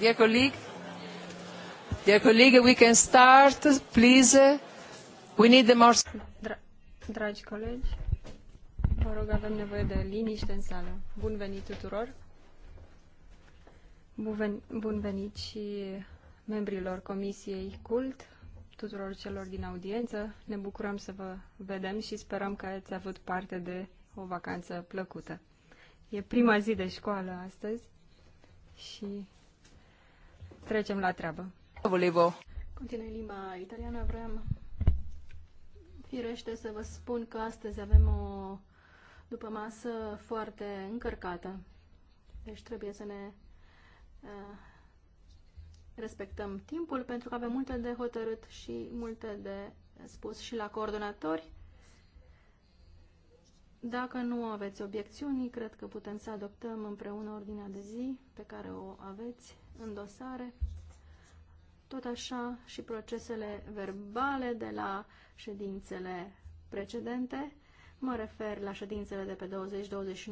Dear colleague, dear colleague, we can start, please. We need the more... Dra Dragi colegi, vă rog, avem nevoie de liniște în sală. Bun venit tuturor! Bun venit, bun venit și membrilor Comisiei CULT, tuturor celor din audiență. Ne bucurăm să vă vedem și sperăm că ați avut parte de o vacanță plăcută. E prima zi de școală astăzi și trecem la treabă. Volevo. Continui limba italiană, vreau firește să vă spun că astăzi avem o după masă foarte încărcată. Deci trebuie să ne uh, respectăm timpul pentru că avem multe de hotărât și multe de spus și la coordonatori. Dacă nu aveți obiecțiuni, cred că putem să adoptăm împreună ordinea de zi pe care o aveți în dosare. Tot așa și procesele verbale de la ședințele precedente. Mă refer la ședințele de pe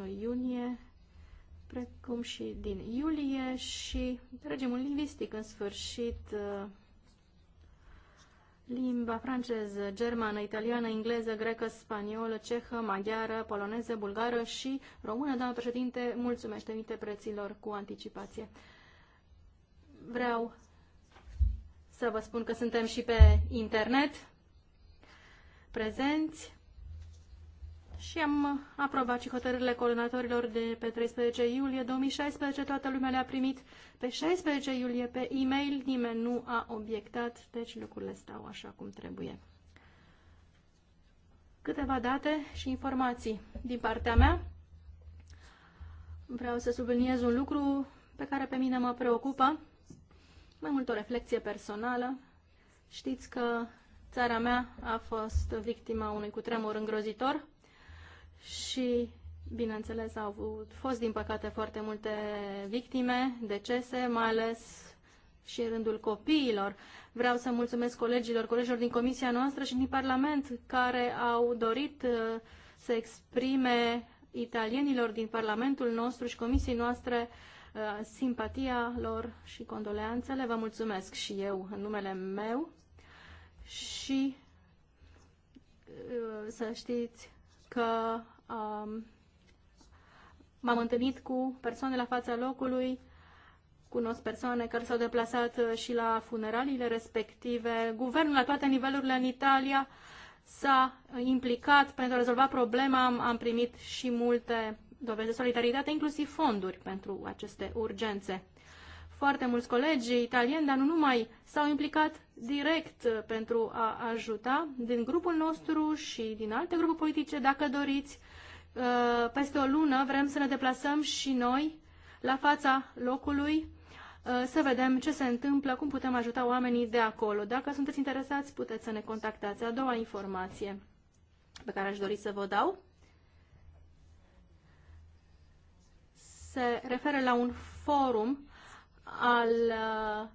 20-21 iunie, precum și din iulie și regimul lingvistic în sfârșit limba franceză, germană, italiană, engleză, grecă, spaniolă, cehă, maghiară, poloneză, bulgară și română. doamnă președinte, mulțumesc preților cu anticipație. Vreau să vă spun că suntem și pe internet prezenți și am aprobat și hotărârile coordonatorilor de pe 13 iulie 2016. Toată lumea le-a primit pe 16 iulie pe e-mail. Nimeni nu a obiectat, deci lucrurile stau așa cum trebuie. Câteva date și informații din partea mea. Vreau să subliniez un lucru pe care pe mine mă preocupă, mai mult o reflexie personală. Știți că țara mea a fost victima unui cutremur îngrozitor și, bineînțeles, au avut, fost, din păcate, foarte multe victime, decese, mai ales și în rândul copiilor. Vreau să mulțumesc colegilor, colegilor din comisia noastră și din Parlament care au dorit uh, să exprime italienilor din Parlamentul nostru și comisiei noastre uh, simpatia lor și condoleanțele. Vă mulțumesc și eu în numele meu și uh, să știți că Um, M-am întâlnit cu persoane la fața locului, cunosc persoane care s-au deplasat uh, și la funeraliile respective. Guvernul la toate nivelurile în Italia s-a uh, implicat pentru a rezolva problema. Am, am primit și multe dovezi de solidaritate, inclusiv fonduri pentru aceste urgențe. Foarte mulți colegi italieni, dar nu numai, s-au implicat direct uh, pentru a ajuta din grupul nostru și din alte grupuri politice, dacă doriți Uh, peste o lună vrem să ne deplasăm și noi la fața locului uh, să vedem ce se întâmplă, cum putem ajuta oamenii de acolo. Dacă sunteți interesați, puteți să ne contactați. A doua informație pe care aș dori să vă dau se referă la un forum al uh,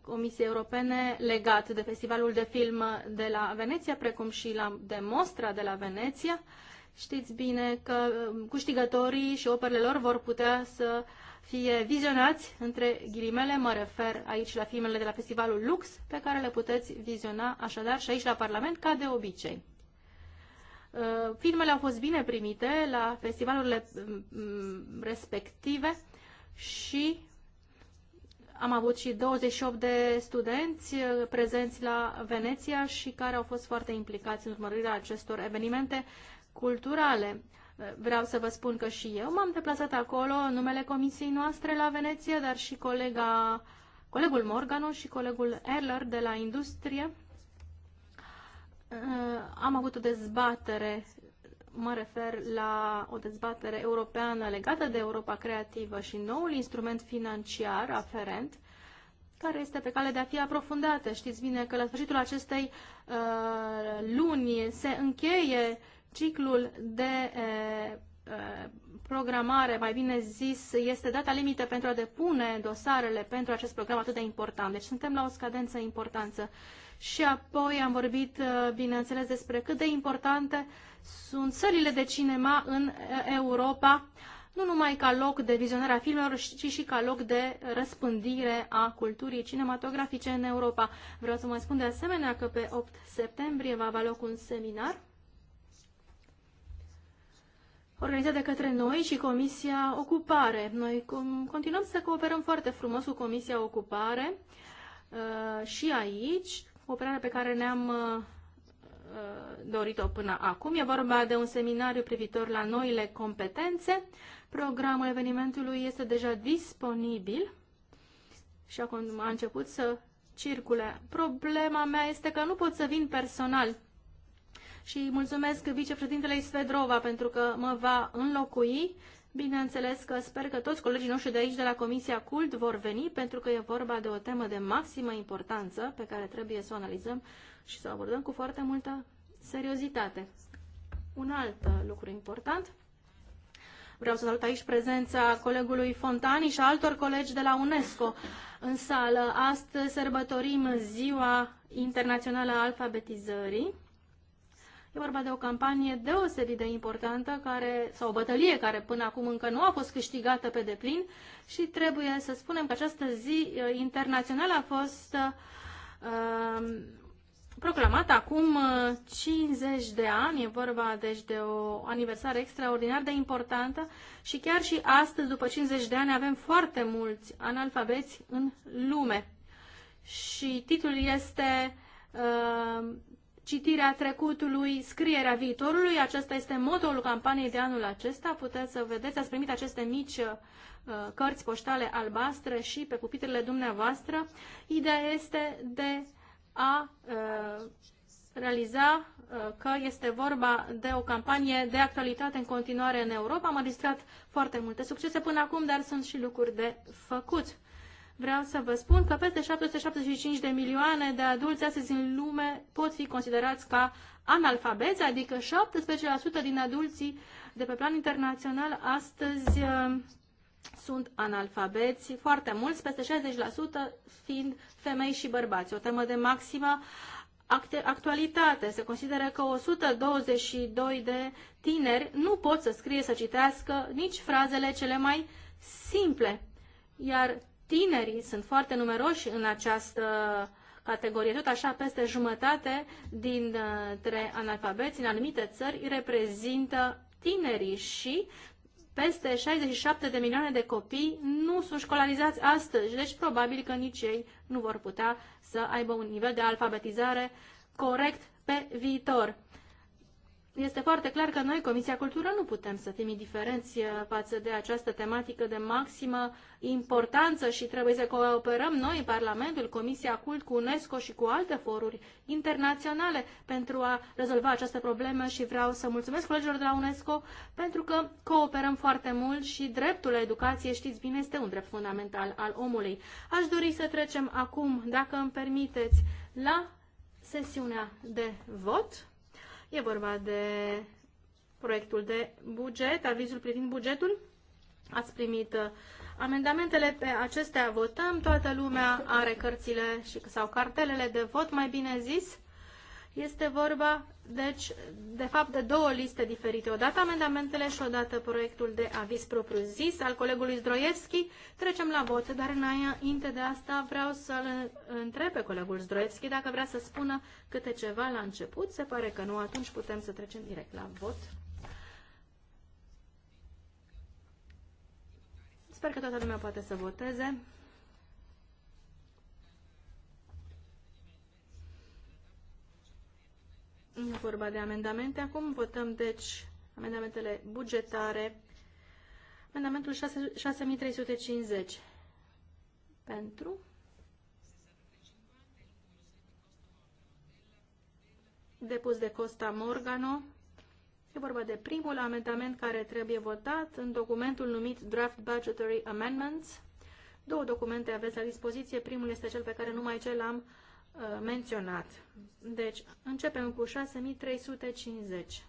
Comisiei Europene legat de Festivalul de Film de la Veneția, precum și la, de Mostra de la Veneția. Uh, Știți bine că um, câștigătorii și operele lor vor putea să fie vizionați, între ghilimele, mă refer aici la filmele de la Festivalul Lux, pe care le puteți viziona așadar și aici la Parlament, ca de obicei. Uh, filmele au fost bine primite la festivalurile um, um, respective și am avut și 28 de studenți uh, prezenți la Veneția și care au fost foarte implicați în urmărirea acestor evenimente culturale. Vreau să vă spun că și eu m-am deplasat acolo în numele comisiei noastre la Veneția, dar și colega, colegul Morgano și colegul Erler de la Industrie. Uh, am avut o dezbatere, mă refer la o dezbatere europeană legată de Europa Creativă și noul instrument financiar aferent, care este pe cale de a fi aprofundată. Știți bine că la sfârșitul acestei uh, luni se încheie Ciclul de programare, mai bine zis, este data limită pentru a depune dosarele pentru acest program atât de important. Deci suntem la o scadență importantă. Și apoi am vorbit, bineînțeles, despre cât de importante sunt sălile de cinema în Europa, nu numai ca loc de vizionare a filmelor, ci și ca loc de răspândire a culturii cinematografice în Europa. Vreau să mai spun de asemenea că pe 8 septembrie va avea loc un seminar organizat de către noi și Comisia Ocupare. Noi continuăm să cooperăm foarte frumos cu Comisia Ocupare uh, și aici, cooperarea pe care ne-am uh, uh, dorit-o până acum. E vorba de un seminariu privitor la noile competențe. Programul evenimentului este deja disponibil și acum a început să circule. Problema mea este că nu pot să vin personal și mulțumesc vicepreședintelei Svedrova pentru că mă va înlocui. Bineînțeles că sper că toți colegii noștri de aici, de la Comisia CULT, vor veni pentru că e vorba de o temă de maximă importanță pe care trebuie să o analizăm și să o abordăm cu foarte multă seriozitate. Un alt uh, lucru important. Vreau să salut aici prezența colegului Fontani și altor colegi de la UNESCO în sală. Astăzi sărbătorim Ziua Internațională a Alfabetizării E vorba de o campanie deosebit de importantă care, sau o bătălie care până acum încă nu a fost câștigată pe deplin și trebuie să spunem că această zi uh, internațională a fost uh, proclamată acum 50 uh, de ani. E vorba deci de o aniversare extraordinar de importantă și chiar și astăzi, după 50 de ani, avem foarte mulți analfabeți în lume. Și titlul este uh, citirea trecutului, scrierea viitorului. Acesta este modul campaniei de anul acesta. Puteți să vedeți, ați primit aceste mici uh, cărți poștale albastre și pe pupitrele dumneavoastră. Ideea este de a uh, realiza uh, că este vorba de o campanie de actualitate în continuare în Europa. Am înregistrat foarte multe succese până acum, dar sunt și lucruri de făcut vreau să vă spun că peste 775 de milioane de adulți astăzi în lume pot fi considerați ca analfabeți, adică 17% din adulții de pe plan internațional astăzi uh, sunt analfabeți, foarte mulți, peste 60% fiind femei și bărbați. O temă de maximă actualitate. Se consideră că 122 de tineri nu pot să scrie, să citească nici frazele cele mai simple. Iar Tinerii sunt foarte numeroși în această categorie, tot așa peste jumătate dintre analfabeți în anumite țări reprezintă tinerii și peste 67 de milioane de copii nu sunt școlarizați astăzi, deci probabil că nici ei nu vor putea să aibă un nivel de alfabetizare corect pe viitor este foarte clar că noi, Comisia Cultură, nu putem să fim indiferenți uh, față de această tematică de maximă importanță și trebuie să cooperăm noi, Parlamentul, Comisia Cult, cu UNESCO și cu alte foruri internaționale pentru a rezolva această problemă și vreau să mulțumesc colegilor de la UNESCO pentru că cooperăm foarte mult și dreptul la educație, știți bine, este un drept fundamental al omului. Aș dori să trecem acum, dacă îmi permiteți, la sesiunea de vot E vorba de proiectul de buget, avizul privind bugetul. Ați primit uh, amendamentele pe acestea, votăm, toată lumea are cărțile și, sau cartelele de vot, mai bine zis. Este vorba, deci, de fapt, de două liste diferite. Odată amendamentele și odată proiectul de aviz propriu-zis al colegului Zdroievski. Trecem la vot, dar înainte de asta vreau să-l întreb pe colegul Zdroievski dacă vrea să spună câte ceva la început. Se pare că nu, atunci putem să trecem direct la vot. Sper că toată lumea poate să voteze. E vorba de amendamente. Acum votăm, deci, amendamentele bugetare. Amendamentul 6, 6350. Pentru. Depus de Costa Morgano. E vorba de primul amendament care trebuie votat în documentul numit Draft Budgetary Amendments. Două documente aveți la dispoziție. Primul este cel pe care numai cel am Uh, menționat. Deci, începem cu 6350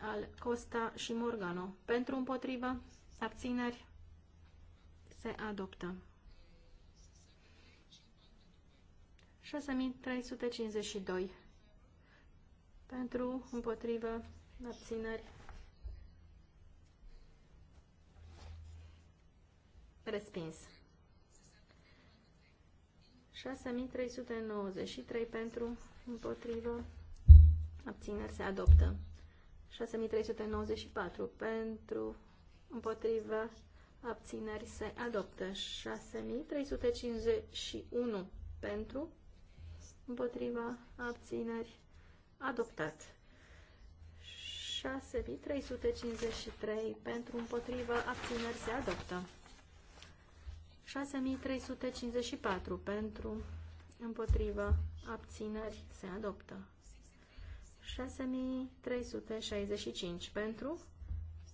al Costa și Morgano. Pentru împotrivă, abțineri, se adoptă. 6352 pentru împotrivă, abțineri, respins. 6393 pentru, împotrivă, abțineri se adoptă. 6394 pentru, împotrivă, abțineri se adoptă. 6351 pentru, împotriva, abțineri, adoptat. 6353 pentru, împotriva, abțineri se adoptă. 6354 pentru, împotrivă, abțineri se adoptă. 6365 pentru,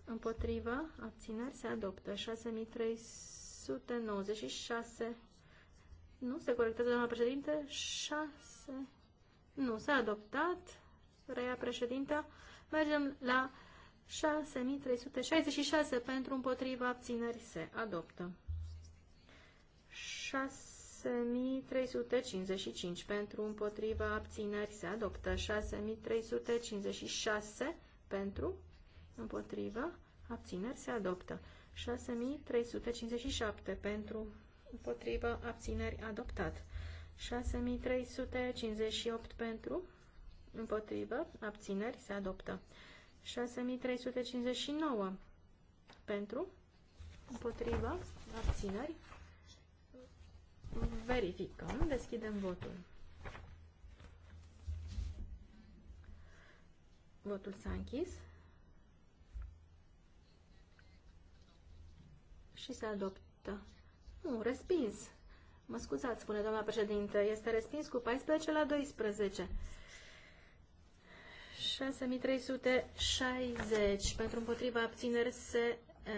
împotrivă, abțineri se adoptă. 6396 nu se corectează, doamna președinte, 6 nu s-a adoptat, reia președinta. Mergem la 6366 pentru împotriva abțineri se adoptă. 6355 pentru împotriva abțineri se adoptă. 6356 pentru împotriva abțineri se adoptă. 6357 pentru împotriva abțineri adoptat. 6358 pentru împotriva abțineri se adoptă. 6359 pentru împotriva abțineri Verificăm, deschidem votul. Votul s-a închis și se adoptă. Nu, respins. Mă scuzați, spune doamna președintă, este respins cu 14 la 12. 6360 pentru împotriva abțineri se eh,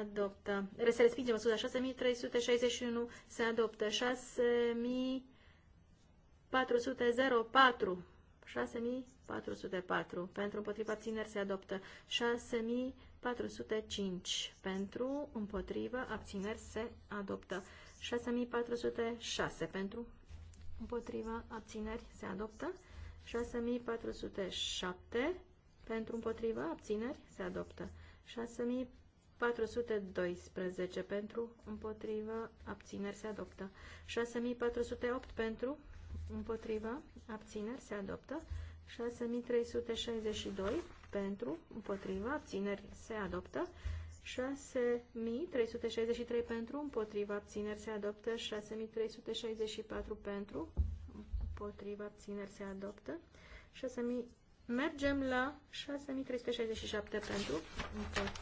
adoptă. Se respinge, mă scuza, 6361 se adoptă. 6404 6404 pentru împotriva abțineri se adoptă. 6405 pentru împotriva abțineri se adoptă. 6406 pentru împotriva abțineri se adoptă. 6407 pentru împotriva abțineri se adoptă. 6407 412 pentru, împotrivă, abțineri se adoptă. 6408 pentru, împotrivă, abțineri se adoptă. 6362 pentru, împotrivă, abțineri se adoptă. 6363 pentru, împotriva abțineri se adoptă, 6364 pentru, împotriva abțineri se adoptă, 6000, mergem la 6367 pentru, împotriva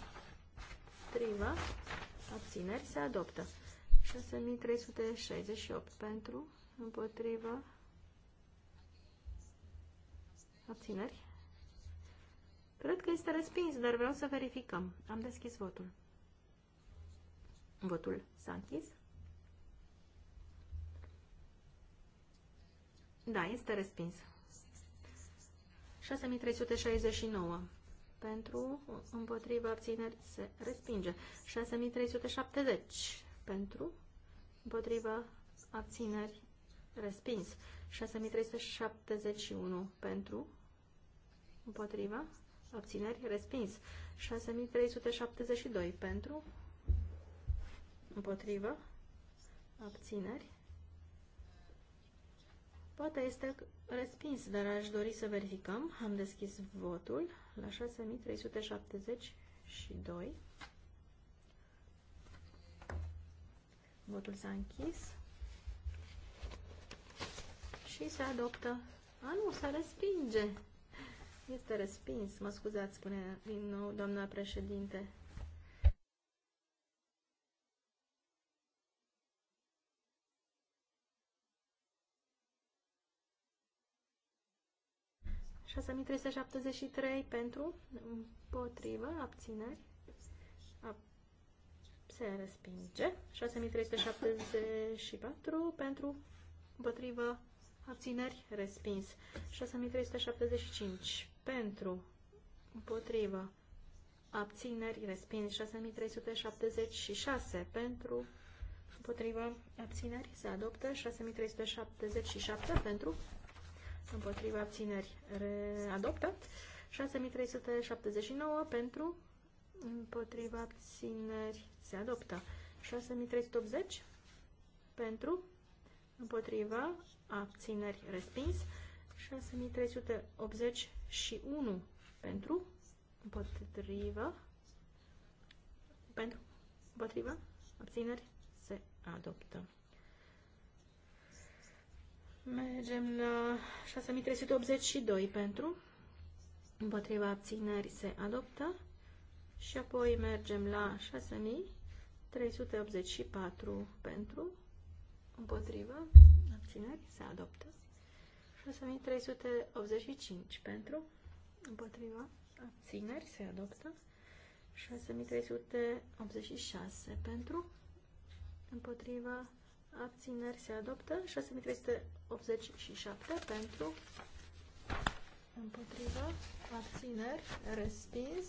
împotriva, abțineri, se adoptă. 6368 pentru, împotriva, abțineri. Cred că este respins, dar vreau să verificăm. Am deschis votul. Votul s-a închis. Da, este respins. 6369 pentru, împotriva abțineri, se respinge. 6370 pentru, împotriva abțineri, respins. 6371 pentru, împotriva abțineri, respins. 6372 pentru, împotriva abțineri. Poate este Respins, dar aș dori să verificăm. Am deschis votul la 6372. Votul s-a închis. Și se adoptă. A, nu, se respinge. Este respins, mă scuzați, spune din nou doamna președinte. 6373 pentru, împotrivă, abțineri, se respinge. 6374 pentru, împotrivă, abțineri, respins. 6375 pentru, împotrivă, abțineri, respins. 6376 pentru, împotrivă, abțineri, se adoptă. 6377 pentru, împotriva abțineri adoptă, 6379 pentru, împotriva abțineri se adoptă, 6380 pentru, împotriva abțineri respins, 6381 pentru, împotriva, pentru, împotriva, abțineri se adoptă. Mergem la 6382 pentru. Împotriva abținerii se adoptă. Și apoi mergem la 6384 pentru. Împotriva abținerii se adoptă. 6385 pentru. Împotriva abțineri se adoptă. 6386 pentru. Împotriva abțineri se adoptă, 6387 pentru, împotriva, abțineri, respins,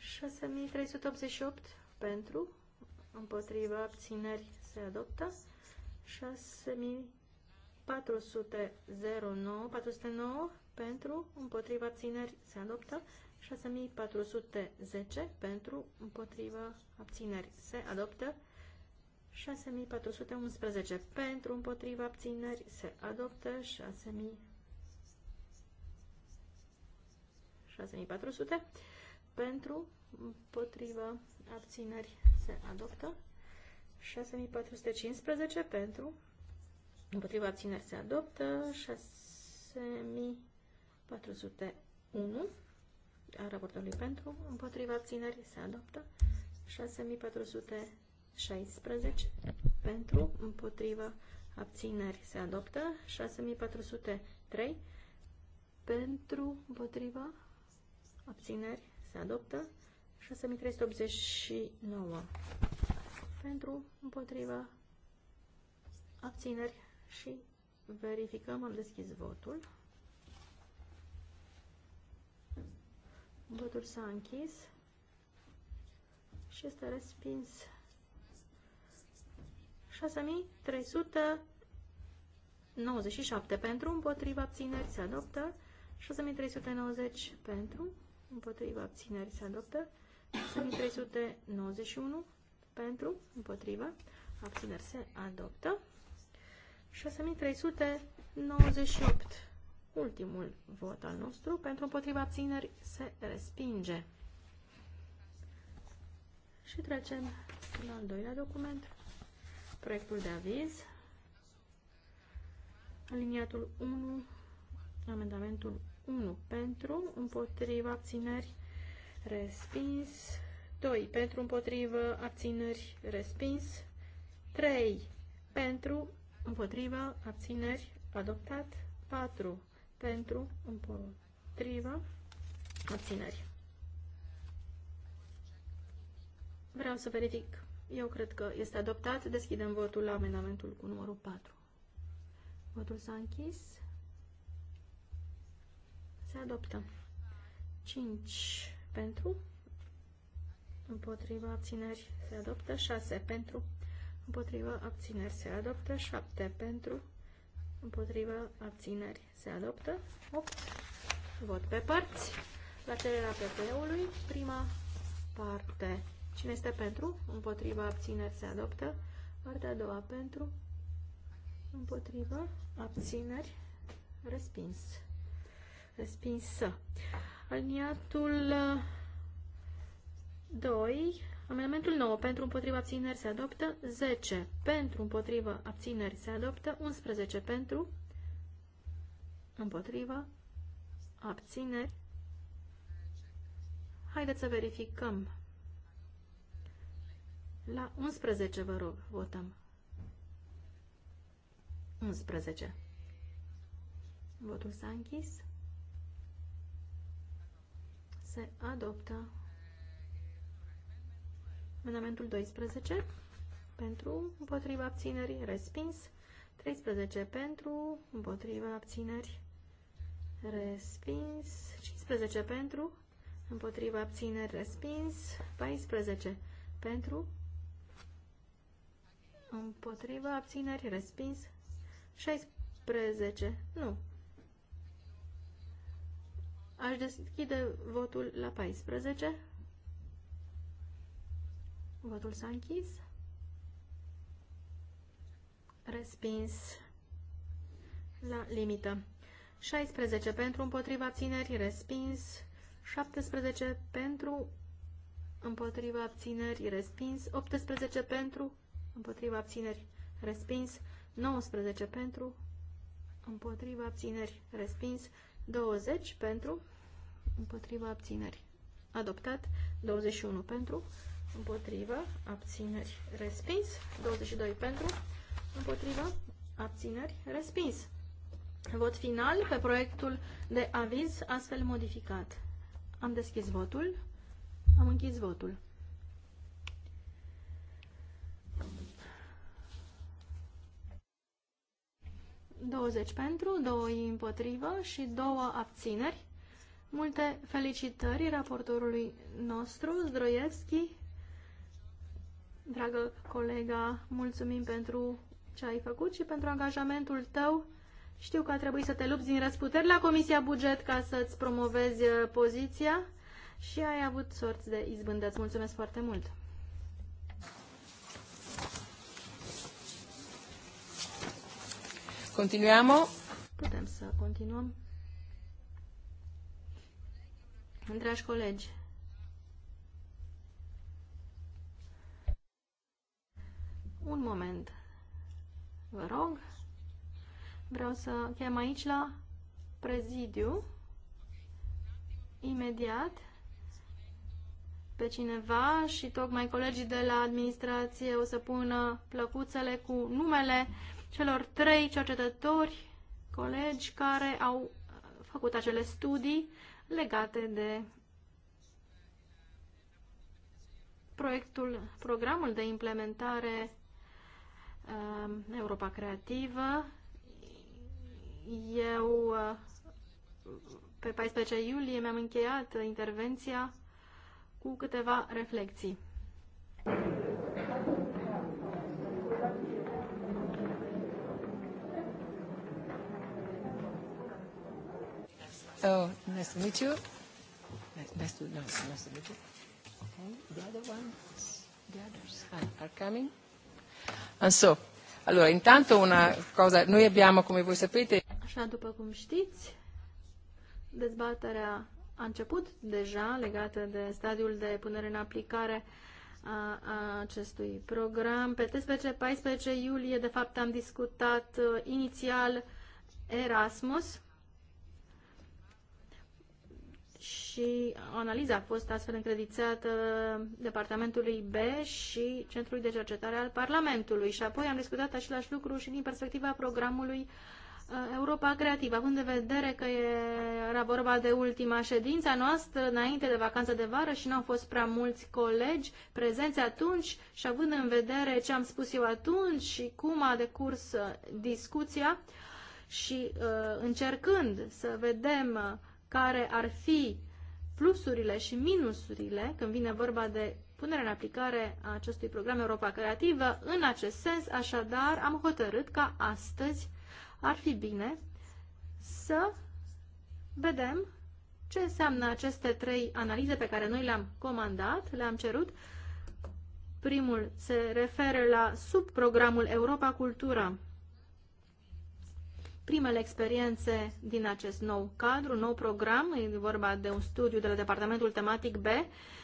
6388 pentru, împotriva, abțineri se adoptă, 6409, 409 pentru, împotriva, abțineri se adoptă, 6410 pentru, împotriva, abțineri se adoptă, 6411 pentru, împotriva abțineri se adoptă 6400 pentru, împotriva abțineri se adoptă 6415 pentru, împotriva abțineri se adoptă 6401 a raportului pentru, împotriva abțineri se adoptă 6400 16 pentru, împotriva, abțineri se adoptă, 6403 pentru, împotriva, abțineri se adoptă, 6389 pentru, împotriva, abțineri și verificăm, am deschis votul. Votul s-a închis și este respins 6397 pentru, împotriva abțineri se adoptă. 6390 pentru, împotriva abțineri se adoptă. 6391 pentru, împotriva abțineri se adoptă. 6398 ultimul vot al nostru, pentru împotriva abțineri se respinge. Și trecem la al doilea document proiectul de aviz. Aliniatul 1, amendamentul 1 pentru, împotriva abțineri, respins. 2 pentru, împotriva abțineri, respins. 3 pentru, împotriva abțineri, adoptat. 4 pentru, împotriva abțineri. Vreau să verific eu cred că este adoptat. Deschidem votul la amendamentul cu numărul 4. Votul s-a închis. Se adoptă. 5 pentru. Împotriva abțineri se adoptă. 6 pentru. Împotriva abțineri se adoptă. 7 pentru. Împotriva abțineri se adoptă. 8. Vot pe părți. La cererea PP-ului. Prima parte Cine este pentru? Împotriva abțineri se adoptă. Partea a doua pentru. Împotriva abțineri respins. Respinsă. Aliniatul 2. Uh, amendamentul 9 pentru împotriva abțineri se adoptă. 10 pentru împotriva abțineri se adoptă. 11 pentru împotriva abțineri. Haideți să verificăm la 11, vă rog, votăm. 11. Votul s-a închis. Se adoptă amendamentul 12 pentru, împotriva abținerii, respins. 13 pentru, împotriva abțineri, respins. 15 pentru, împotriva abțineri, respins. 14 pentru, împotriva, abțineri, respins. 16, nu. Aș deschide votul la 14. Votul s-a închis. Respins la limită. 16 pentru împotriva abțineri, respins. 17 pentru împotriva abțineri, respins. 18 pentru împotriva abțineri respins, 19 pentru, împotriva abțineri respins, 20 pentru, împotriva abțineri adoptat, 21 pentru, împotriva abțineri respins, 22 pentru, împotriva abțineri respins. Vot final pe proiectul de aviz astfel modificat. Am deschis votul, am închis votul. 20 pentru, 2 împotrivă și 2 abțineri. Multe felicitări raportorului nostru, Zdroievski. Dragă colega, mulțumim pentru ce ai făcut și pentru angajamentul tău. Știu că a trebuit să te lupți din răsputeri la Comisia Buget ca să-ți promovezi uh, poziția și ai avut sorți de izbândăți. Mulțumesc foarte mult! Continuiamo. Putem să continuăm. Dragi colegi, un moment, vă rog. Vreau să chem aici la prezidiu, imediat, pe cineva și tocmai colegii de la administrație o să pună plăcuțele cu numele celor trei cercetători, colegi care au făcut acele studii legate de proiectul, programul de implementare um, Europa Creativă. Eu uh, pe 14 iulie mi-am încheiat intervenția cu câteva reflexii. Oh, nice to meet you. Nice, to, nice, nice to meet you. And the other ones, the others ah, are coming. And ah, so, allora, intanto una cosa, noi abbiamo, come voi sapete... Așa, după cum știți, dezbaterea a început deja legată de stadiul de punere în aplicare a, a acestui program. Pe 13-14 iulie, de fapt, am discutat uh, inițial Erasmus, și analiza a fost astfel încredițată Departamentului B și Centrului de Cercetare al Parlamentului. Și apoi am discutat același lucru și din perspectiva programului uh, Europa Creativă, având în vedere că era vorba de ultima ședință noastră înainte de vacanța de vară și nu au fost prea mulți colegi prezenți atunci și având în vedere ce am spus eu atunci și cum a decurs uh, discuția și uh, încercând să vedem uh, care ar fi plusurile și minusurile când vine vorba de punerea în aplicare a acestui program Europa Creativă. În acest sens, așadar, am hotărât ca astăzi ar fi bine să vedem ce înseamnă aceste trei analize pe care noi le-am comandat, le-am cerut. Primul se referă la subprogramul Europa Cultura primele experiențe din acest nou cadru, nou program, e vorba de un studiu de la departamentul tematic B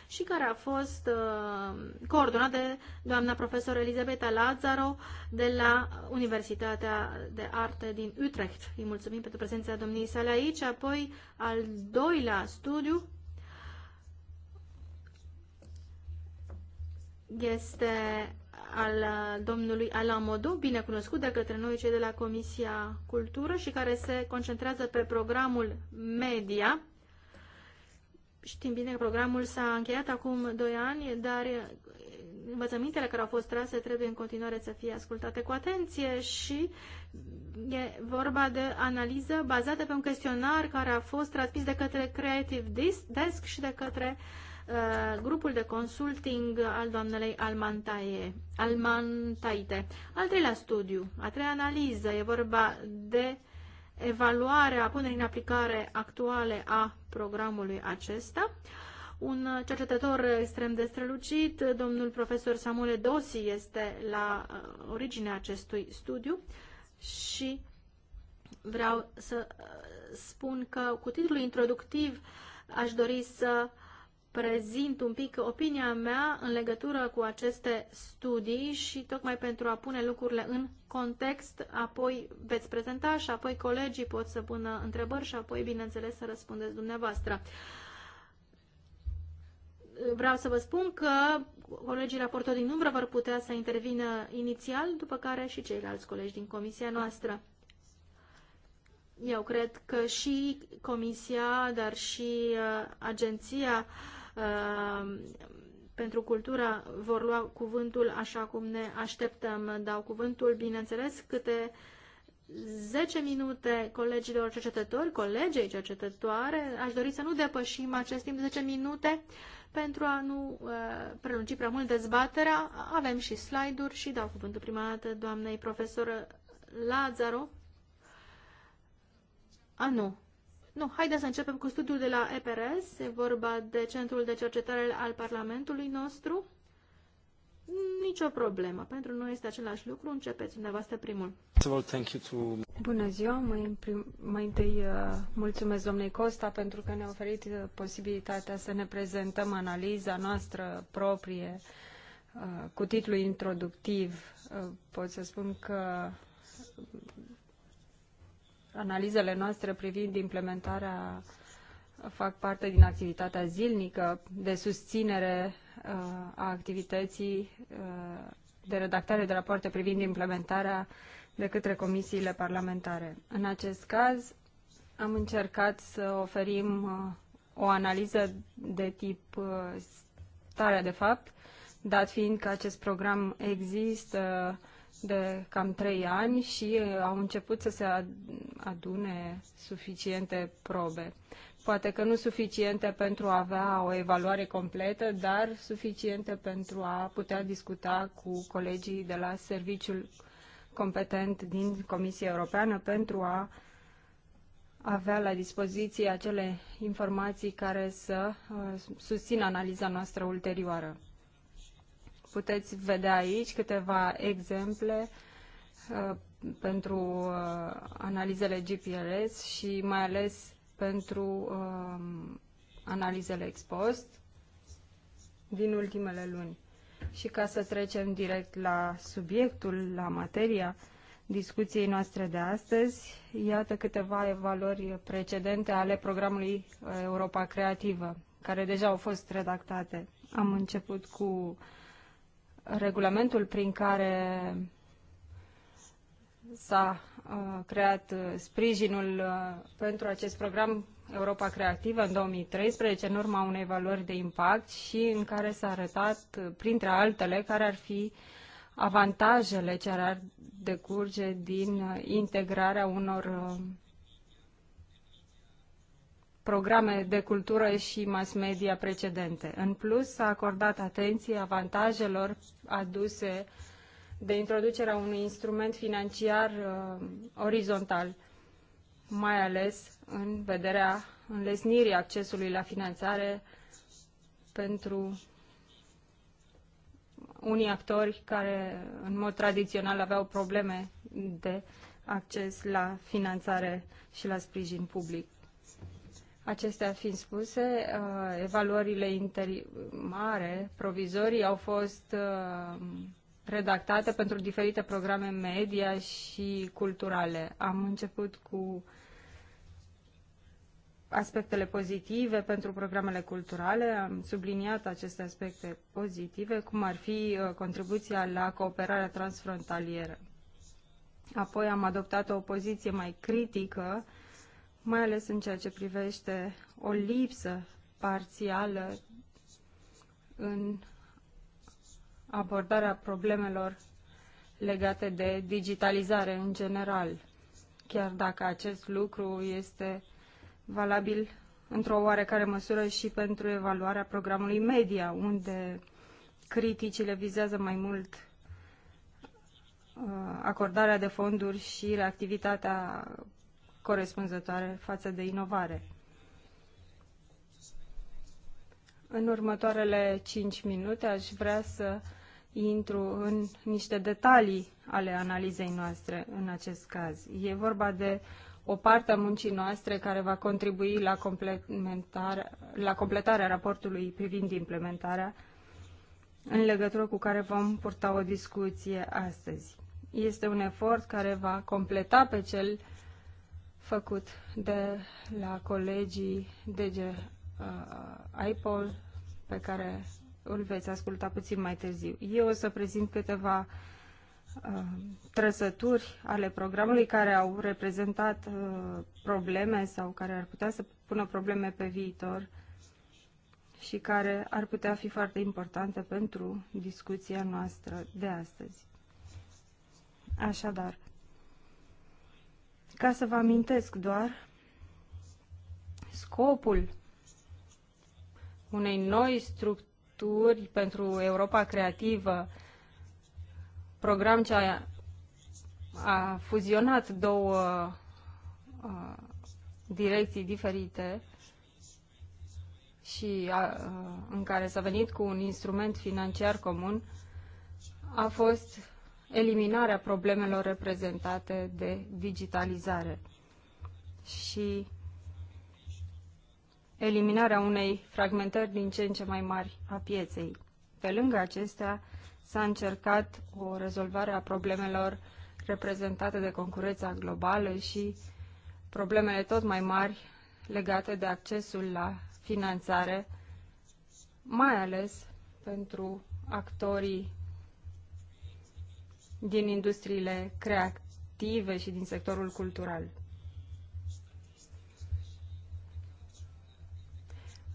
și care a fost uh, coordonat de doamna profesor Elizabeta Lazaro de la Universitatea de Arte din Utrecht. Îi mulțumim pentru prezența domniei sale aici. Apoi, al doilea studiu este al domnului Alamodu, bine cunoscut de către noi cei de la Comisia Cultură și care se concentrează pe programul media. Știm bine că programul s-a încheiat acum 2 ani, dar învățămintele care au fost trase trebuie în continuare să fie ascultate cu atenție și e vorba de analiză bazată pe un chestionar care a fost transmis de către Creative Desk și de către uh, Uh, grupul de consulting al doamnelei Almantaie, Almantaite. Al treilea studiu, a treia analiză, e vorba de evaluarea punerii în aplicare actuale a programului acesta. Un cercetător extrem de strălucit, domnul profesor Samuel Dosi, este la uh, originea acestui studiu și vreau să uh, spun că cu titlul introductiv aș dori să prezint un pic opinia mea în legătură cu aceste studii și tocmai pentru a pune lucrurile în context, apoi veți prezenta și apoi colegii pot să pună întrebări și apoi, bineînțeles, să răspundeți dumneavoastră. Vreau să vă spun că colegii raportori din umbră vor putea să intervină inițial, după care și ceilalți colegi din comisia noastră. Eu cred că și comisia, dar și uh, agenția uh, Ehm, pentru cultură vor lua cuvântul așa cum ne așteptăm. Dau cuvântul, bineînțeles, câte 10 minute colegilor cercetători, colegei cercetătoare. Aș dori să nu depășim acest timp 10 minute pentru a nu uh, prelungi prea mult dezbaterea. Avem și slide-uri și dau cuvântul prima dată doamnei profesoră Lazaro. A, nu. Nu, haideți să începem cu studiul de la EPRS. E vorba de Centrul de Cercetare al Parlamentului nostru. Nicio problemă. Pentru noi este același lucru. Începeți dumneavoastră primul. Bună ziua! Mai, prim, mai întâi uh, mulțumesc domnului Costa pentru că ne-a oferit uh, posibilitatea să ne prezentăm analiza noastră proprie uh, cu titlul introductiv. Pot să spun că analizele noastre privind implementarea fac parte din activitatea zilnică de susținere uh, a activității uh, de redactare de rapoarte privind implementarea de către comisiile parlamentare. În acest caz, am încercat să oferim uh, o analiză de tip starea de fapt, dat fiind că acest program există de cam trei ani și uh, au început să se adune suficiente probe. Poate că nu suficiente pentru a avea o evaluare completă, dar suficiente pentru a putea discuta cu colegii de la serviciul competent din Comisia Europeană pentru a avea la dispoziție acele informații care să uh, susțină analiza noastră ulterioară. Puteți vedea aici câteva exemple uh, pentru uh, analizele GPRS și mai ales pentru um, analizele ex post din ultimele luni. Și ca să trecem direct la subiectul, la materia discuției noastre de astăzi, iată câteva evaluări precedente ale programului uh, Europa Creativă, care deja au fost redactate. Am început cu uh, regulamentul prin care s-a uh, creat uh, sprijinul uh, pentru acest program Europa Creativă în 2013, în urma unei valori de impact și în care s-a arătat, printre altele, care ar fi avantajele ce ar decurge din integrarea unor programe de cultură și mass media precedente. În plus, s-a acordat atenție avantajelor aduse de introducerea unui instrument financiar uh, orizontal, mai ales în vederea înlesnirii accesului la finanțare pentru unii actori care în mod tradițional aveau probleme de acces la finanțare și la sprijin public. Acestea fiind spuse, uh, evaluările interimare, provizorii, au fost uh, redactate pentru diferite programe media și culturale. Am început cu aspectele pozitive pentru programele culturale. Am subliniat aceste aspecte pozitive, cum ar fi uh, contribuția la cooperarea transfrontalieră. Apoi am adoptat o poziție mai critică mai ales în ceea ce privește o lipsă parțială în abordarea problemelor legate de digitalizare în general, chiar dacă acest lucru este valabil într-o oarecare măsură și pentru evaluarea programului media, unde criticile vizează mai mult uh, acordarea de fonduri și reactivitatea corespunzătoare față de inovare. În următoarele 5 minute aș vrea să intru în niște detalii ale analizei noastre în acest caz. E vorba de o parte a muncii noastre care va contribui la, completare, la completarea raportului privind implementarea, în legătură cu care vom purta o discuție astăzi. Este un efort care va completa pe cel uh, făcut de la colegii DG uh, IPOL, pe care îl veți asculta puțin mai târziu. Eu o să prezint câteva uh, trăsături ale programului care au reprezentat uh, probleme sau care ar putea să pună probleme pe viitor și care ar putea fi foarte importante pentru discuția noastră de astăzi. Așadar, ca să vă amintesc doar, scopul unei noi structuri pentru Europa Creativă, program ce a, a fuzionat două a, direcții diferite și a, a, în care s-a venit cu un instrument financiar comun, a fost eliminarea problemelor reprezentate de digitalizare și eliminarea unei fragmentări din ce în ce mai mari a pieței. Pe lângă acestea, s-a încercat o rezolvare a problemelor reprezentate de concurența globală și problemele tot mai mari legate de accesul la finanțare, mai ales pentru actorii din industriile creative și din sectorul cultural.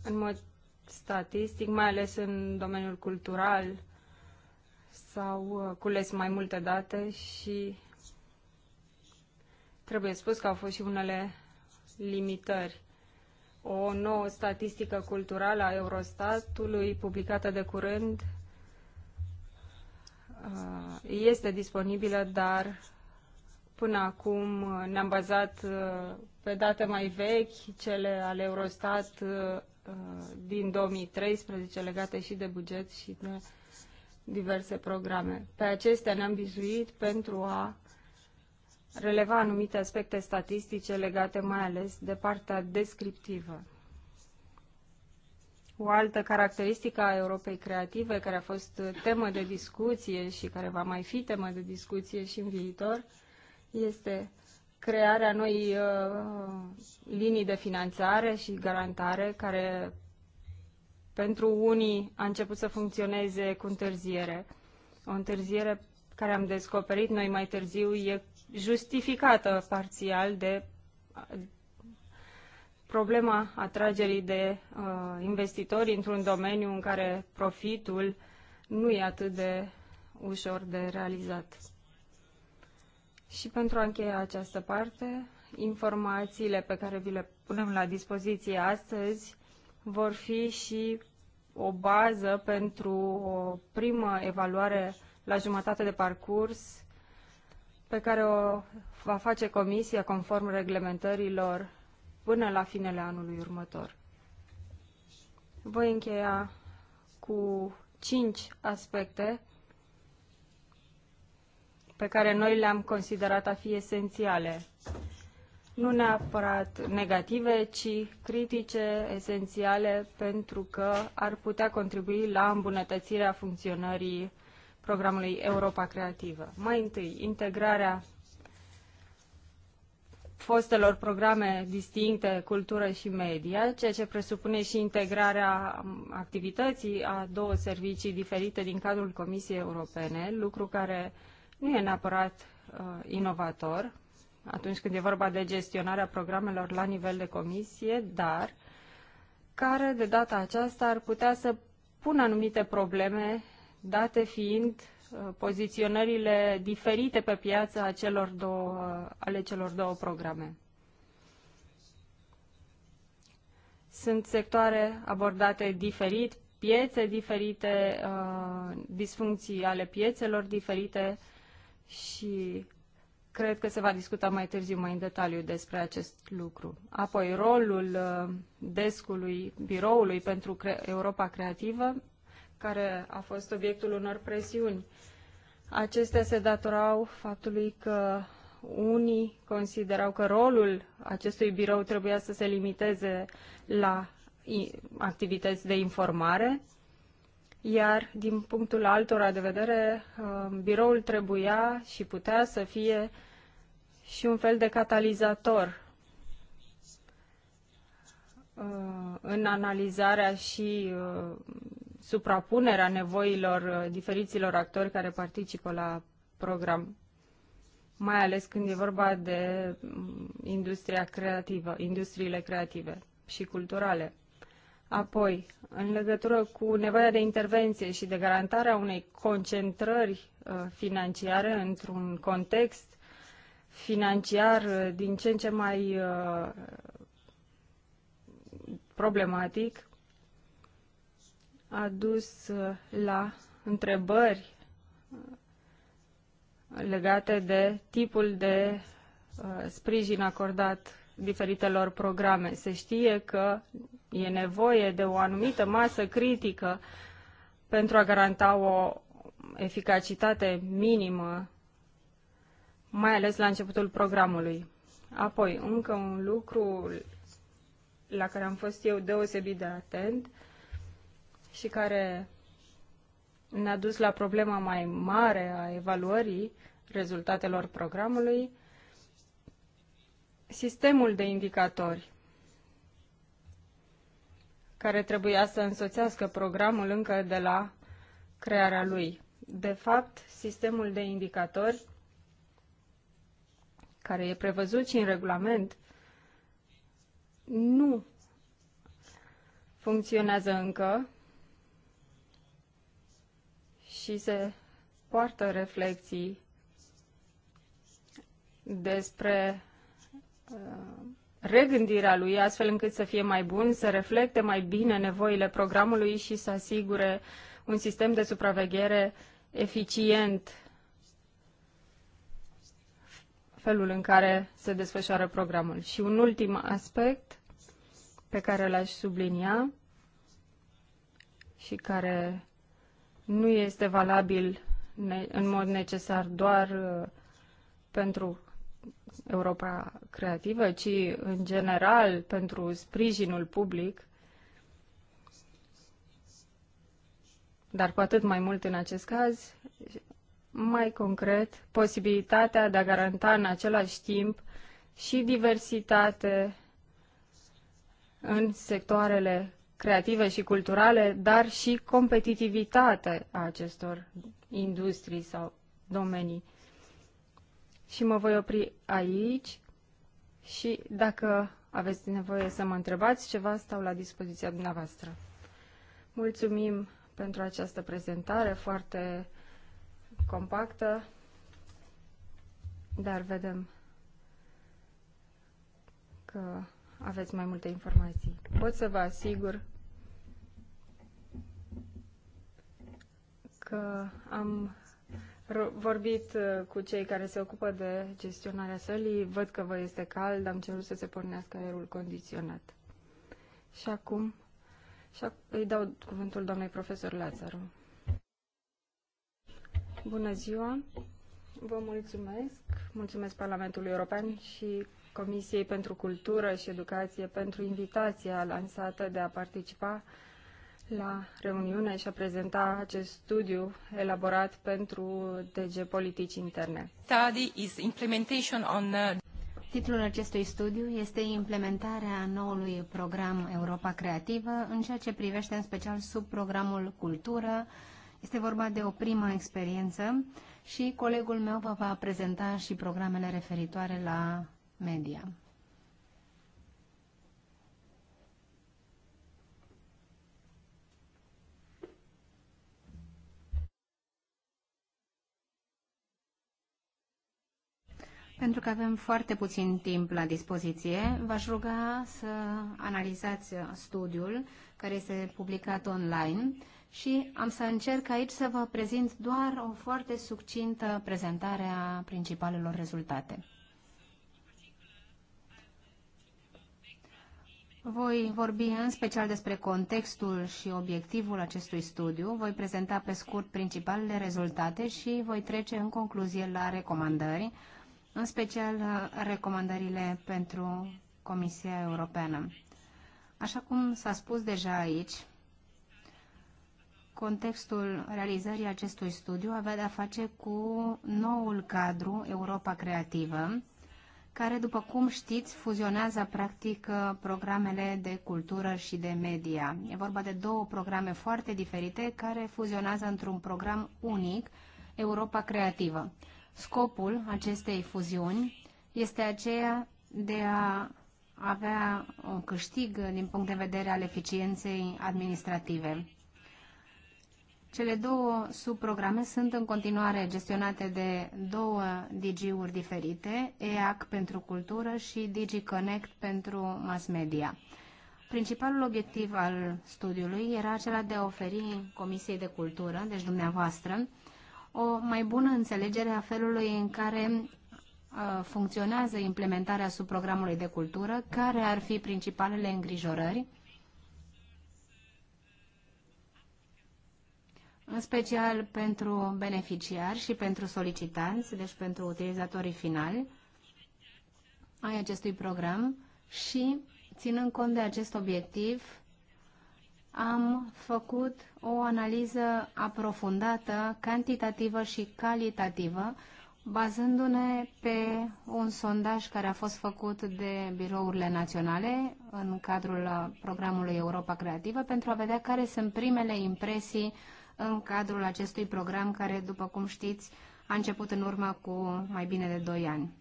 În mod statistic, mai ales în domeniul cultural, s-au uh, cules mai multe date și trebuie spus că au fost și unele limitări. O nouă statistică culturală a Eurostatului, publicată de curând, Uh, este disponibilă, dar până acum ne-am bazat uh, pe date mai vechi, cele ale Eurostat uh, din 2013 legate și de buget și de diverse programe. Pe acestea ne-am bizuit pentru a releva anumite aspecte statistice legate mai ales de partea descriptivă. O altă caracteristică a Europei creative, care a fost temă de discuție și care va mai fi temă de discuție și în viitor, este crearea noi uh, linii de finanțare și garantare, care pentru unii a început să funcționeze cu întârziere. O întârziere care am descoperit noi mai târziu e justificată parțial de problema atragerii de uh, investitori într-un domeniu în care profitul nu e atât de ușor de realizat. Și pentru a încheia această parte, informațiile pe care vi le punem la dispoziție astăzi vor fi și o bază pentru o primă evaluare la jumătate de parcurs pe care o va face Comisia conform reglementărilor până la finele anului următor. Voi încheia cu cinci aspecte pe care noi le-am considerat a fi esențiale. Nu neapărat negative, ci critice, esențiale, pentru că ar putea contribui la îmbunătățirea funcționării programului Europa Creativă. Mai întâi, integrarea fostelor programe distincte, cultură și media, ceea ce presupune și integrarea um, activității a două servicii diferite din cadrul Comisiei Europene, lucru care nu e neapărat uh, inovator atunci când e vorba de gestionarea programelor la nivel de comisie, dar care de data aceasta ar putea să pună anumite probleme, date fiind uh, poziționările diferite pe piață a celor două, ale celor două programe. Sunt sectoare abordate diferit, piețe diferite, uh, disfuncții ale piețelor diferite și cred că se va discuta mai târziu mai în detaliu despre acest lucru. Apoi rolul uh, descului, biroului pentru Europa Creativă care a fost obiectul unor presiuni. Acestea se datorau faptului că unii considerau că rolul acestui birou trebuia să se limiteze la activități de informare, iar din punctul altora de vedere, um, biroul trebuia și putea să fie și un fel de catalizator uh, în analizarea și uh, suprapunerea nevoilor uh, diferiților actori care participă la program, mai ales când e vorba de mm, industria creativă, industriile creative și culturale. Apoi, în legătură cu nevoia de intervenție și de garantarea unei concentrări uh, financiare într-un context financiar uh, din ce în ce mai problematic, a dus uh, la întrebări uh, legate de tipul de uh, sprijin acordat diferitelor programe. Se știe că e nevoie de o anumită masă critică pentru a garanta o eficacitate minimă, mai ales la începutul programului. Apoi, încă un lucru la care am fost eu deosebit de atent, uh, și care ne-a dus la problema mai mare a evaluării rezultatelor programului, sistemul de indicatori care trebuia să însoțească programul încă de la crearea lui. De fapt, sistemul de indicatori care e prevăzut și în regulament nu funcționează încă și se poartă reflexii despre uh, regândirea lui, astfel încât să fie mai bun, să reflecte mai bine nevoile programului și să asigure un sistem de supraveghere eficient felul în care se desfășoară programul. Și un ultim aspect pe care l-aș sublinia și care nu este valabil în mod necesar doar uh, pentru Europa creativă, ci în general pentru sprijinul public, dar cu atât mai mult în acest caz, mai concret, posibilitatea de a garanta în același timp și diversitate în sectoarele creative și culturale, dar și competitivitate a acestor industrii sau domenii. Și mă voi opri aici și dacă aveți nevoie să mă întrebați ceva, stau la dispoziția dumneavoastră. Mulțumim pentru această prezentare foarte compactă, dar vedem că aveți mai multe informații. Pot să vă asigur că am vorbit uh, cu cei care se ocupă de gestionarea sălii, văd că vă este cald, am cerut să se pornească aerul condiționat. Și acum și îi dau cuvântul doamnei profesor Lazaru. Bună ziua! Vă mulțumesc! Mulțumesc Parlamentului European și Comisiei pentru Cultură și Educație pentru invitația lansată de a participa la reuniune și a prezenta acest studiu elaborat pentru DG Politici Interne. Study is implementation on uh, Titlul acestui studiu este implementarea noului program Europa Creativă în ceea ce privește în special subprogramul Cultură. Este vorba de o prima experiență și colegul meu vă va prezenta și programele referitoare la media. Pentru că avem foarte puțin timp la dispoziție, v-aș ruga să analizați studiul care este publicat online și am să încerc aici să vă prezint doar o foarte succintă prezentare a principalelor rezultate. Voi vorbi în special despre contextul și obiectivul acestui studiu, voi prezenta pe scurt principalele rezultate și voi trece în concluzie la recomandări, în special uh, recomandările pentru Comisia Europeană. Așa cum s-a spus deja aici, contextul realizării acestui studiu avea de-a face cu noul cadru Europa Creativă, care, după cum știți, fuzionează practic uh, programele de cultură și de media. E vorba de două programe foarte diferite care fuzionează într-un program unic, Europa Creativă. Scopul acestei fuziuni este aceea de a avea un câștig din punct de vedere al eficienței administrative. Cele două subprograme sunt în continuare gestionate de două DG-uri diferite, EAC pentru cultură și DigiConnect pentru mass media. Principalul obiectiv al studiului era acela de a oferi Comisiei de Cultură, deci dumneavoastră, o mai bună înțelegere a felului în care uh, funcționează implementarea subprogramului de cultură, care ar fi principalele îngrijorări, în special pentru beneficiari și pentru solicitanți, deci pentru utilizatorii finali ai acestui program și, ținând cont de acest obiectiv, am făcut o analiză aprofundată, cantitativă și calitativă, bazându-ne pe un sondaj care a fost făcut de birourile naționale în cadrul programului Europa Creativă pentru a vedea care sunt primele impresii în cadrul acestui program care, după cum știți, a început în urmă cu mai bine de 2 ani.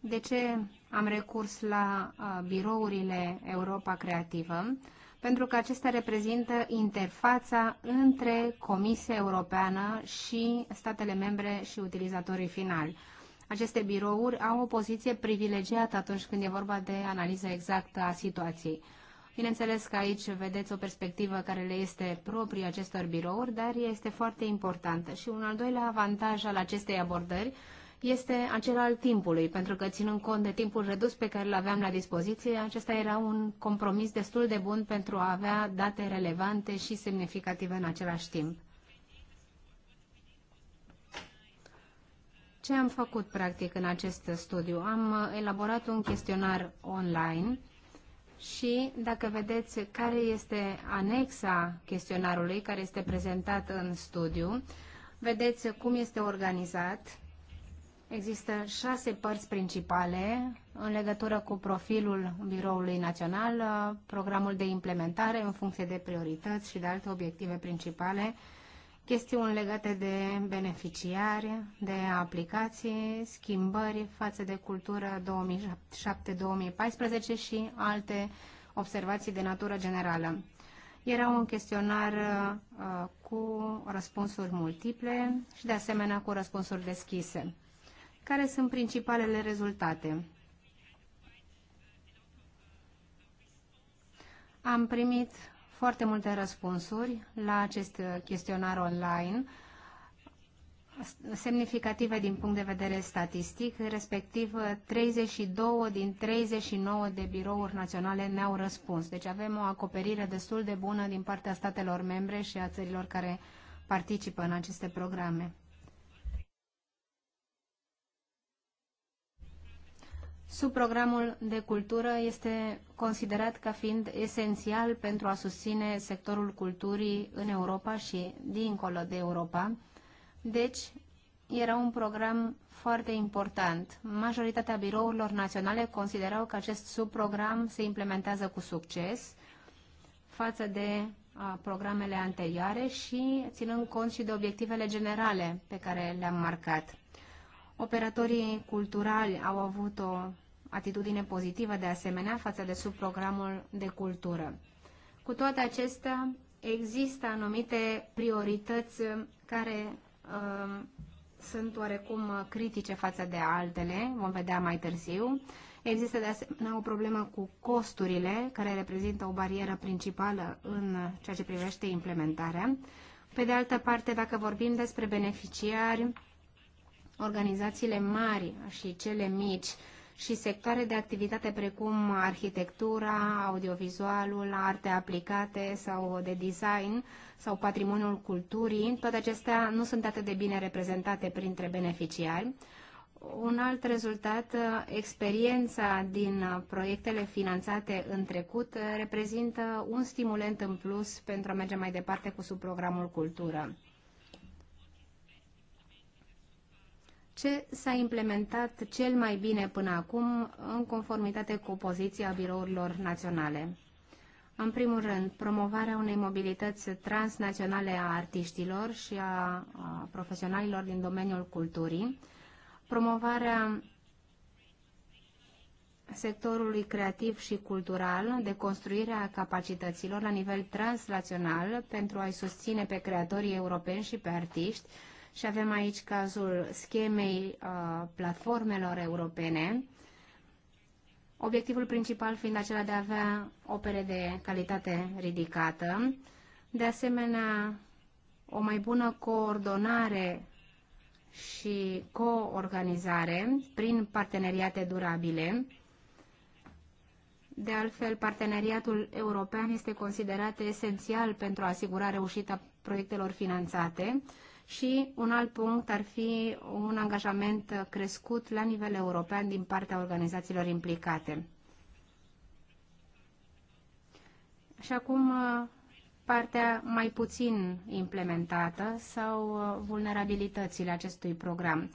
De ce am recurs la uh, birourile Europa Creativă, pentru că acestea reprezintă interfața între Comisia Europeană și statele membre și utilizatorii finali. Aceste birouri au o poziție privilegiată atunci când e vorba de analiza exactă a situației. Bineînțeles că aici vedeți o perspectivă care le este proprie acestor birouri, dar este foarte importantă. Și un al doilea avantaj al acestei abordări este acel al timpului, pentru că ținând cont de timpul redus pe care îl aveam la dispoziție, acesta era un compromis destul de bun pentru a avea date relevante și semnificative în același timp. Ce am făcut practic în acest studiu? Am elaborat un chestionar online și dacă vedeți care este anexa chestionarului care este prezentat în studiu, vedeți cum este organizat Există șase părți principale în legătură cu profilul Biroului Național, programul de implementare în funcție de priorități și de alte obiective principale, chestiuni legate de beneficiari, de aplicații, schimbări față de cultură 2007-2014 și alte observații de natură generală. Era un chestionar uh, cu răspunsuri multiple și de asemenea cu răspunsuri deschise. Care sunt principalele rezultate? Am primit foarte multe răspunsuri la acest chestionar online, semnificative din punct de vedere statistic, respectiv 32 din 39 de birouri naționale ne-au răspuns. Deci avem o acoperire destul de bună din partea statelor membre și a țărilor care participă în aceste programe. sub programul de cultură este considerat ca fiind esențial pentru a susține sectorul culturii în Europa și dincolo de Europa. Deci, era un program foarte important. Majoritatea birourilor naționale considerau că acest subprogram se implementează cu succes față de a, programele anterioare și ținând cont și de obiectivele generale pe care le-am marcat. Operatorii culturali au avut o atitudine pozitivă de asemenea față de subprogramul de cultură. Cu toate acestea, există anumite priorități care uh, sunt oarecum critice față de altele, vom vedea mai târziu. Există de asemenea o problemă cu costurile, care reprezintă o barieră principală în ceea ce privește implementarea. Pe de altă parte, dacă vorbim despre beneficiari, organizațiile mari și cele mici și sectoare de activitate precum arhitectura, audiovizualul, arte aplicate sau de design sau patrimoniul culturii, toate acestea nu sunt atât de bine reprezentate printre beneficiari. Un alt rezultat, experiența din proiectele finanțate în trecut reprezintă un stimulent în plus pentru a merge mai departe cu subprogramul cultură. ce s-a implementat cel mai bine până acum în conformitate cu poziția birourilor naționale. În primul rând, promovarea unei mobilități transnaționale a artiștilor și a profesionalilor din domeniul culturii, promovarea sectorului creativ și cultural, de construirea capacităților la nivel transnațional pentru a-i susține pe creatorii europeni și pe artiști, și avem aici cazul schemei uh, platformelor europene, obiectivul principal fiind acela de a avea opere de calitate ridicată, de asemenea o mai bună coordonare și coorganizare prin parteneriate durabile. De altfel, parteneriatul european este considerat esențial pentru a asigura reușita proiectelor finanțate și un alt punct ar fi un angajament crescut la nivel european din partea organizațiilor implicate. Și acum uh, partea mai puțin implementată sau uh, vulnerabilitățile acestui program.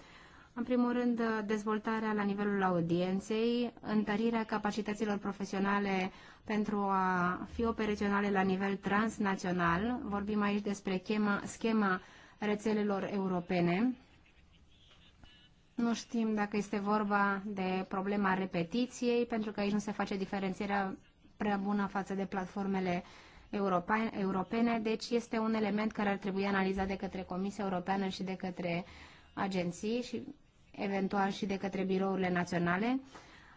În primul rând, uh, dezvoltarea la nivelul audienței, întărirea capacităților profesionale pentru a fi operaționale la nivel transnațional. Vorbim aici despre schema, schema rețelelor europene. Nu știm dacă este vorba de problema repetiției, pentru că aici nu se face diferențierea prea bună față de platformele europene, deci este un element care ar trebui analizat de către Comisia Europeană și de către agenții și eventual și de către birourile naționale.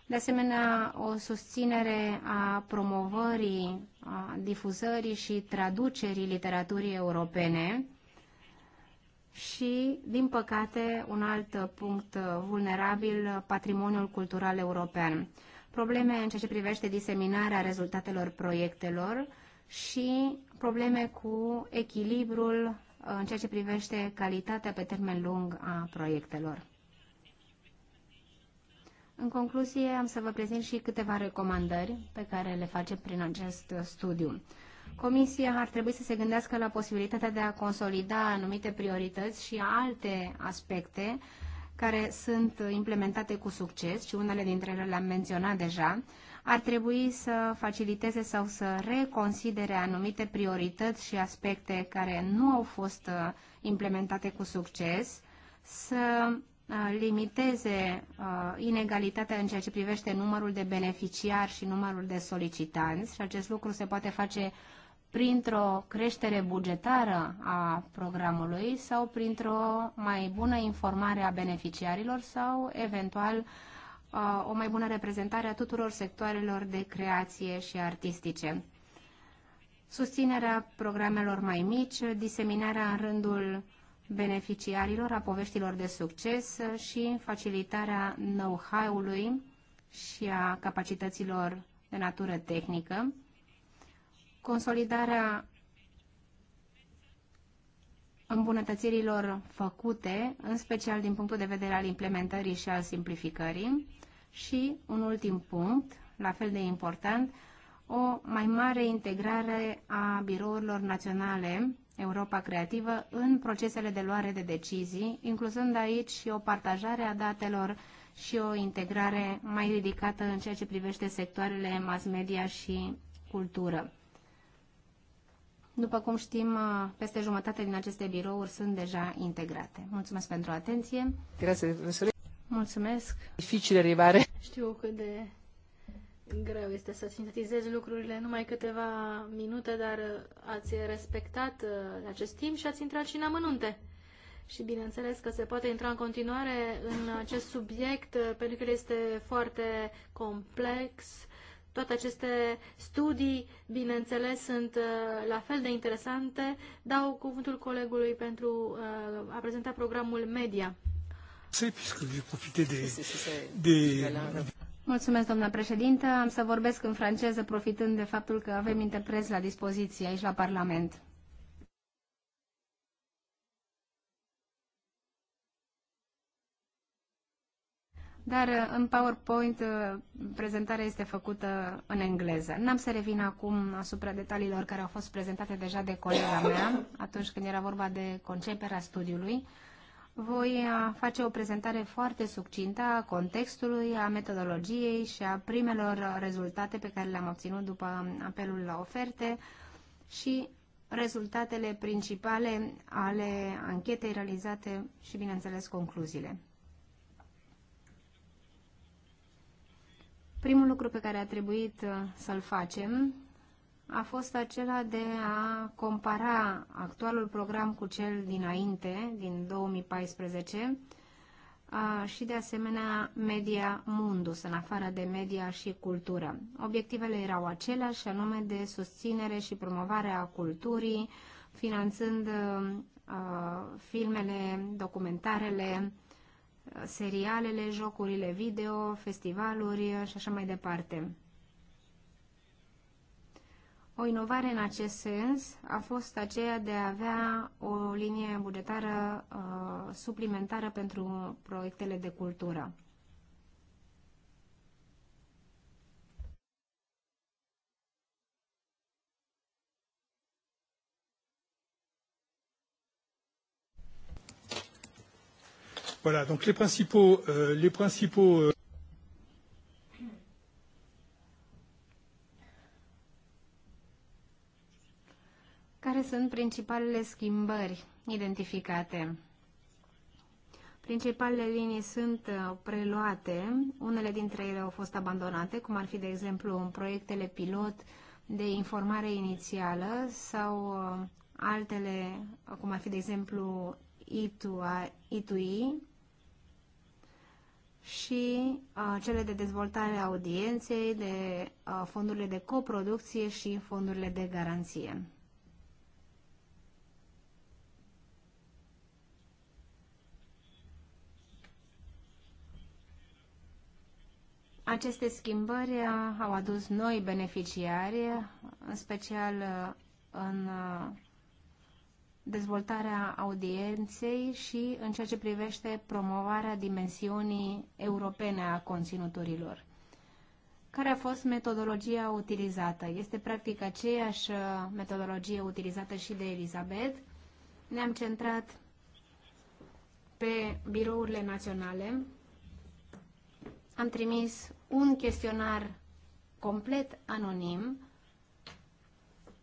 De asemenea, o susținere a promovării, a difuzării și traducerii literaturii europene, și, din păcate, un alt punct vulnerabil, patrimoniul cultural european. Probleme în ceea ce privește diseminarea rezultatelor proiectelor și probleme cu echilibrul uh, în ceea ce privește calitatea pe termen lung a proiectelor. În concluzie, am să vă prezint și câteva recomandări pe care le facem prin acest studiu. Comisia ar trebui să se gândească la posibilitatea de a consolida anumite priorități și alte aspecte care sunt implementate cu succes și unele dintre ele le-am menționat deja, ar trebui să faciliteze sau să reconsidere anumite priorități și aspecte care nu au fost uh, implementate cu succes, să uh, limiteze uh, inegalitatea în ceea ce privește numărul de beneficiari și numărul de solicitanți și acest lucru se poate face printr-o creștere bugetară a programului sau printr-o mai bună informare a beneficiarilor sau, eventual, uh, o mai bună reprezentare a tuturor sectoarelor de creație și artistice. Susținerea programelor mai mici, diseminarea în rândul beneficiarilor a poveștilor de succes și facilitarea know-how-ului și a capacităților de natură tehnică, consolidarea îmbunătățirilor făcute, în special din punctul de vedere al implementării și al simplificării și, un ultim punct, la fel de important, o mai mare integrare a birourilor naționale Europa Creativă în procesele de luare de decizii, incluzând aici și o partajare a datelor și o integrare mai ridicată în ceea ce privește sectoarele mass media și cultură. După cum știm, peste jumătate din aceste birouri sunt deja integrate. Mulțumesc pentru atenție. Grazie, Mulțumesc. Dificil arrivare. Știu cât de greu este să sintetizez lucrurile numai câteva minute, dar ați respectat acest timp și ați intrat și în amănunte. Și bineînțeles că se poate intra în continuare în acest subiect pentru că este foarte complex toate aceste studii, bineînțeles, sunt uh, la fel de interesante. Dau cuvântul colegului pentru uh, a prezenta programul media. Mulțumesc, doamna președintă. Am să vorbesc în franceză, profitând de faptul că avem interpreți la dispoziție aici la Parlament. dar uh, în PowerPoint uh, prezentarea este făcută în engleză. N-am să revin acum asupra detaliilor care au fost prezentate deja de colega mea atunci când era vorba de conceperea studiului. Voi uh, face o prezentare foarte succintă a contextului, a metodologiei și a primelor rezultate pe care le-am obținut după apelul la oferte și rezultatele principale ale anchetei realizate și, bineînțeles, concluziile. Primul lucru pe care a trebuit uh, să-l facem a fost acela de a compara actualul program cu cel dinainte, din 2014, uh, și de asemenea Media Mundus, în afară de media și cultură. Obiectivele erau aceleași, anume de susținere și promovare a culturii, finanțând uh, uh filmele, documentarele, serialele, jocurile video, festivaluri și așa mai departe. O inovare în acest sens a fost aceea de a avea o linie bugetară uh, suplimentară pentru proiectele de cultură. Voilà, donc les principaux, euh, les principaux euh Care sunt principalele schimbări identificate? Principalele linii sunt uh, preluate, unele dintre ele au fost abandonate, cum ar fi, de exemplu, în proiectele pilot de informare inițială sau uh, altele, cum ar fi, de exemplu, I2I, și uh, cele de dezvoltare a audienței, de uh, fondurile de coproducție și fondurile de garanție. Aceste schimbări au adus noi beneficiari, în special în uh, dezvoltarea audienței și în ceea ce privește promovarea dimensiunii europene a conținuturilor. Care a fost metodologia utilizată? Este practic aceeași uh, metodologie utilizată și de Elizabeth. Ne-am centrat pe birourile naționale. Am trimis un chestionar complet anonim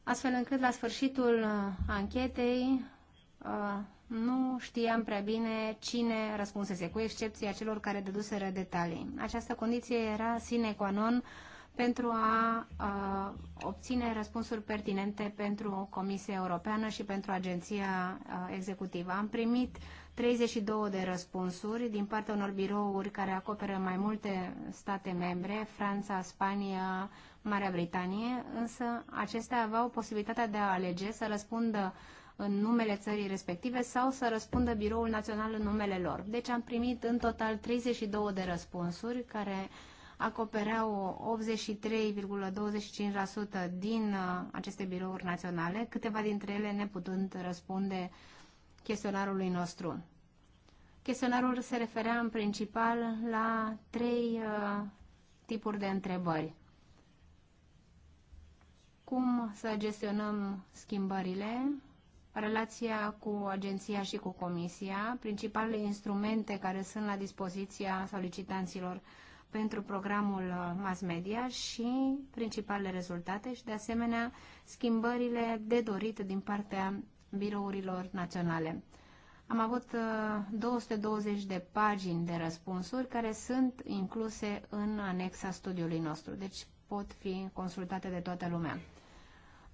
astfel încât la sfârșitul uh, anchetei uh, nu știam prea bine cine răspunsese, cu excepția celor care dăduseră detalii. Această condiție era sine qua non pentru a, uh, obține răspunsuri pertinente pentru Comisia Europeană și pentru Agenția Executivă. Am primit 32 de răspunsuri din partea unor birouri care acoperă mai multe state membre, Franța, Spania, Marea Britanie, însă acestea aveau posibilitatea de a alege să răspundă în numele țării respective sau să răspundă Biroul Național în numele lor. Deci am primit în total 32 de răspunsuri care acopereau 83,25% din uh, aceste birouri naționale, câteva dintre ele neputând răspunde chestionarului nostru. Chestionarul se referea în principal la trei uh, tipuri de întrebări cum să gestionăm schimbările, relația cu agenția și cu comisia, principalele instrumente care sunt la dispoziția solicitanților pentru programul uh, mass media și principalele rezultate și, de asemenea, schimbările de dorit din partea birourilor naționale. Am avut 220 uh, de pagini de răspunsuri care sunt incluse în anexa studiului nostru, deci pot fi consultate de toată lumea.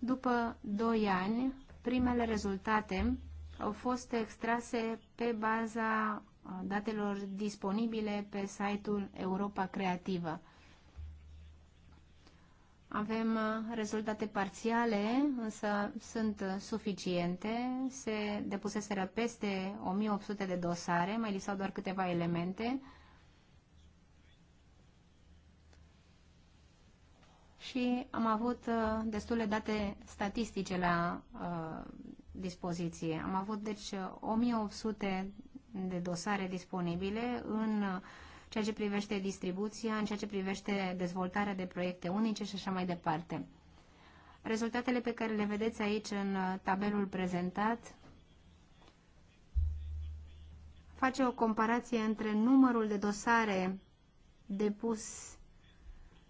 După 2 ani, primele rezultate au fost extrase pe baza uh, datelor disponibile pe site-ul Europa Creativă. Avem uh, rezultate parțiale, însă sunt uh, suficiente. Se depuseseră peste 1800 de dosare, mai lisau doar câteva elemente. și am avut uh, destule date statistice la uh, dispoziție. Am avut, deci, 1800 uh, de dosare disponibile în uh, ceea ce privește distribuția, în ceea ce privește dezvoltarea de proiecte unice și așa mai departe. Rezultatele pe care le vedeți aici în tabelul prezentat face o comparație între numărul de dosare depus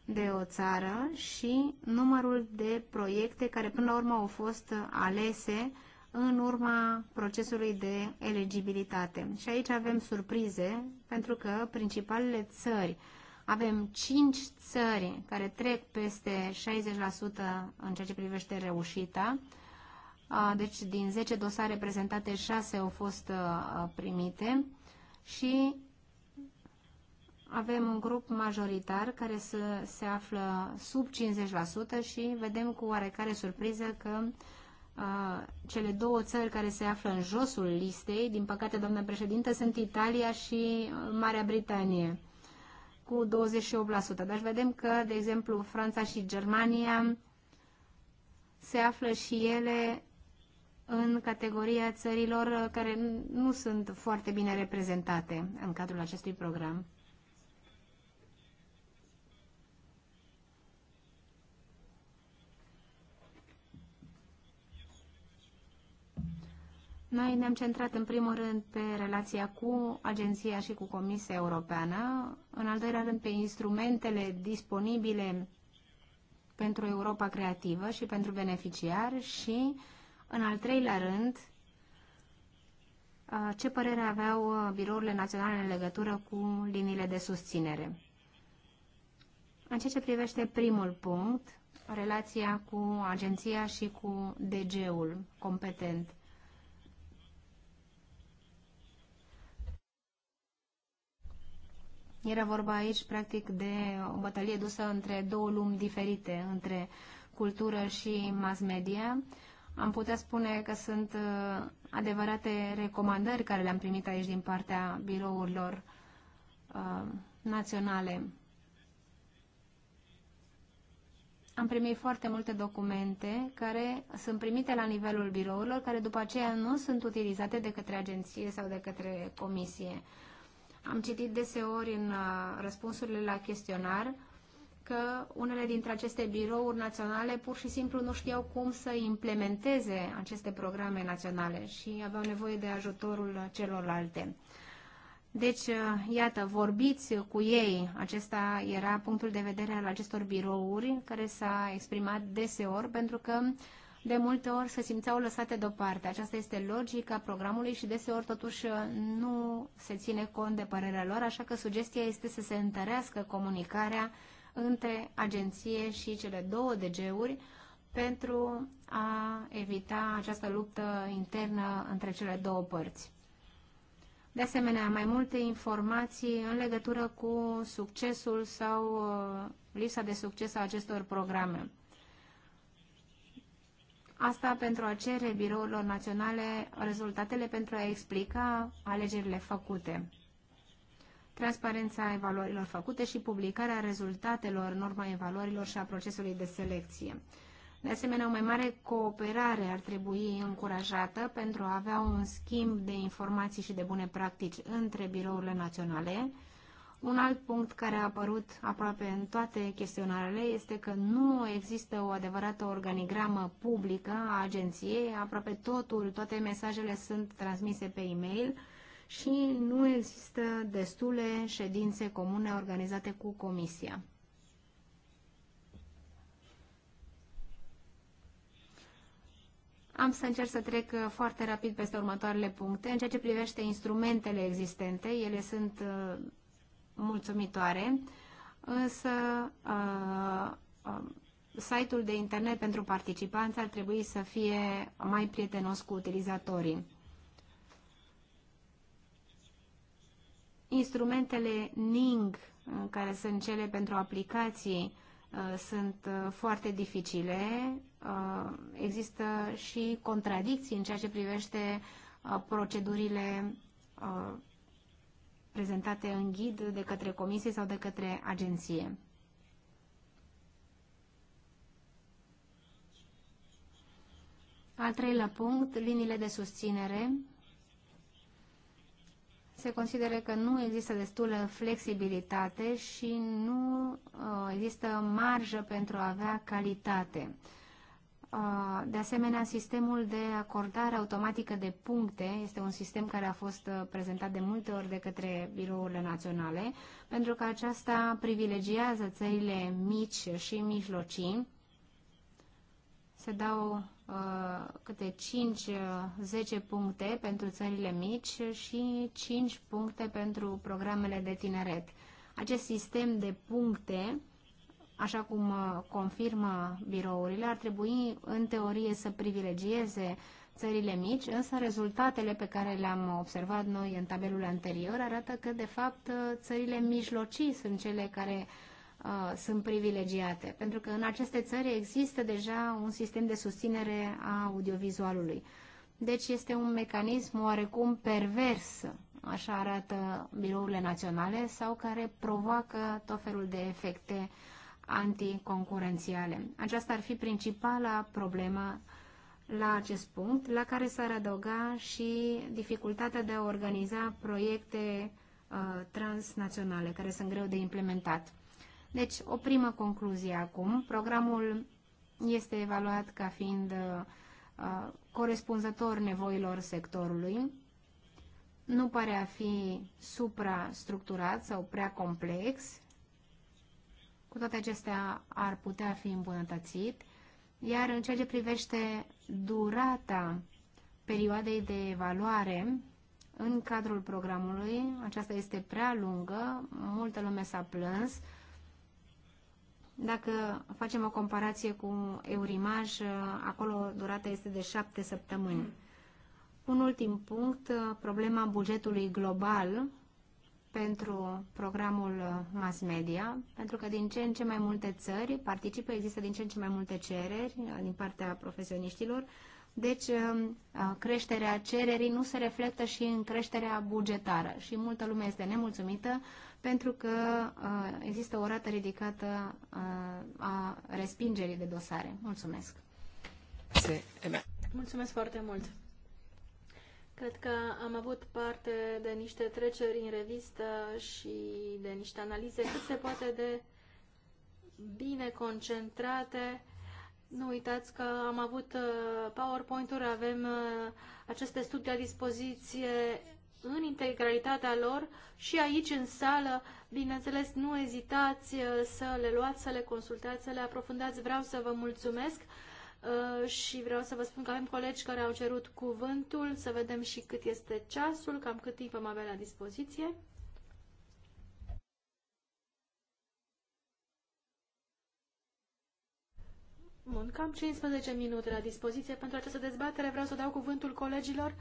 de o țară și numărul de proiecte care până la urmă au fost alese în urma procesului de elegibilitate. Și aici avem surprize, pentru că principalele țări, avem 5 țări care trec peste 60% în ceea ce privește reușita, deci din 10 dosare prezentate, 6 au fost primite și avem un grup majoritar care să se află sub 50% și vedem cu oarecare surpriză că uh, cele două țări care se află în josul listei, din păcate, doamnă președintă, sunt Italia și Marea Britanie, cu 28%. Dar deci vedem că, de exemplu, Franța și Germania se află și ele în categoria țărilor care nu sunt foarte bine reprezentate în cadrul acestui program. Noi ne-am centrat în primul rând pe relația cu Agenția și cu Comisia Europeană, în al doilea rând pe instrumentele disponibile pentru Europa Creativă și pentru beneficiari și, în al treilea rând, uh, ce părere aveau uh, birourile naționale în legătură cu liniile de susținere. În ceea ce privește primul punct, relația cu agenția și cu DG-ul competent. Era vorba aici, practic, de o bătălie dusă între două lumi diferite, între cultură și mass media. Am putea spune că sunt uh, adevărate recomandări care le-am primit aici din partea birourilor uh, naționale. Am primit foarte multe documente care sunt primite la nivelul birourilor, care după aceea nu sunt utilizate de către agenție sau de către comisie. Am citit deseori în uh, răspunsurile la chestionar că unele dintre aceste birouri naționale pur și simplu nu știau cum să implementeze aceste programe naționale și aveau nevoie de ajutorul celorlalte. Deci, uh, iată, vorbiți cu ei. Acesta era punctul de vedere al acestor birouri care s-a exprimat deseori pentru că uh, de multe ori se simțeau lăsate deoparte. Aceasta este logica programului și deseori totuși nu se ține cont de părerea lor, așa că sugestia este să se întărească comunicarea între agenție și cele două DG-uri pentru a evita această luptă internă între cele două părți. De asemenea, mai multe informații în legătură cu succesul sau uh, lipsa de succes a acestor programe. Asta pentru a cere birourilor naționale rezultatele pentru a explica alegerile făcute. Transparența evaluărilor făcute și publicarea rezultatelor în urma evaluărilor și a procesului de selecție. De asemenea, o mai mare cooperare ar trebui încurajată pentru a avea un schimb de informații și de bune practici între birourile naționale, un alt punct care a apărut aproape în toate chestionarele este că nu există o adevărată organigramă publică a agenției, aproape totul, toate mesajele sunt transmise pe e-mail și nu există destule ședințe comune organizate cu comisia. Am să încerc să trec foarte rapid peste următoarele puncte. În ceea ce privește instrumentele existente, ele sunt mulțumitoare, însă uh, uh, site-ul de internet pentru participanți ar trebui să fie mai prietenos cu utilizatorii. Instrumentele NING, uh, care sunt cele pentru aplicații, sunt foarte dificile. Există și contradicții în ceea ce privește procedurile prezentate în ghid de către comisie sau de către agenție. Al treilea punct, liniile de susținere. Se consideră că nu există destulă flexibilitate și nu uh, există marjă pentru a avea calitate. De asemenea, sistemul de acordare automatică de puncte este un sistem care a fost uh, prezentat de multe ori de către birourile naționale, pentru că aceasta privilegiază țările mici și mijlocii. Se dau uh, câte 5-10 uh, puncte pentru țările mici și 5 puncte pentru programele de tineret. Acest sistem de puncte așa cum uh, confirmă birourile, ar trebui în teorie să privilegieze țările mici, însă rezultatele pe care le-am observat noi în tabelul anterior arată că, de fapt, uh, țările mijlocii sunt cele care uh, sunt privilegiate, pentru că în aceste țări există deja un sistem de susținere a audiovizualului. Deci este un mecanism oarecum pervers, așa arată birourile naționale, sau care provoacă tot felul de efecte uh, anticoncurențiale. Aceasta ar fi principala problemă la acest punct, la care s-ar adăuga și dificultatea de a organiza proiecte uh, transnaționale care sunt greu de implementat. Deci, o primă concluzie acum. Programul este evaluat ca fiind uh, corespunzător nevoilor sectorului. Nu pare a fi suprastructurat sau prea complex cu toate acestea ar putea fi îmbunătățit, iar în ceea ce privește durata perioadei de evaluare în cadrul programului, aceasta este prea lungă, multă lume s-a plâns, dacă facem o comparație cu Eurimaj, acolo durata este de șapte săptămâni. Un ultim punct, problema bugetului global pentru programul uh, mass media, pentru că din ce în ce mai multe țări participă, există din ce în ce mai multe cereri uh, din partea profesioniștilor, deci uh, creșterea cererii nu se reflectă și în creșterea bugetară și multă lume este nemulțumită pentru că există o rată ridicată a respingerii de dosare. Mulțumesc! Mulțumesc foarte mult! Cred că am avut parte de niște treceri în revistă și de niște analize cât se poate de bine concentrate. Nu uitați că am avut uh, PowerPoint-uri, avem uh, aceste studii la dispoziție în integralitatea lor și aici în sală, bineînțeles, nu ezitați uh, să le luați, să le consultați, să le aprofundați. Vreau să vă mulțumesc Uh, și vreau să vă spun că avem colegi care au cerut cuvântul, să vedem și cât este ceasul, cam cât timp am avea la dispoziție. Bun, cam 15 minute la dispoziție pentru această dezbatere. Vreau să dau cuvântul colegilor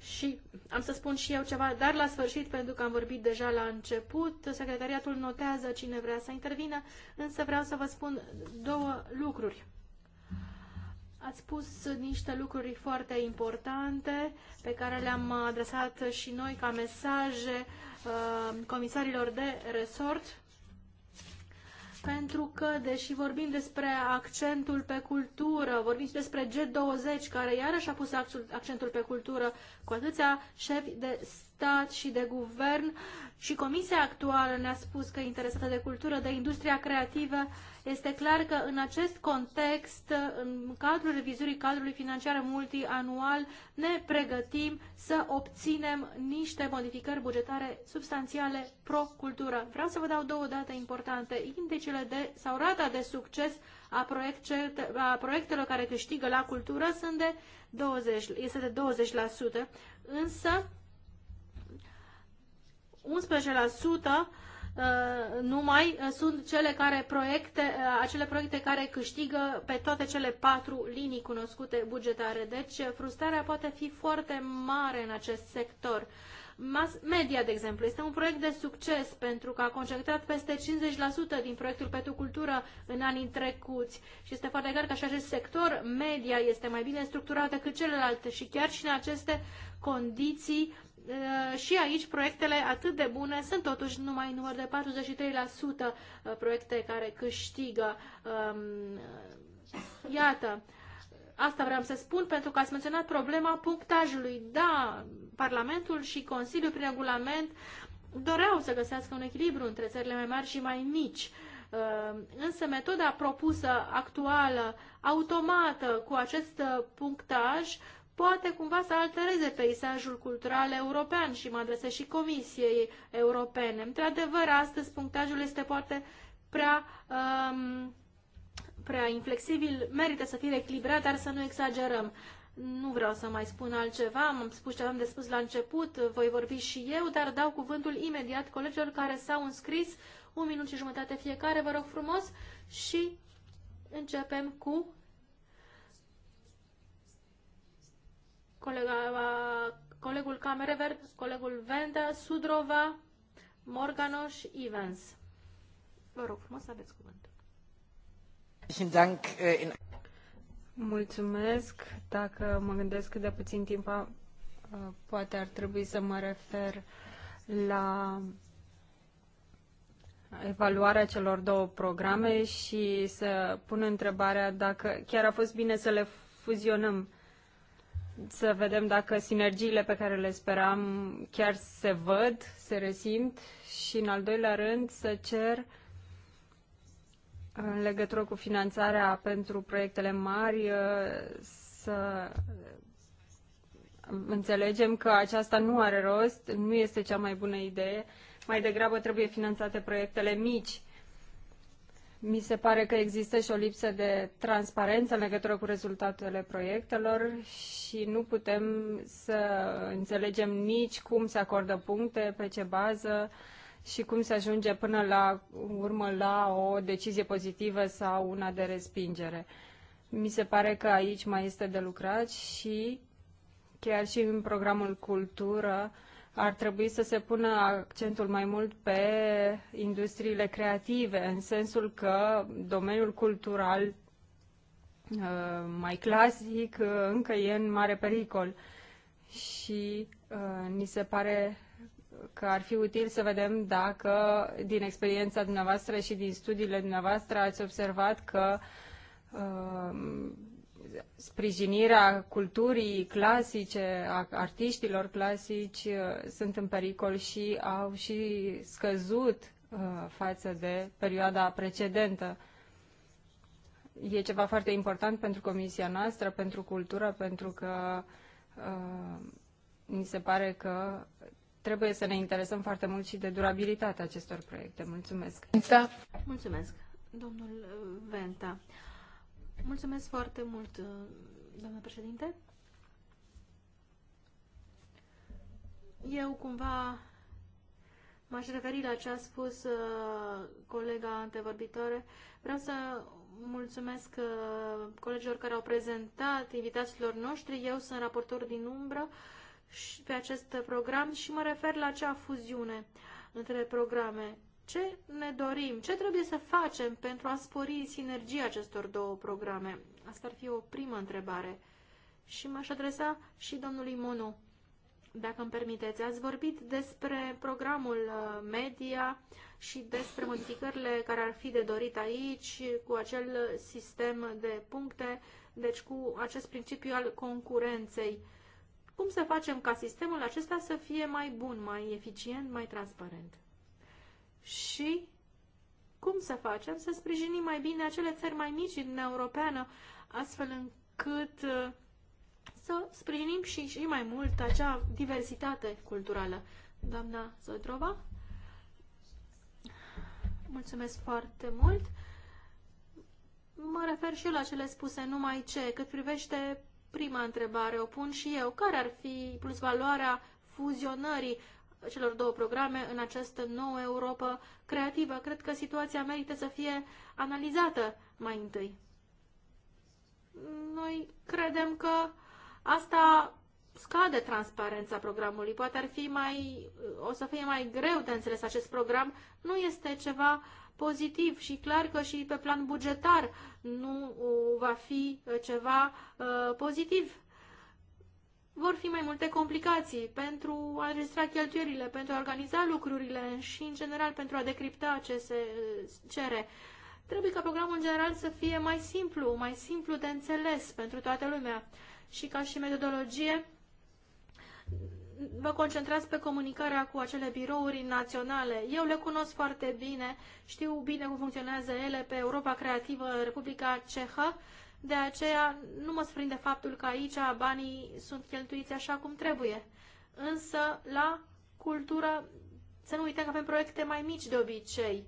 și am să spun și eu ceva, dar la sfârșit, pentru că am vorbit deja la început, secretariatul notează cine vrea să intervină, însă vreau să vă spun două lucruri. Ați spus niște lucruri foarte importante pe care le-am adresat și noi ca mesaje uh, comisarilor de resort pentru că, deși vorbim despre accentul pe cultură, vorbim și despre G20, care iarăși a pus accentul pe cultură cu atâția șefi de stat și de guvern, și Comisia actuală ne-a spus că e interesată de cultură, de industria creativă, este clar că în acest context, în cadrul revizuirii cadrului financiar multianual, ne pregătim să obținem niște modificări bugetare substanțiale pro-cultură. Vreau să vă dau două date importante. Indicele de, sau rata de succes a, proiecte, a proiectelor care câștigă la cultură sunt de 20, este de 20%, însă 11% Uh, numai uh, sunt cele care proiecte, uh, acele proiecte care câștigă pe toate cele patru linii cunoscute bugetare. Deci frustrarea poate fi foarte mare în acest sector. Mass media, de exemplu, este un proiect de succes pentru că a concentrat peste 50% din proiectul pentru cultură în anii trecuți și este foarte clar că și acest sector media este mai bine structurat decât celelalte și chiar și în aceste condiții Eh, și aici proiectele atât de bune sunt totuși numai număr de 43% eh, proiecte care câștigă. Ehm, eh, iată, asta vreau să spun pentru că ați menționat problema punctajului. Da, Parlamentul și Consiliul prin regulament doreau să găsească un echilibru între țările mai mari și mai mici. Însă metoda propusă actuală, automată, cu acest punctaj, poate cumva să altereze peisajul cultural european și mă adresez și Comisiei Europene. Într-adevăr, astăzi punctajul este poate prea, um, prea inflexibil, merită să fie echilibrat, dar să nu exagerăm. Nu vreau să mai spun altceva, am spus ce am de spus la început, voi vorbi și eu, dar dau cuvântul imediat colegilor care s-au înscris, un minut și jumătate fiecare, vă rog frumos, și începem cu colega, colegul Camerevert, colegul Venda, Sudrova, Morganos, Evans. Vă rog frumos să aveți cuvântul. Eh, Mulțumesc. Dacă mă gândesc cât de puțin timp, poate ar trebui să mă refer la evaluarea celor două programe și să pun întrebarea dacă chiar a fost bine să le fuzionăm să vedem dacă sinergiile pe care le speram chiar se văd, se resimt și, în al doilea rând, să cer în legătură cu finanțarea pentru proiectele mari uh, să înțelegem că aceasta nu are rost, nu este cea mai bună idee, mai degrabă trebuie finanțate proiectele mici mi se pare că există și o lipsă de transparență în legătură cu rezultatele proiectelor și nu putem să înțelegem nici cum se acordă puncte, pe ce bază și cum se ajunge până la urmă la o decizie pozitivă sau una de respingere. Mi se pare că aici mai este de lucrat și chiar și în programul Cultură ar trebui să se pună accentul mai mult pe industriile creative, în sensul că domeniul cultural uh, mai clasic uh, încă e în mare pericol și uh, ni se pare că ar fi util să vedem dacă din experiența dumneavoastră și din studiile dumneavoastră ați observat că sprijinirea culturii clasice, a artiștilor clasici uh, sunt în pericol și au și scăzut uh, față de perioada precedentă. E ceva foarte important pentru comisia noastră, pentru cultură, pentru că uh, mi se pare că trebuie să ne interesăm foarte mult și de durabilitatea acestor proiecte. Mulțumesc! Da. Mulțumesc, domnul Venta. Mulțumesc foarte mult, uh, doamnă președinte. Eu cumva m-aș referi la ce a spus uh, colega antevorbitoare. Vreau să mulțumesc uh, colegilor care au prezentat invitațiilor noștri. Eu sunt raportor din umbră și pe acest program și mă refer la acea fuziune între programe ce ne dorim, ce trebuie să facem pentru a spori sinergia acestor două programe. Asta ar fi o primă întrebare. Și m-aș adresa și domnului Monu, dacă îmi permiteți. Ați vorbit despre programul uh, media și despre modificările care ar fi de dorit aici, cu acel sistem de puncte, deci cu acest principiu al concurenței. Cum să facem ca sistemul acesta să fie mai bun, mai eficient, mai transparent? și cum să facem să sprijinim mai bine acele țări mai mici din Europeană, astfel încât uh, să sprijinim și, și mai mult acea diversitate culturală. Doamna Zodrova, mulțumesc foarte mult. Mă refer și eu la cele spuse, numai ce, cât privește prima întrebare, o pun și eu. Care ar fi plus valoarea fuzionării celor două programe în această nouă Europa creativă. Cred că situația merită să fie analizată mai întâi. Noi credem că asta scade transparența programului. Poate ar fi mai, o să fie mai greu de înțeles acest program. Nu este ceva pozitiv și clar că și pe plan bugetar nu va fi ceva uh, pozitiv vor fi mai multe complicații pentru a înregistra cheltuierile, pentru a organiza lucrurile și, în general, pentru a decripta ce se uh, cere. Trebuie ca programul în general să fie mai simplu, mai simplu de înțeles pentru toată lumea și ca și metodologie vă concentrați pe comunicarea cu acele birouri naționale. Eu le cunosc foarte bine, știu bine cum funcționează ele pe Europa Creativă, Republica Cehă de aceea nu mă sprind de faptul că aici banii sunt cheltuiți așa cum trebuie. Însă, la cultură, să nu uităm că avem proiecte mai mici de obicei,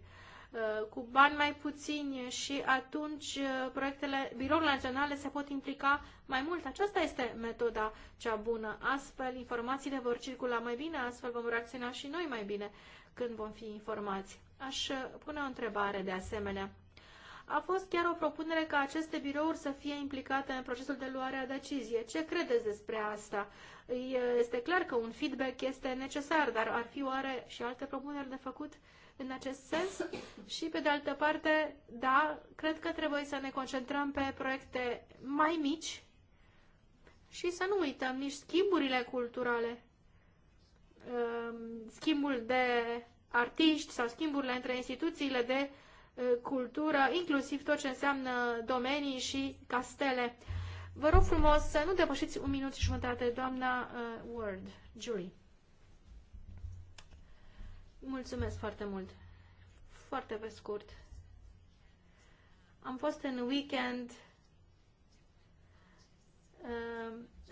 uh, cu bani mai puțini și atunci uh, proiectele, birourile naționale se pot implica mai mult. Aceasta este metoda cea bună. Astfel, informațiile vor circula mai bine, astfel vom reacționa și noi mai bine când vom fi informați. Aș uh, pune o întrebare de asemenea. A fost chiar o propunere ca aceste birouri să fie implicate în procesul de luare a decizie. Ce credeți despre asta? Este clar că un feedback este necesar, dar ar fi oare și alte propuneri de făcut în acest sens? Și pe de altă parte, da, cred că trebuie să ne concentrăm pe proiecte mai mici și să nu uităm nici schimburile culturale ehm, schimbul de artiști sau schimburile între instituțiile de cultură, inclusiv tot ce înseamnă domenii și castele. Vă rog frumos să nu depășiți un minut și jumătate, doamna Word, jury. Mulțumesc foarte mult. Foarte pe scurt. Am fost în weekend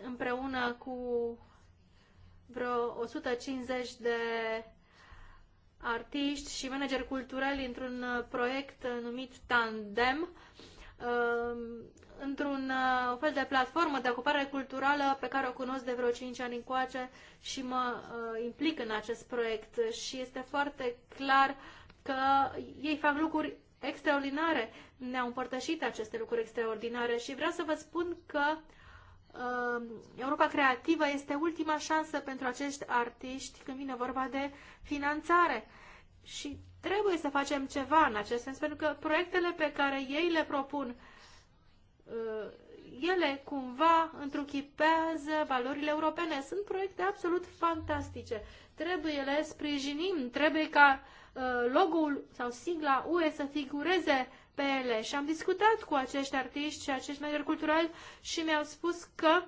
împreună cu vreo 150 de artiști și manageri culturali într-un uh, proiect uh, numit Tandem, uh, într-un fel de platformă de ocupare culturală pe care o cunosc de vreo 5 ani încoace și mă implic în acest proiect și este foarte clar că ei fac lucruri extraordinare, ne-au împărtășit aceste lucruri extraordinare și vreau să vă spun că Um, Europa Creativă este ultima șansă pentru acești artiști când vine vorba de finanțare. Și trebuie să facem ceva în acest sens, pentru că proiectele pe care ei le propun, uh, ele cumva întruchipează valorile europene. Sunt proiecte absolut fantastice. Trebuie le sprijinim, trebuie ca uh, logo-ul sau sigla UE să figureze apele. Și am discutat cu acești artiști și acești mediori culturali și mi-au spus că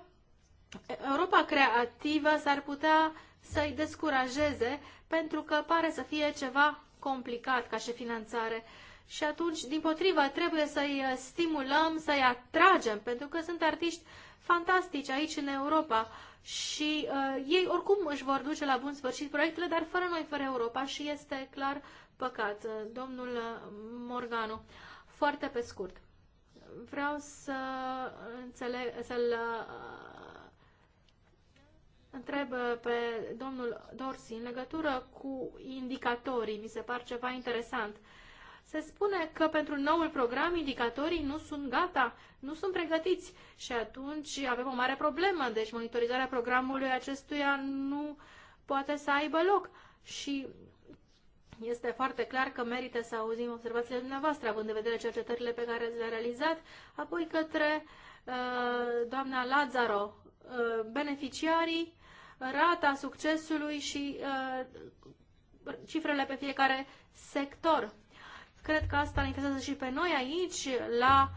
Europa creativă s-ar putea să-i descurajeze pentru că pare să fie ceva complicat ca și finanțare. Și atunci, din potriva, trebuie să-i uh, stimulăm, să-i atragem, pentru că sunt artiști fantastici aici în Europa și uh, ei oricum își vor duce la bun sfârșit proiectele, dar fără noi, fără Europa și este clar păcat, uh, domnul uh, Morganu. Foarte pe scurt, vreau să înțeleg, să-l uh, întreb pe domnul Dorsi în legătură cu indicatorii. Mi se par ceva interesant. Se spune că pentru noul program indicatorii nu sunt gata, nu sunt pregătiți și atunci avem o mare problemă. Deci monitorizarea programului acestuia nu poate să aibă loc și este foarte clar că merită să auzim observațiile dumneavoastră, având în vedere cercetările pe care le-a realizat, apoi către uh, doamna Lazaro, uh, beneficiarii, rata succesului și uh, cifrele pe fiecare sector. Cred că asta ne interesează și pe noi aici, la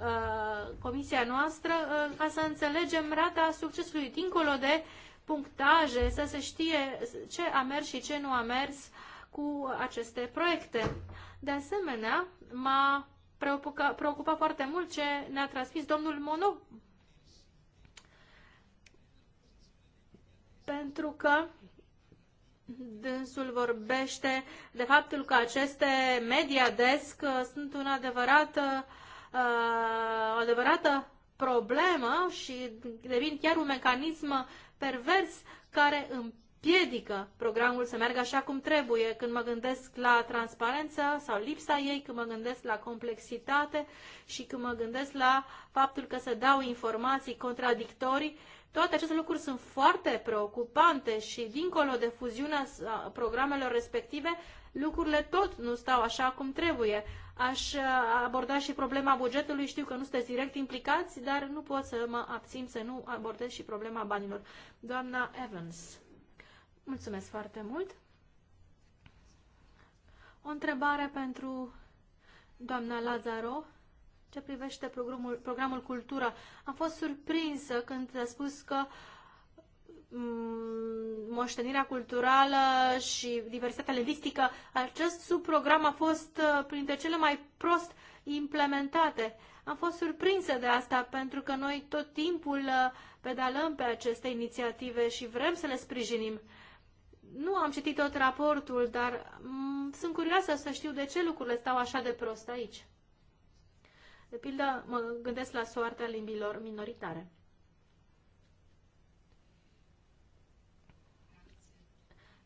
uh, comisia noastră, uh, ca să înțelegem rata succesului, dincolo de punctaje, să se știe ce a mers și ce nu a mers uh, cu aceste proiecte. De asemenea, m-a preocupat preocupa foarte mult ce ne-a transmis domnul Mono. Pentru că dânsul vorbește de faptul că aceste media desk uh, sunt un adevărat, uh, uh, o adevărată problemă și devin chiar un mecanism pervers care piedică programul să meargă așa cum trebuie când mă gândesc la transparență sau lipsa ei, când mă gândesc la complexitate și când mă gândesc la faptul că se dau informații contradictorii. Toate aceste lucruri sunt foarte preocupante și, dincolo de fuziunea programelor respective, lucrurile tot nu stau așa cum trebuie. Aș aborda și problema bugetului, știu că nu sunteți direct implicați, dar nu pot să mă abțin să nu abordez și problema banilor. Doamna Evans. Mulțumesc foarte mult! O întrebare pentru doamna Lazaro ce privește programul, programul Cultura. Am fost surprinsă când a spus că mm, moștenirea culturală și diversitatea lingvistică, acest subprogram a fost uh, printre cele mai prost implementate. Am fost surprinsă de asta pentru că noi tot timpul uh, pedalăm pe aceste inițiative și vrem să le sprijinim. Nu am citit tot raportul, dar mm, sunt curioasă să știu de ce lucrurile stau așa de prost aici. De pildă, mă gândesc la soarta limbilor minoritare.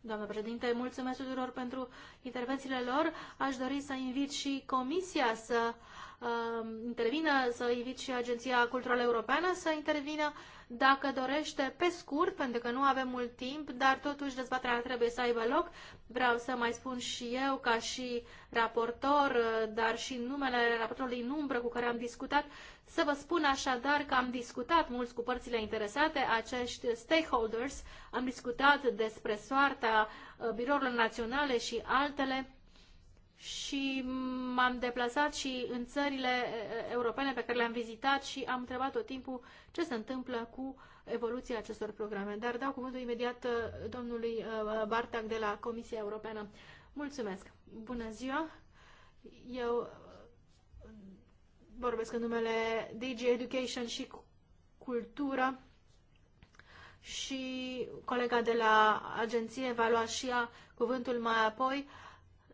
Doamnă președinte, mulțumesc tuturor pentru intervențiile lor. Aș dori să invit și comisia să uh, Um, intervină, să invit și Agenția Culturală Europeană să intervină dacă dorește, pe scurt, pentru că nu avem mult timp, dar totuși dezbaterea trebuie să aibă loc. Vreau să mai spun și eu, ca și raportor, uh, dar și numele raportorului în umbră cu care am discutat, să vă spun așadar că am discutat mult cu părțile interesate, acești stakeholders, am discutat despre soarta uh, birourilor naționale și altele și m-am deplasat și în țările europene pe care le-am vizitat și am întrebat tot timpul ce se întâmplă cu evoluția acestor programe. Dar dau cuvântul imediat domnului Bartac de la Comisia Europeană. Mulțumesc! Bună ziua! Eu vorbesc în numele DG Education și Cultură și colega de la agenție va lua și ea cuvântul mai apoi. Uh,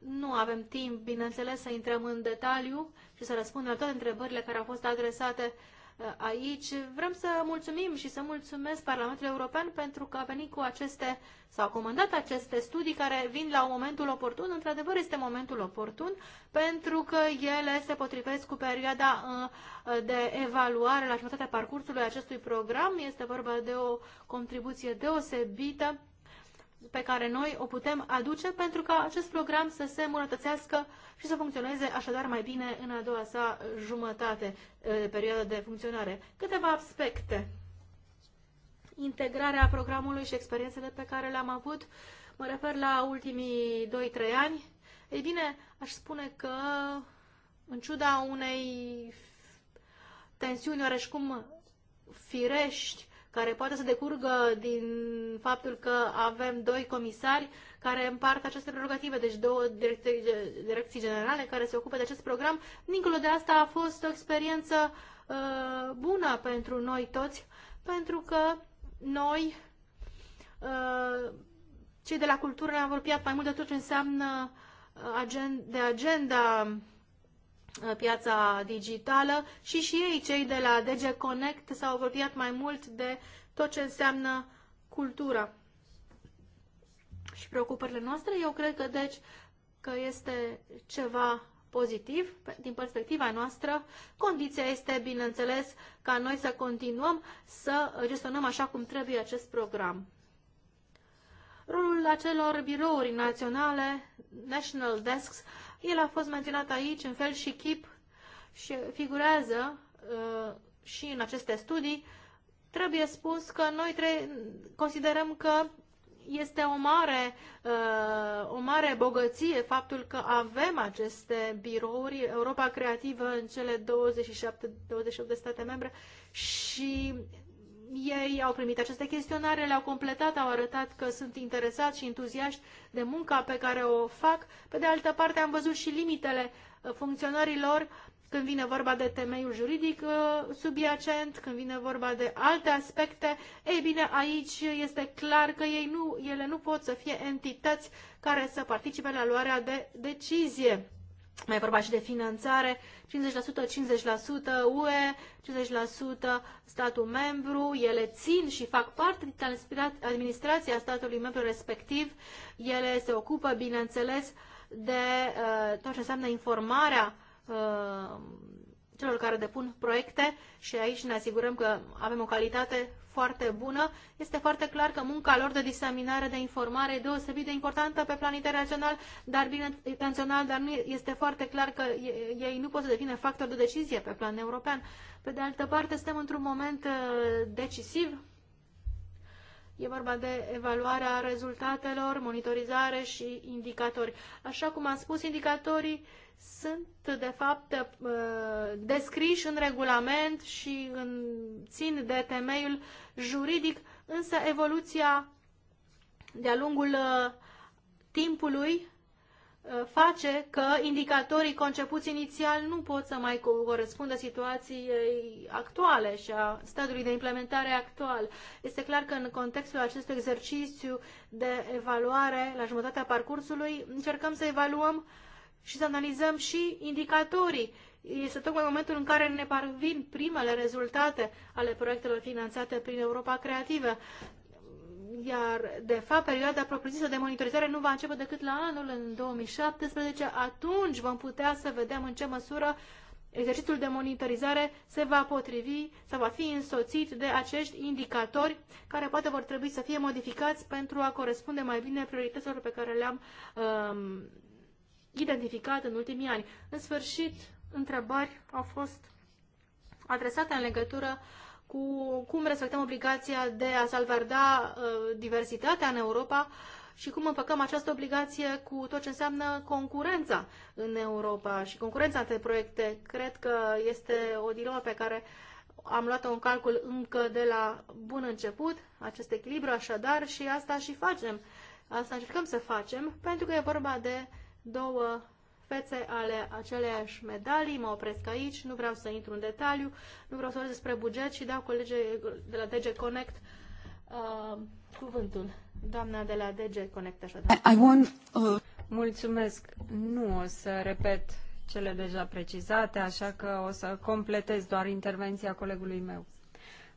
nu avem timp, bineînțeles, să intrăm în detaliu și să răspundem la toate întrebările care au fost adresate uh, aici. Vrem să mulțumim și să mulțumesc Parlamentului European pentru că a venit cu aceste, sau a comandat aceste studii care vin la momentul oportun. Într-adevăr, este momentul oportun pentru că ele se potrivesc cu perioada uh, de evaluare la jumătatea parcursului acestui program. Este vorba de o contribuție deosebită pe care noi o putem aduce pentru ca acest program să se îmbunătățească și să funcționeze așadar mai bine în a doua sa jumătate de perioadă de funcționare. Câteva aspecte. Integrarea programului și experiențele pe care le-am avut, mă refer la ultimii 2-3 ani, ei bine, aș spune că în ciuda unei tensiuni oareși cum firești care poate să decurgă din faptul că avem doi comisari care împart aceste prerogative, deci două direcții, direcții generale care se ocupă de acest program. Dincolo de asta a fost o experiență uh, bună pentru noi toți, pentru că noi, uh, cei de la cultură, ne-am apropiat mai mult de tot ce înseamnă uh, de agenda Uh, piața digitală și și ei, cei de la DG Connect, s-au apropiat mai mult de tot ce înseamnă cultura și preocupările noastre. Eu cred că, deci, că este ceva pozitiv din perspectiva noastră. Condiția este, bineînțeles, ca noi să continuăm să gestionăm așa cum trebuie acest program. Rolul acelor birouri naționale, National Desks, el a fost menționat aici în fel și chip și figurează uh, și în aceste studii. Trebuie spus că noi tre- considerăm că este o mare, uh, o mare bogăție faptul că avem aceste birouri, Europa Creativă în cele 27-28 de state membre și ei au primit aceste chestionare, le-au completat, au arătat că sunt interesați și entuziaști de munca pe care o fac. Pe de altă parte, am văzut și limitele uh, funcționarilor când vine vorba de temeiul juridic uh, subiacent, când vine vorba de alte aspecte. Ei bine, aici este clar că ei nu, ele nu pot să fie entități care să participe la luarea de decizie mai e vorba și de finanțare, 50%, 50% UE, 50% statul membru, ele țin și fac parte din administrația statului membru respectiv, ele se ocupă, bineînțeles, de uh, tot ce înseamnă informarea uh, celor care depun proiecte și aici ne asigurăm că avem o calitate foarte bună. Este foarte clar că munca lor de diseminare de informare e deosebit de importantă pe plan internațional, dar bine internațional, dar nu este foarte clar că ei nu pot să devină factor de decizie pe plan european. Pe de altă parte, suntem într-un moment uh, decisiv. E vorba de evaluarea rezultatelor, monitorizare și indicatori. Așa cum am spus, indicatorii sunt, de fapt, uh, descriși în regulament și în, țin de temeiul juridic, însă evoluția de-a lungul uh, timpului uh, face că indicatorii concepuți inițial nu pot să mai corespundă situației actuale și a stadiului de implementare actual. Este clar că în contextul acestui exercițiu de evaluare la jumătatea parcursului încercăm să evaluăm uh, și să analizăm și indicatorii. Este tocmai momentul în care ne parvin primele rezultate ale proiectelor finanțate prin Europa Creativă. Iar, de fapt, perioada propriu-zisă de monitorizare nu va începe decât la anul, în 2017. Atunci vom putea să vedem în ce măsură exercițiul de monitorizare se va potrivi, sau va fi însoțit de acești indicatori care poate vor trebui să fie modificați pentru a corespunde mai bine priorităților pe care le-am um, identificat în ultimii ani. În sfârșit, întrebări au fost adresate în legătură cu cum respectăm obligația de a salvarda uh, diversitatea în Europa și cum împăcăm această obligație cu tot ce înseamnă concurența în Europa și concurența între proiecte. Cred că este o dilemă pe care am luat-o în calcul încă de la bun început, acest echilibru așadar, și asta și facem. Asta încercăm să facem, pentru că e vorba de două fețe ale aceleiași medalii. Mă opresc aici, nu vreau să intru în detaliu, nu vreau să vorbesc despre buget și dau colege de la DG Connect uh, cuvântul. Doamna de la DG Connect, așadar. I, want, uh... Mulțumesc. Nu o să repet cele deja precizate, așa că o să completez doar intervenția colegului meu.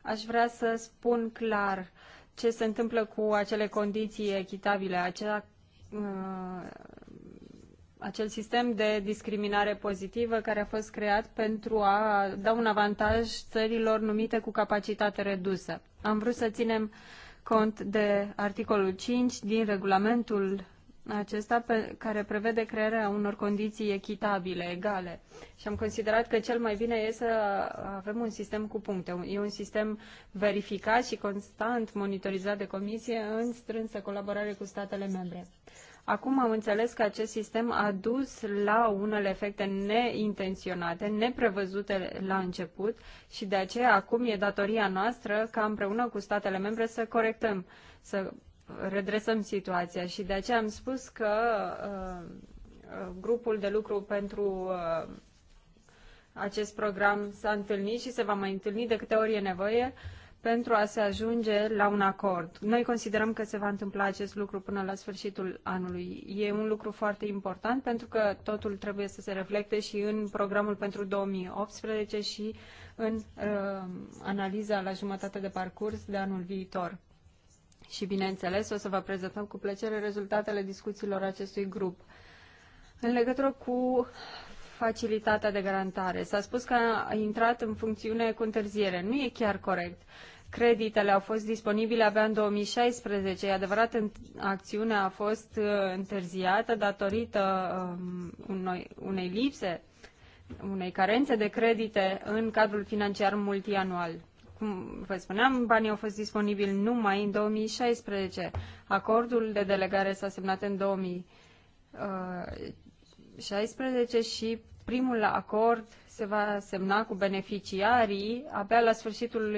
Aș vrea să spun clar ce se întâmplă cu acele condiții echitabile, acea uh, acel sistem de discriminare pozitivă care a fost creat pentru a da un avantaj țărilor numite cu capacitate redusă. Am vrut să ținem cont de articolul 5 din regulamentul acesta pe, care prevede crearea unor condiții echitabile, egale. Și am considerat că cel mai bine e să avem un sistem cu puncte. E un sistem verificat și constant monitorizat de comisie în strânsă colaborare cu statele membre. Acum am înțeles că acest sistem a dus la unele efecte neintenționate, neprevăzute la început și de aceea acum e datoria noastră ca împreună cu statele membre să corectăm, să redresăm situația și de aceea am spus că uh, uh grupul de lucru pentru uh, acest program s-a întâlnit și se va mai întâlni de câte ori e nevoie uh, pentru a se ajunge la un acord. Noi considerăm că se va întâmpla acest lucru până la sfârșitul anului. E un lucru foarte important pentru că totul trebuie să se reflecte și în programul pentru 2018 și în uh, analiza la jumătate de parcurs de anul viitor. Și bineînțeles, o să vă prezentăm cu plăcere rezultatele discuțiilor acestui grup. În legătură cu facilitatea de garantare. S-a spus că a intrat în funcțiune cu întârziere. Nu e chiar corect creditele au fost disponibile abia în 2016. E adevărat, acțiunea a fost uh, întârziată datorită um, unei lipse, unei carențe de credite în cadrul financiar multianual. Cum vă spuneam, banii au fost disponibili numai în 2016. Acordul de delegare s-a semnat în 2016 uh, și primul acord se va semna cu beneficiarii abia la sfârșitul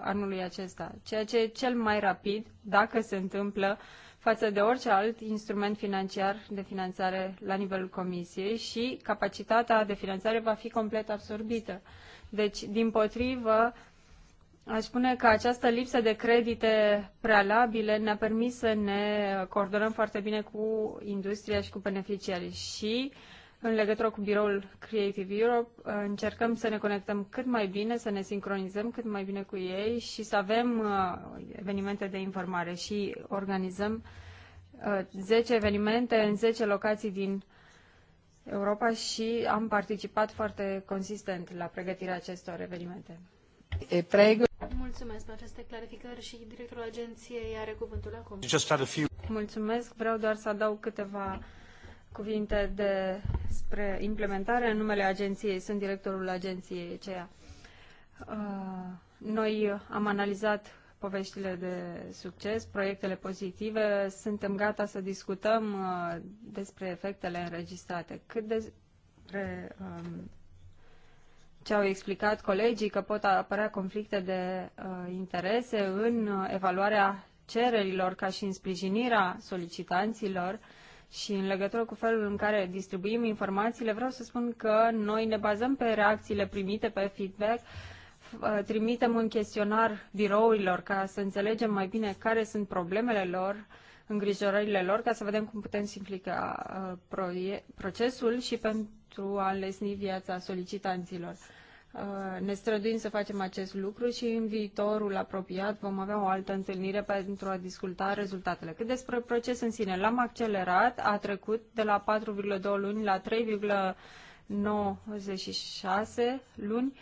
anului acesta, ceea ce e cel mai rapid, dacă se întâmplă, față de orice alt instrument financiar de finanțare la nivelul Comisiei și capacitatea de finanțare va fi complet absorbită. Deci, din potrivă, Aș spune că această lipsă de credite prealabile ne-a permis să ne coordonăm foarte bine cu industria și cu beneficiarii și în legătură cu biroul Creative Europe. Uh, încercăm să ne conectăm cât mai bine, să ne sincronizăm cât mai bine cu ei și să avem uh, evenimente de informare și organizăm 10 uh, evenimente în 10 locații din Europa și am participat foarte consistent la pregătirea acestor evenimente. Mulțumesc pentru aceste clarificări și directorul agenției are cuvântul acum. Mulțumesc, vreau doar să adaug câteva cuvinte despre implementare în numele agenției. Sunt directorul agenției CEA. Uh, noi am analizat poveștile de succes, proiectele pozitive. Suntem gata să discutăm uh, despre efectele înregistrate. Cât despre um, ce au explicat colegii că pot apărea conflicte de uh, interese în evaluarea cererilor ca și în sprijinirea solicitanților, și în legătură cu felul în care distribuim informațiile, vreau să spun că noi ne bazăm pe reacțiile primite, pe feedback, uh, trimitem un chestionar birourilor ca să înțelegem mai bine care sunt problemele lor, îngrijorările lor, ca să vedem cum putem simplifica uh, procesul și pentru a înlesni viața solicitanților. Uh, ne străduim să facem acest lucru și în viitorul apropiat vom avea o altă întâlnire pentru a discuta rezultatele. Cât despre proces în sine, l-am accelerat, a trecut de la 4,2 luni la 3,96 luni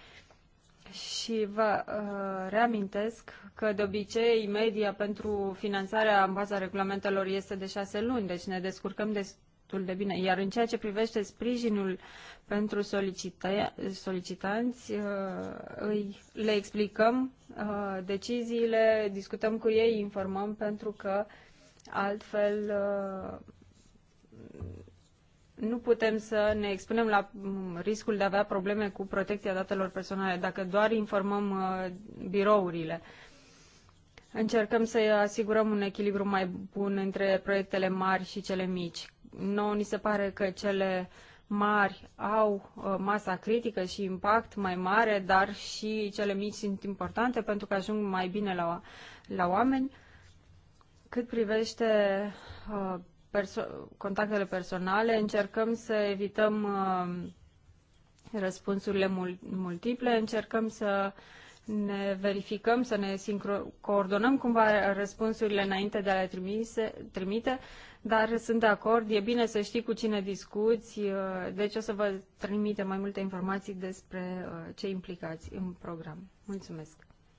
și vă uh, reamintesc că de obicei media pentru finanțarea în baza regulamentelor este de 6 luni, deci ne descurcăm destul destul de bine. Iar în ceea ce privește sprijinul pentru solicita- solicitanți, uh, îi, le explicăm uh, deciziile, discutăm cu ei, informăm pentru că altfel uh, nu putem să ne expunem la mm, riscul de a avea probleme cu protecția datelor personale dacă doar informăm birourile. Încercăm să asigurăm un echilibru mai bun între proiectele mari și cele mici, nouă ni se pare că cele mari au uh, masa critică și impact mai mare, dar și cele mici sunt importante pentru că ajung mai bine la, la oameni. Cât privește uh, perso- contactele personale, încercăm să evităm uh, răspunsurile mul- multiple, încercăm să ne verificăm, să ne sincro- coordonăm cumva răspunsurile înainte de a le trimise, trimite dar sunt de acord, e bine să știi cu cine discuți, uh, deci o să vă trimite mai multe informații despre uh, ce implicați în program. Mulțumesc!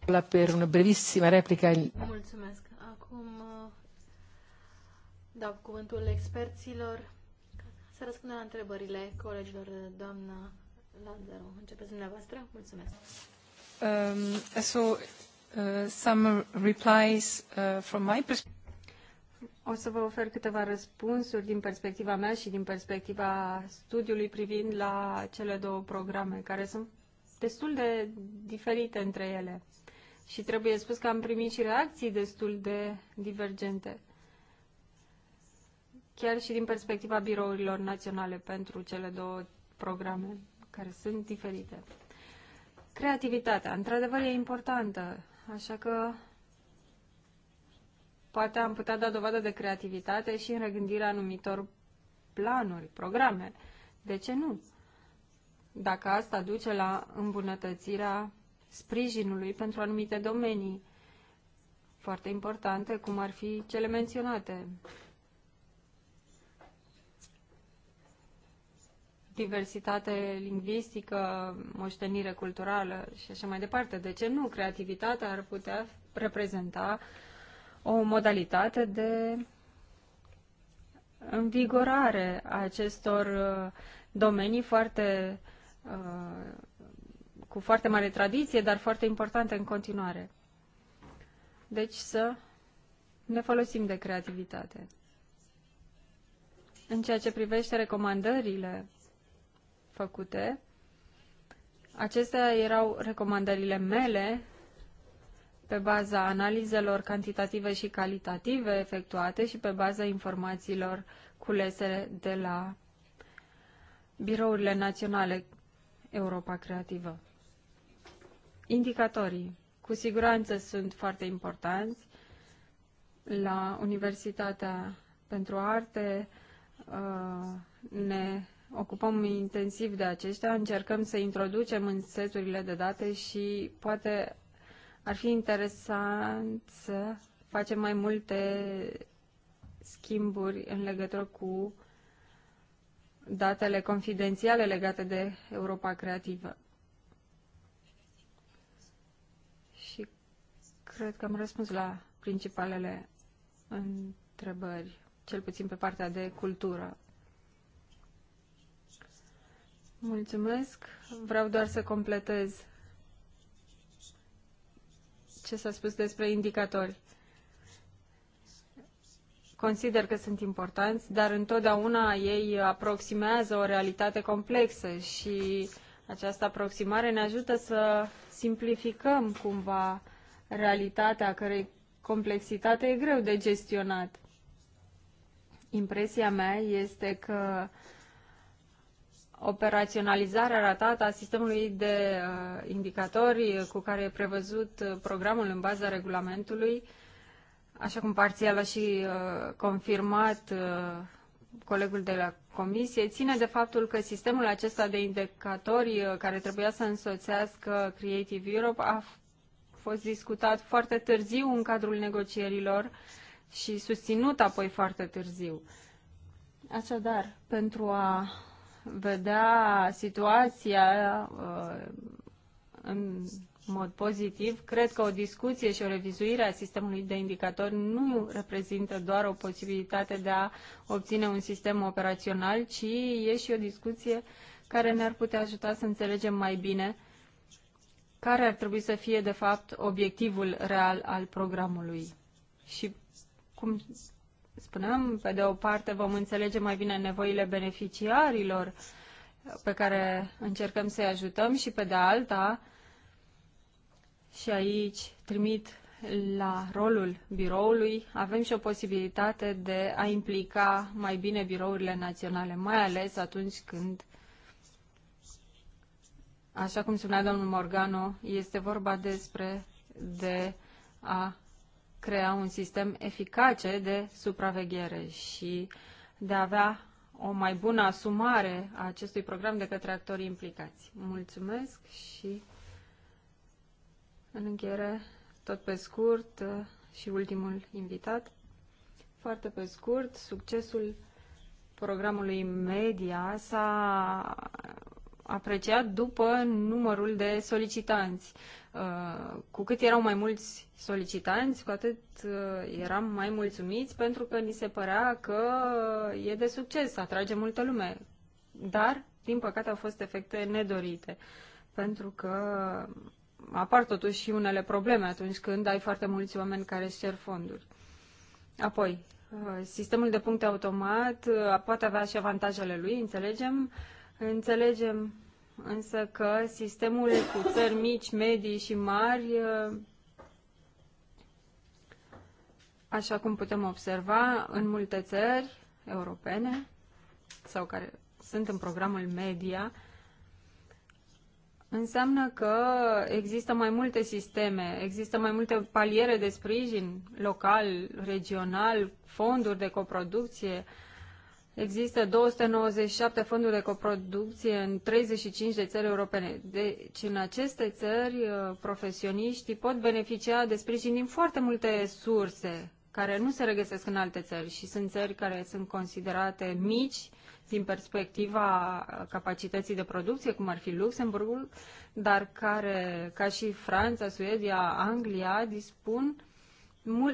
La per una brevissima replica. Mulțumesc! Acum uh, dau cuvântul experților să răspundă la întrebările colegilor doamna Lazaro. Începeți dumneavoastră? Mulțumesc! Um, so, uh, some replies uh, from my perspective. O să vă ofer câteva răspunsuri din perspectiva mea și din perspectiva studiului privind la cele două programe, care sunt destul de diferite între ele. Și trebuie spus că am primit și reacții destul de divergente, chiar și din perspectiva birourilor naționale pentru cele două programe, care sunt diferite. Creativitatea, într-adevăr, e importantă, așa că poate am putea da dovadă de creativitate și în regândirea anumitor planuri, programe. De ce nu? Dacă asta duce la îmbunătățirea sprijinului pentru anumite domenii foarte importante, cum ar fi cele menționate. Diversitate lingvistică, moștenire culturală și așa mai departe. De ce nu? Creativitatea ar putea reprezenta uh, o modalitate de învigorare a acestor uh, domenii foarte, uh, cu foarte mare tradiție, dar foarte importante în continuare. Deci să ne folosim de creativitate. În ceea ce privește recomandările făcute, acestea erau recomandările mele pe baza analizelor cantitative și calitative efectuate și pe baza informațiilor culese de la birourile naționale Europa Creativă. Indicatorii, cu siguranță, sunt foarte importanți. La Universitatea pentru Arte uh, ne ocupăm intensiv de aceștia, încercăm să introducem în seturile de date și poate ar fi interesant să facem mai multe schimburi în legătură cu datele confidențiale legate de Europa Creativă. Și cred că am răspuns la principalele întrebări, cel puțin pe partea de cultură. Mulțumesc. Vreau doar să completez ce s-a spus despre indicatori. Consider că sunt importanți, dar întotdeauna ei aproximează o realitate complexă și această aproximare ne ajută să simplificăm cumva realitatea cărei complexitate e greu de gestionat. Impresia mea este că uh, operaționalizarea ratată a sistemului de uh, indicatori cu care e prevăzut uh, programul în baza regulamentului, așa cum parțial a și uh, confirmat colegul de la comisie, ține de faptul că sistemul acesta de indicatori care trebuia să însoțească Creative Europe a fost discutat foarte târziu în cadrul negocierilor și susținut apoi foarte târziu. Așadar, pentru a vedea situația uh, în mod pozitiv, cred că o discuție și o revizuire a sistemului de indicatori nu reprezintă doar o posibilitate de a obține un sistem operațional, ci e și o discuție care ne-ar putea ajuta să înțelegem mai bine care ar trebui să fie, de fapt, obiectivul real al programului și cum spuneam, pe de o parte vom înțelege mai bine nevoile beneficiarilor pe care încercăm să-i ajutăm și pe de alta, și aici trimit la rolul biroului, avem și o posibilitate de a implica mai bine birourile naționale, mai ales atunci când, așa cum spunea domnul Morgano, este vorba despre de a crea un sistem eficace de supraveghere și de a avea o mai bună asumare a acestui program de către actorii implicați. Mulțumesc și în încheiere, tot pe scurt uh, și ultimul invitat, foarte pe scurt, succesul programului media s-a apreciat după numărul de solicitanți. Uh, cu cât erau mai mulți solicitanți, cu atât uh, eram mai mulțumiți pentru că ni se părea că uh, e de succes, atrage multă lume. Dar, din păcate, au fost efecte nedorite, pentru că apar totuși și unele probleme atunci când ai foarte mulți oameni care își cer fonduri. Apoi, sistemul de puncte automat poate avea și avantajele lui, înțelegem, Înțelegem însă că sistemul cu țări mici, medii și mari, ă, așa cum putem observa în multe țări europene sau care sunt în programul media, Înseamnă că există mai multe sisteme, există mai multe paliere de sprijin local, regional, fonduri de coproducție, uh, Există 297 fonduri de coproducție în 35 de țări europene. Deci în aceste țări uh, profesioniștii pot beneficia de sprijin din foarte multe surse care nu se regăsesc în alte țări și sunt țări care sunt considerate mici din perspectiva capacității de producție, cum ar fi Luxemburgul, dar care, ca și Franța, Suedia, Anglia, dispun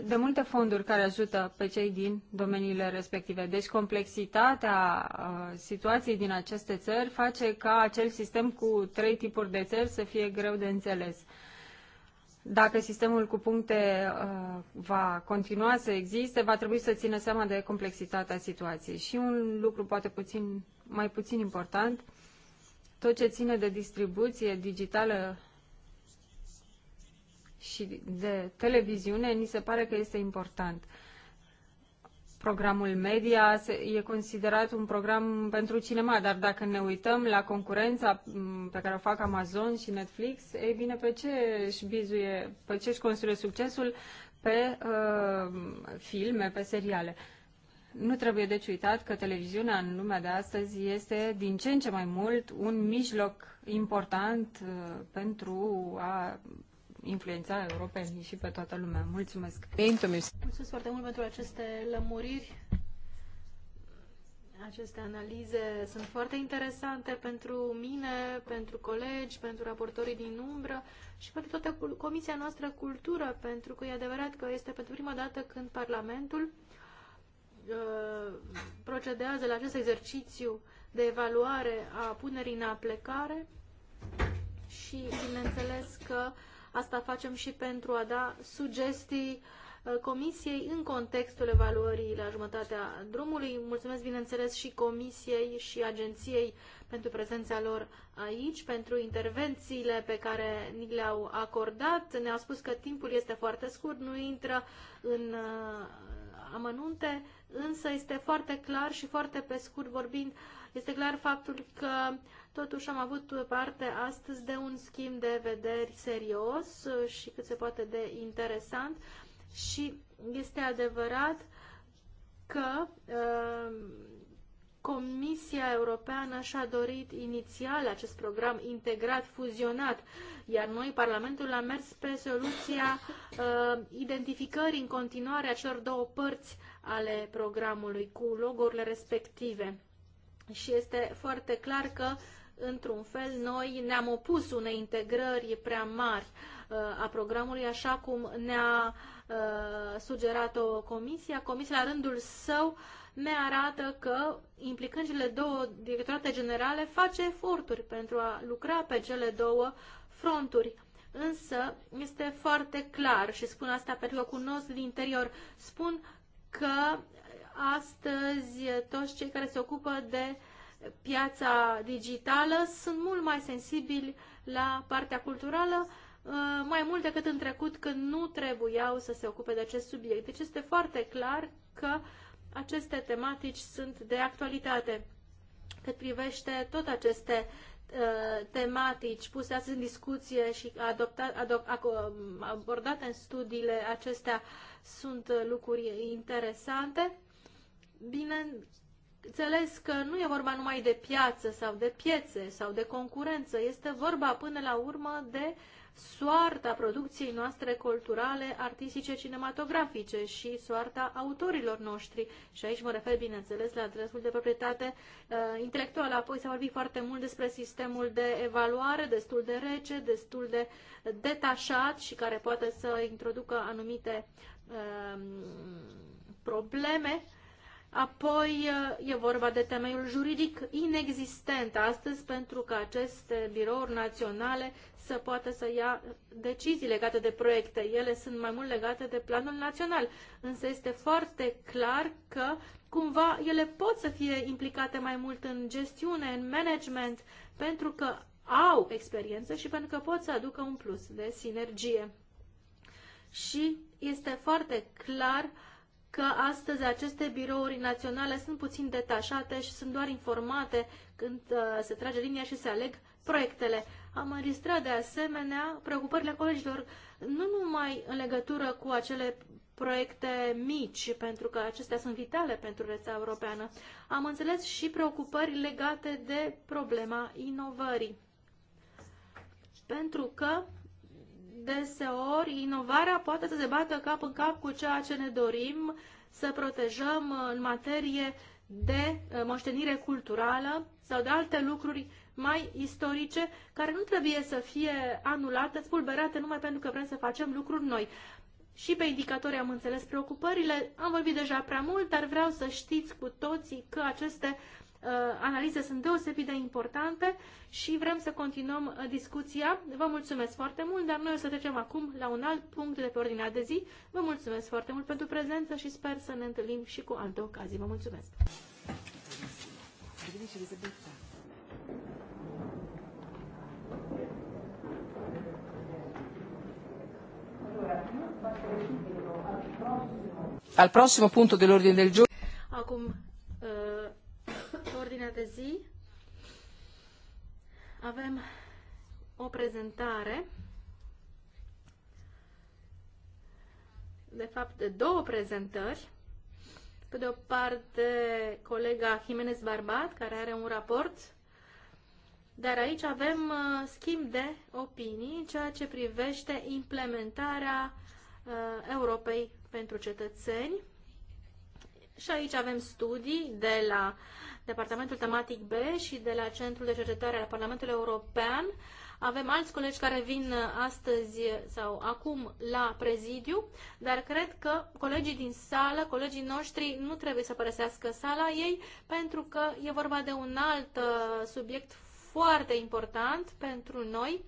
de multe fonduri care ajută pe cei din domeniile respective. Deci complexitatea uh, situației din aceste țări face ca acel sistem cu trei tipuri de țări să fie greu de înțeles. Dacă sistemul cu puncte uh, va continua să existe, va trebui să țină seama de complexitatea situației. Și un lucru poate puțin, mai puțin important, tot ce ține de distribuție digitală și de televiziune, ni se pare că este important. Programul media e considerat un program pentru cinema, dar dacă ne uităm la concurența pe care o fac Amazon și Netflix, ei bine, pe ce își bizuie, pe ce își construie succesul? Pe uh, filme, pe seriale. Nu trebuie deci uitat că televiziunea în lumea de astăzi este din ce în ce mai mult un mijloc important uh, pentru a influența Europa și pe toată lumea. Mulțumesc! Mulțumesc foarte mult pentru aceste lămuriri. Aceste analize sunt foarte interesante pentru mine, pentru colegi, pentru raportorii din umbră și pentru toată comisia noastră cultură, pentru că e adevărat că este pentru prima dată când Parlamentul uh, procedează la acest exercițiu de evaluare a punerii în aplecare și bineînțeles că uh, Asta facem și pentru a da sugestii uh, Comisiei în contextul evaluării la jumătatea drumului. Mulțumesc, bineînțeles, și Comisiei și Agenției pentru prezența lor aici, pentru intervențiile pe care ni le-au acordat. Ne-au spus că timpul este foarte scurt, nu intră în uh, amănunte, însă este foarte clar și foarte pe scurt vorbind, este clar faptul că Totuși am avut parte astăzi de un schimb de vederi serios uh, și cât se poate de interesant și este adevărat că uh, Comisia Europeană și-a dorit inițial acest program integrat, fuzionat, iar noi, Parlamentul, am mers pe soluția uh, identificării în continuare a celor două părți ale programului cu logurile respective. Și este foarte clar că uh, într-un fel, noi ne-am opus unei integrări prea mari uh, a programului, așa cum ne-a uh, sugerat-o comisia. Comisia, la rândul său, ne arată că, implicând cele două directorate generale, face eforturi pentru a lucra pe cele două fronturi. Însă, este foarte clar, și spun asta pentru că cunosc din interior, spun că astăzi toți cei care se ocupă de uh, piața digitală sunt mult mai sensibili la partea culturală, uh, mai mult decât în trecut, când nu trebuiau să se ocupe de acest subiect. Deci este foarte clar că aceste tematici sunt de actualitate. Cât privește tot aceste uh, tematici puse astăzi în discuție și adopta, um, abordate în studiile acestea sunt uh, lucruri interesante. Bine, înțeles că nu e vorba numai de piață sau de piețe sau de concurență, este vorba până la urmă de soarta producției noastre culturale, artistice, cinematografice și soarta autorilor noștri. Și aici mă refer, bineînțeles, la dreptul de proprietate uh, intelectuală. Apoi s-a vorbit foarte mult despre sistemul de evaluare, destul de rece, destul de detașat și care poate să introducă anumite uh, probleme Apoi e vorba de temeiul juridic inexistent astăzi pentru că aceste birouri naționale să poată să ia decizii legate de proiecte. Ele sunt mai mult legate de planul național, însă este foarte clar că cumva ele pot să fie implicate mai mult în gestiune, în management, pentru că au experiență și pentru că pot să aducă un plus de sinergie. Și este foarte clar uh, că astăzi aceste birouri naționale sunt puțin detașate și sunt doar informate când uh, se trage linia și se aleg proiectele. Am înregistrat de asemenea preocupările colegilor nu numai în legătură cu acele proiecte mici, pentru că acestea sunt vitale pentru rețea europeană. Am înțeles și preocupări legate de problema inovării. Pentru că deseori inovarea poate să se bată cap în cap cu ceea ce ne dorim să protejăm în materie de eh, moștenire culturală sau de alte lucruri mai istorice, care nu trebuie să fie anulate, spulberate numai pentru că vrem să facem lucruri noi. Și pe indicatori am înțeles preocupările, am vorbit deja prea mult, dar vreau să știți cu toții că aceste uh, Uh, analize sunt deosebit de importante și vrem să continuăm uh, discuția. Vă mulțumesc foarte mult, dar noi o să trecem acum la un alt punct de pe ordinea de zi. Vă mulțumesc foarte mult pentru prezență și sper să ne întâlnim și cu alte ocazii. Vă mulțumesc! Al prossimo punto dell'ordine del giorno. Acum ordinea de zi avem o prezentare, de fapt de două prezentări. Pe de o parte, colega Jimenez Barbat, care are un raport, dar aici avem uh, schimb de opinii în ceea ce privește implementarea uh, Europei pentru cetățeni. Și aici avem studii de la departamentul tematic B și de la Centrul de Cercetare al Parlamentului European. Avem alți colegi care vin astăzi sau acum la prezidiu, dar cred că colegii din sală, colegii noștri, nu trebuie să părăsească sala ei, pentru că e vorba de un alt uh, subiect foarte important pentru noi.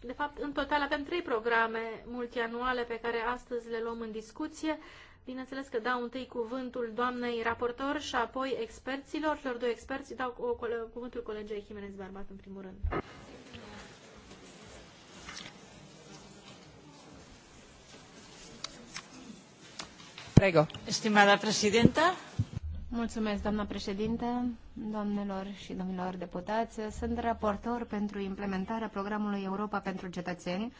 De fapt, în total avem trei programe multianuale pe care astăzi le luăm în discuție. Bineînțeles că dau întâi cuvântul doamnei raportor și apoi experților, celor doi experți, dau cuvântul colegei Jimenez Barbat în primul rând. Prego. Estimada președintă. Mulțumesc, doamna președintă, doamnelor și domnilor deputați. Sunt raportor pentru implementarea programului Europa pentru cetățeni,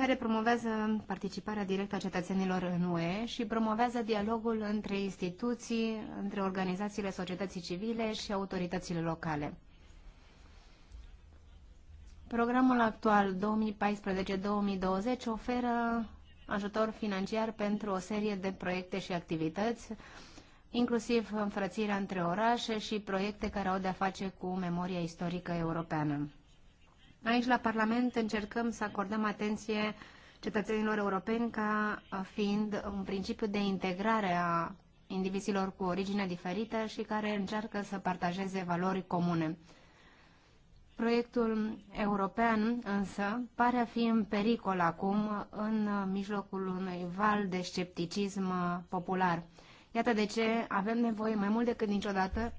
care promovează participarea directă a cetățenilor în UE și promovează dialogul între instituții, între organizațiile societății civile și autoritățile locale. Programul actual 2014-2020 oferă ajutor financiar pentru o serie de proiecte și activități, inclusiv înfrățirea între orașe și proiecte care au de-a face cu memoria istorică europeană. Aici, la Parlament, încercăm să acordăm atenție cetățenilor europeni ca fiind un principiu de integrare a indivizilor cu origine diferită și care încearcă să partajeze valori comune. Proiectul european însă pare a fi în pericol acum în mijlocul unui val de scepticism popular. Iată de ce avem nevoie mai mult decât niciodată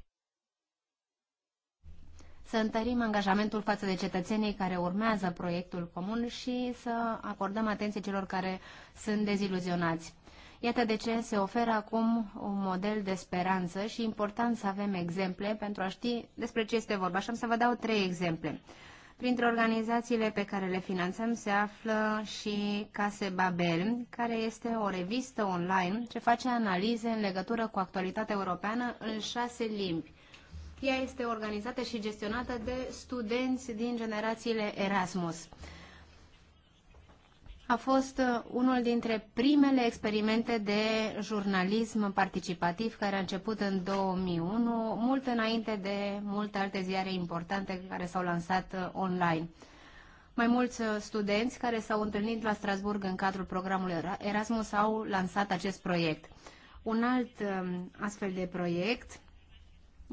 să întărim angajamentul față de cetățenii care urmează proiectul comun și să acordăm atenție celor care sunt deziluzionați. Iată de ce se oferă acum un model de speranță și important să avem exemple pentru a ști despre ce este vorba. Și am să vă dau trei exemple. Printre organizațiile pe care le finanțăm se află și Case Babel, care este o revistă online ce face analize în legătură cu actualitatea europeană în șase limbi ea este organizată și gestionată de studenți din generațiile Erasmus. A fost uh, unul dintre primele experimente de jurnalism participativ care a început în 2001, mult înainte de multe alte ziare importante care s-au lansat uh, online mai mulți uh, studenți care s-au întâlnit la Strasburg în cadrul programului Erasmus au lansat acest proiect. Un alt um, astfel de proiect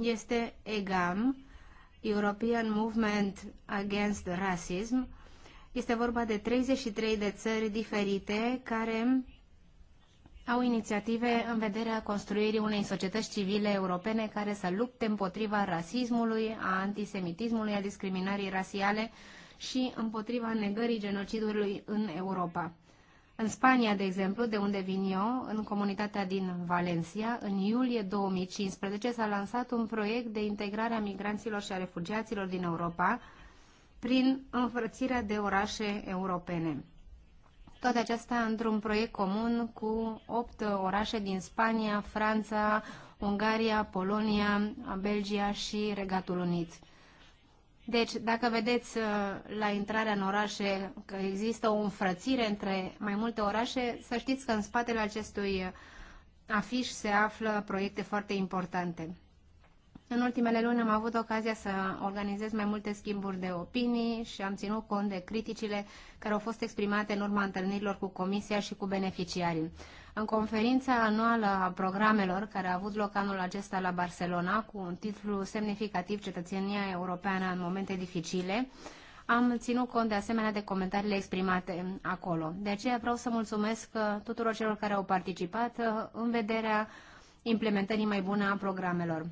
este EGAM, European Movement Against Racism. Este vorba de 33 de țări diferite care au inițiative în vederea construirii unei societăți civile europene care să lupte împotriva rasismului, a antisemitismului, a discriminării rasiale și împotriva negării genocidului în Europa. În Spania, de exemplu, de unde vin eu, în comunitatea din Valencia, în iulie 2015 s-a lansat un proiect de integrare a migranților și a refugiaților din Europa prin înfrățirea de orașe europene. Toate acestea într-un proiect comun cu opt orașe din Spania, Franța, Ungaria, Polonia, Belgia și Regatul Unit. Deci, dacă vedeți uh, la intrarea în orașe că există o înfrățire între mai multe orașe, să știți că în spatele acestui uh, afiș se află proiecte foarte importante. În ultimele luni am avut ocazia să organizez mai multe schimburi de opinii și am ținut cont de criticile care au fost exprimate în urma întâlnirilor cu Comisia și cu beneficiarii. În conferința anuală a programelor, care a avut loc anul acesta la Barcelona, cu un titlu semnificativ Cetățenia Europeană în momente dificile, am ținut cont de asemenea de comentariile exprimate acolo. De aceea vreau să mulțumesc uh, tuturor celor care au participat uh, în vederea implementării mai bune a programelor.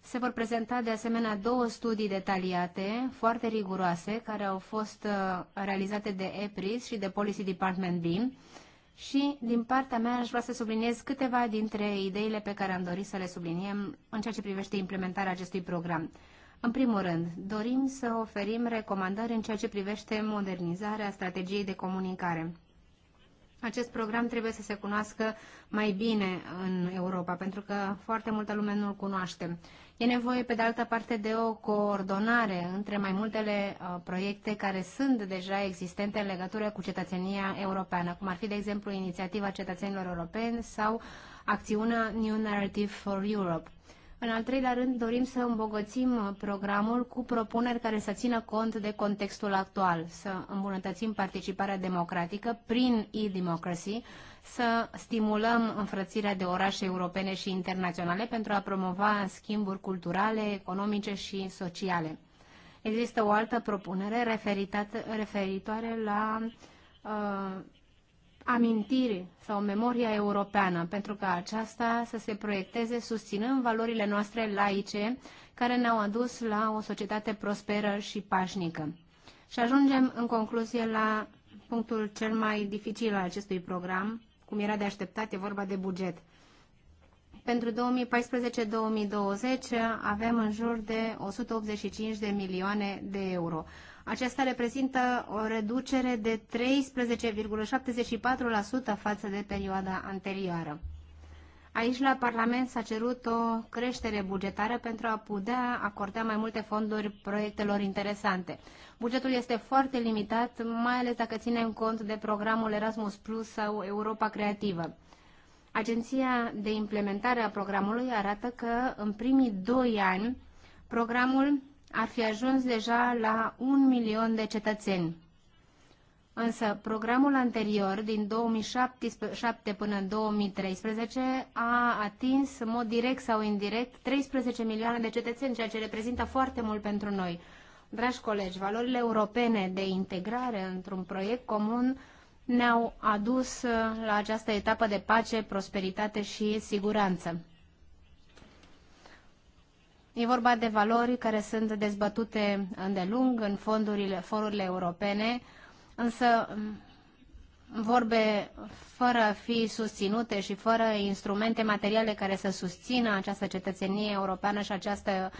Se vor prezenta de asemenea două studii detaliate, foarte riguroase, care au fost uh, realizate de EPRIS și de Policy Department BIM, și, din partea mea, aș vrea să subliniez câteva dintre ideile pe care am dorit să le subliniem în ceea ce privește implementarea acestui program. În primul rând, dorim să oferim recomandări în ceea ce privește modernizarea strategiei de comunicare acest program trebuie să se cunoască mai bine în Europa, pentru că foarte multă lume nu-l cunoaște. E nevoie, pe de altă parte, de o coordonare între mai multele uh, proiecte care sunt deja existente în legătură cu cetățenia europeană, cum ar fi, de exemplu, inițiativa cetățenilor europeni sau acțiunea New Narrative for Europe. În al treilea rând, dorim să îmbogățim uh, programul cu propuneri care să țină cont de contextul actual, să îmbunătățim participarea democratică prin e-democracy, să stimulăm înfrățirea de orașe europene și internaționale pentru a promova schimburi culturale, economice și sociale. Există o altă propunere referitoare la uh, amintire sau memoria europeană, pentru ca aceasta să se proiecteze susținând valorile noastre laice care ne-au adus la o societate prosperă și pașnică. Și ajungem în concluzie la punctul cel mai dificil al acestui program, cum era de așteptat, e vorba de buget. Pentru 2014-2020 avem în jur de 185 de milioane de euro. Aceasta reprezintă o reducere de 13,74% față de perioada anterioară. Aici, la Parlament, s-a cerut o creștere bugetară pentru a putea acorda mai multe fonduri proiectelor interesante. Bugetul este foarte limitat, mai ales dacă ținem cont de programul Erasmus Plus sau Europa Creativă. Agenția de implementare a programului arată că în primii doi ani programul ar fi ajuns deja la un milion de cetățeni. Însă programul anterior, din 2007 până în 2013, a atins în mod direct sau indirect 13 milioane de cetățeni, ceea ce reprezintă foarte mult pentru noi. Dragi colegi, valorile europene de integrare într-un proiect comun ne-au adus la această etapă de pace, prosperitate și siguranță. E vorba de valori care sunt dezbătute îndelung în fondurile, forurile europene, însă vorbe fără a fi susținute și fără instrumente materiale care să susțină această cetățenie europeană și această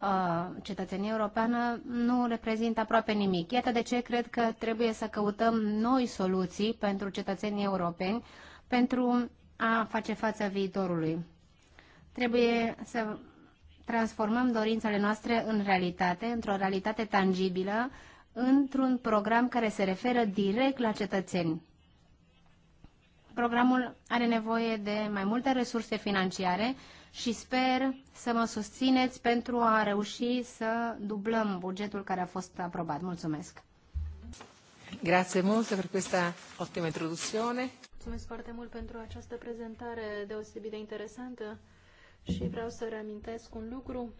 uh, cetățenie europeană nu reprezintă aproape nimic. Iată de ce cred că trebuie să căutăm noi soluții pentru cetățenii europeni pentru a face față viitorului. Trebuie să transformăm dorințele noastre în realitate, într-o realitate tangibilă, într-un program care se referă direct la cetățeni. Programul are nevoie de mai multe resurse financiare și sper să mă susțineți pentru a reuși să dublăm bugetul care a fost aprobat. Mulțumesc! Grazie mult pentru această ottima introduzione. Mulțumesc foarte mult pentru această prezentare deosebit de interesantă. Și vreau să reamintesc un lucru.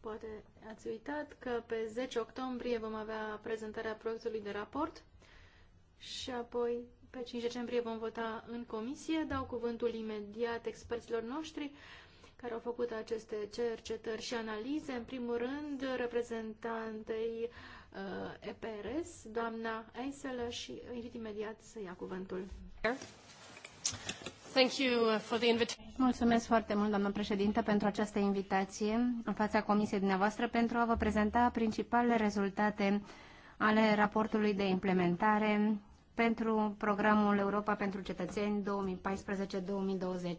Poate ați uitat că pe 10 octombrie vom avea prezentarea proiectului de raport și apoi pe 5 decembrie vom vota în comisie. Dau cuvântul imediat experților noștri care au făcut aceste cercetări și analize. În primul rând, reprezentantei uh, EPRS, doamna Eiselă, și invit imediat să ia cuvântul. Uh, Mulțumesc foarte mult, doamnă președintă, pentru această invitație în fața comisiei dumneavoastră pentru a vă prezenta principalele rezultate ale raportului de implementare pentru programul Europa pentru cetățeni 2014-2020.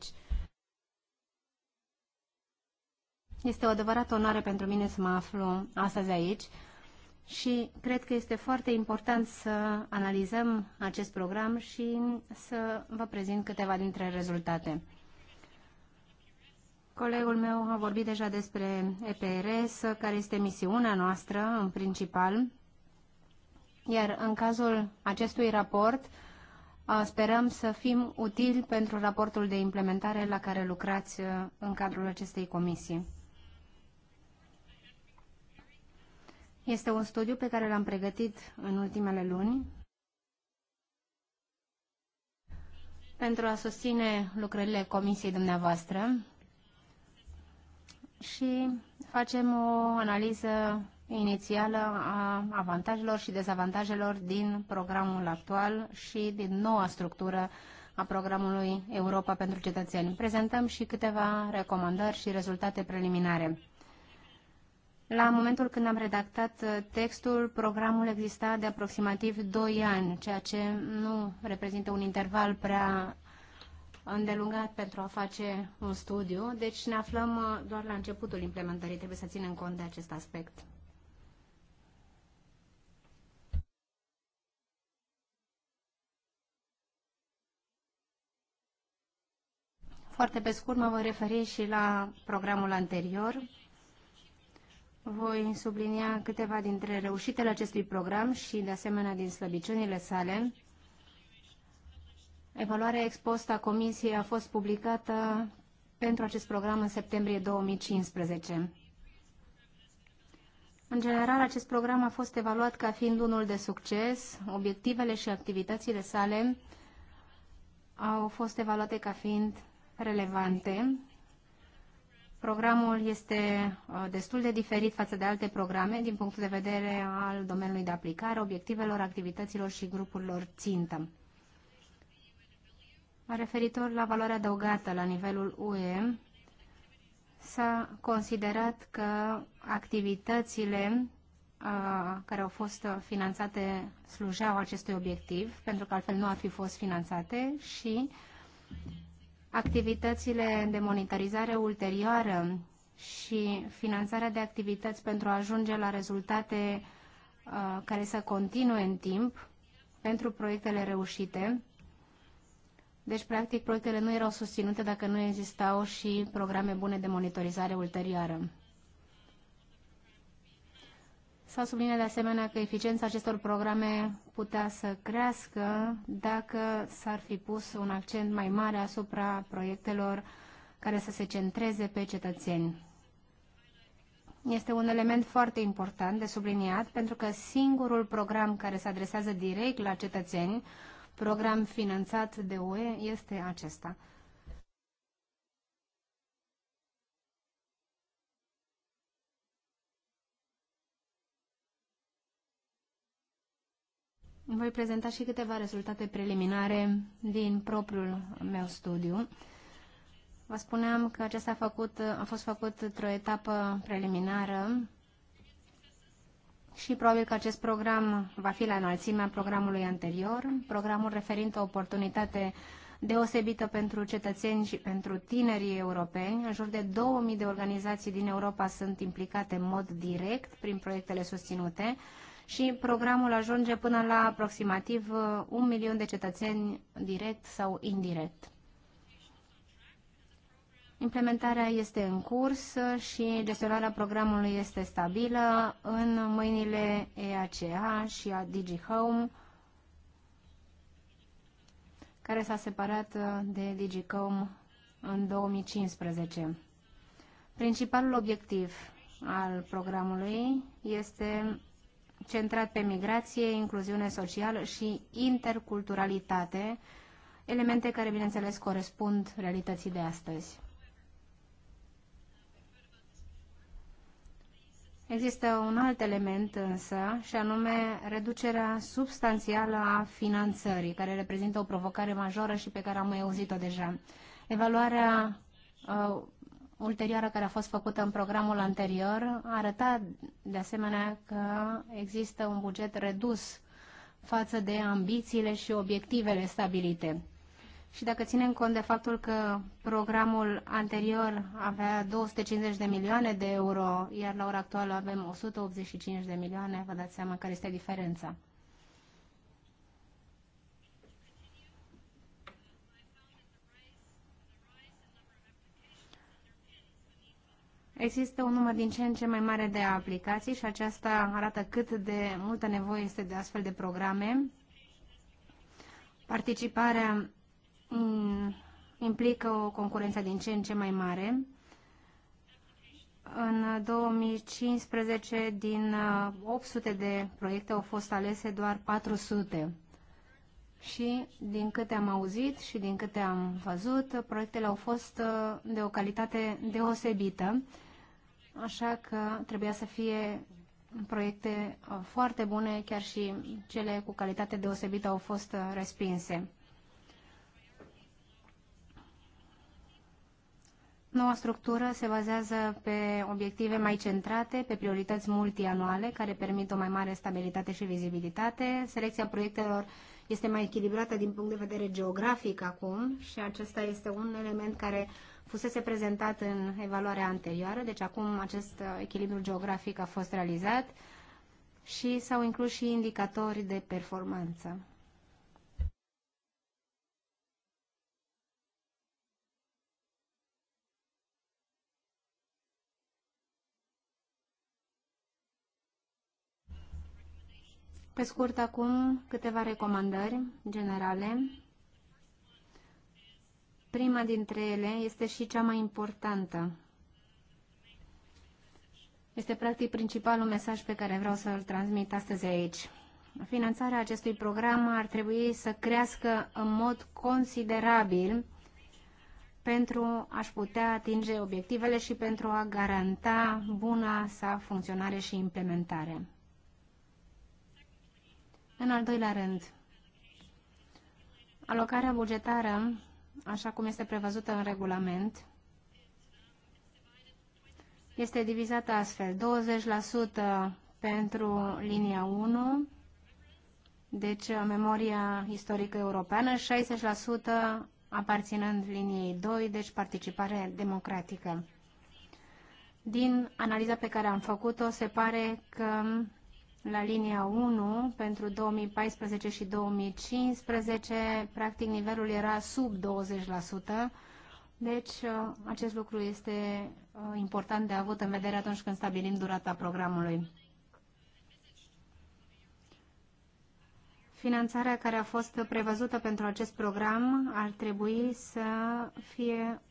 Este o adevărată onoare pentru mine să mă aflu astăzi aici și cred că este foarte important să analizăm acest program și să vă prezint câteva dintre rezultate. Colegul meu a vorbit deja despre EPRS, care este misiunea noastră în principal, iar în cazul acestui raport sperăm să fim utili pentru raportul de implementare la care lucrați în cadrul acestei comisii. Este un studiu pe care l-am pregătit în ultimele luni pentru a susține lucrările comisiei dumneavoastră și facem o analiză inițială a avantajelor și dezavantajelor din programul actual și din noua structură a programului Europa pentru cetățeni. Prezentăm și câteva recomandări și rezultate preliminare. La momentul când am redactat uh, textul, programul exista de aproximativ 2 ani, ceea ce nu reprezintă un interval prea îndelungat pentru a face un studiu, deci ne aflăm uh, doar la începutul implementării, trebuie să ținem cont de acest aspect. Foarte pe scurt mă voi referi și la programul anterior. Voi sublinia câteva dintre reușitele acestui program și, de asemenea, din slăbiciunile sale. Evaluarea expostă a Comisiei a fost publicată pentru acest program în septembrie 2015. În general, acest program a fost evaluat ca fiind unul de succes. Obiectivele și activitățile sale au fost evaluate ca fiind relevante Programul este uh, destul de diferit față de alte programe din punctul de vedere al domeniului de aplicare, obiectivelor, activităților și grupurilor țintă. Referitor la valoarea adăugată la nivelul UE, s-a considerat că activitățile uh, care au fost finanțate slujeau acestui obiectiv, pentru că altfel nu ar fi fost finanțate și activitățile de monitorizare ulterioară și finanțarea de activități pentru a ajunge la rezultate uh, care să continue în timp pentru proiectele reușite. Deci, practic, proiectele nu erau susținute dacă nu existau și programe bune de monitorizare ulterioară. S-a subliniat de asemenea că eficiența acestor programe putea să crească dacă s-ar fi pus un accent mai mare asupra proiectelor care să se centreze pe cetățeni. Este un element foarte important de subliniat pentru că singurul program care se adresează direct la cetățeni, program finanțat de UE, este acesta. Voi prezenta și câteva rezultate preliminare din propriul meu studiu. Vă spuneam că acesta a, făcut, a fost făcut într-o etapă preliminară și probabil că acest program va fi la înălțimea programului anterior, programul referind o oportunitate deosebită pentru cetățeni și pentru tinerii europeni. În jur de 2000 de organizații din Europa sunt implicate în mod direct prin proiectele susținute și programul ajunge până la aproximativ uh, un milion de cetățeni direct sau indirect. Implementarea este în curs uh, și gestionarea programului este stabilă în mâinile EACA și a DigiHome, care s-a separat uh, de DigiCom în 2015. Principalul obiectiv al programului este centrat pe migrație, incluziune socială și interculturalitate, elemente care, bineînțeles, corespund realității de astăzi. Există un alt element însă, și anume reducerea substanțială a finanțării, care reprezintă o provocare majoră și pe care am mai auzit-o deja. Evaluarea uh, ulterioară care a fost făcută în programul anterior arăta de asemenea că există un buget redus față de ambițiile și obiectivele stabilite. Și dacă ținem cont de faptul că programul anterior avea 250 de milioane de euro, iar la ora actuală avem 185 de milioane, vă dați seama care este diferența. Există un număr din ce în ce mai mare de aplicații și aceasta arată cât de multă nevoie este de astfel de programe. Participarea mm, implică o concurență din ce în ce mai mare. În 2015, din 800 uh, de proiecte au fost alese doar 400. Și din câte am auzit și din câte am văzut, proiectele au fost uh, de o calitate deosebită Așa că trebuia să fie proiecte uh, foarte bune, chiar și cele cu calitate deosebită au fost uh, respinse. Noua structură se bazează pe obiective mai centrate, pe priorități multianuale, care permit o mai mare stabilitate și vizibilitate. Selecția proiectelor este mai echilibrată din punct de vedere geografic acum și acesta este un element care uh, fusese prezentat în evaluarea anterioară, deci acum acest uh, echilibru geografic a fost realizat și s-au inclus și indicatori de performanță. Pe scurt, acum câteva recomandări generale Prima dintre ele este și cea mai importantă. Este practic principalul mesaj pe care vreau să-l transmit astăzi aici. Finanțarea acestui program ar trebui să crească în mod considerabil pentru a-și putea atinge obiectivele și pentru a garanta buna sa funcționare și implementare. În al doilea rând, alocarea bugetară așa cum este prevăzută în regulament, este divizată astfel. 20% pentru linia 1, deci memoria istorică europeană, 60% aparținând liniei 2, deci participare democratică. Din analiza pe care am făcut-o, se pare că la linia 1 pentru 2014 și 2015, practic nivelul era sub 20%, deci uh, acest lucru este uh, important de avut în vedere atunci când stabilim durata programului. Finanțarea care a fost prevăzută pentru acest program ar trebui să fie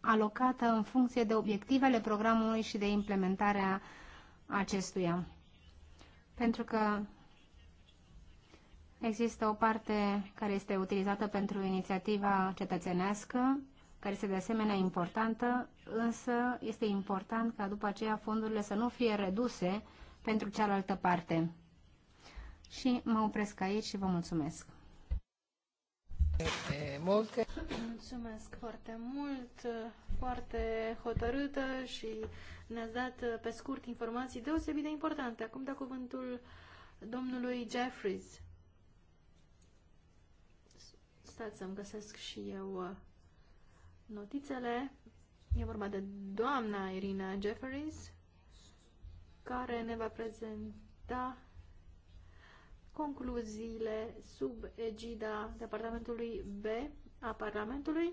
alocată în funcție de obiectivele programului și de implementarea acestuia pentru că există o parte care este utilizată pentru inițiativa cetățenească, care este de asemenea importantă, însă este important ca după aceea fondurile să nu fie reduse pentru cealaltă parte. Și mă opresc aici și vă mulțumesc. Mulțumesc foarte mult, foarte hotărâtă și ne-ați dat uh, pe scurt informații deosebit de importante. Acum dă cuvântul domnului Jeffries. Stați să-mi găsesc și eu uh, notițele. E vorba de doamna Irina Jeffries, care ne va prezenta concluziile sub egida Departamentului B a Parlamentului.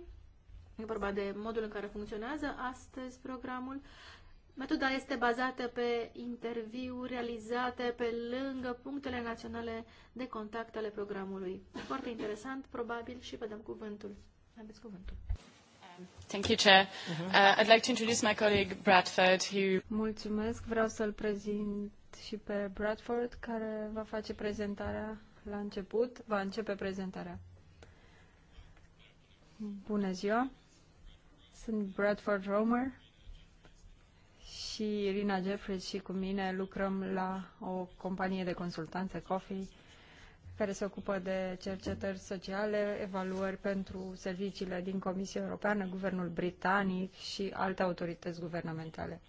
E vorba de modul în care funcționează astăzi programul Metoda este bazată pe interviuri realizate pe lângă punctele naționale de contact ale programului. Foarte interesant, probabil, și vă dăm cuvântul. Aveți cuvântul. Thank you, Chair. Uh, I'd like to introduce my colleague Bradford, who... Mulțumesc. Vreau să-l prezint și pe Bradford, care va face prezentarea la început. Va începe prezentarea. Bună ziua! Sunt Bradford Romer, și Irina Jeffries și cu mine lucrăm la o companie de consultanță, Coffee, care se ocupă de cercetări sociale, evaluări pentru serviciile din Comisia Europeană, Guvernul Britanic și alte autorități guvernamentale.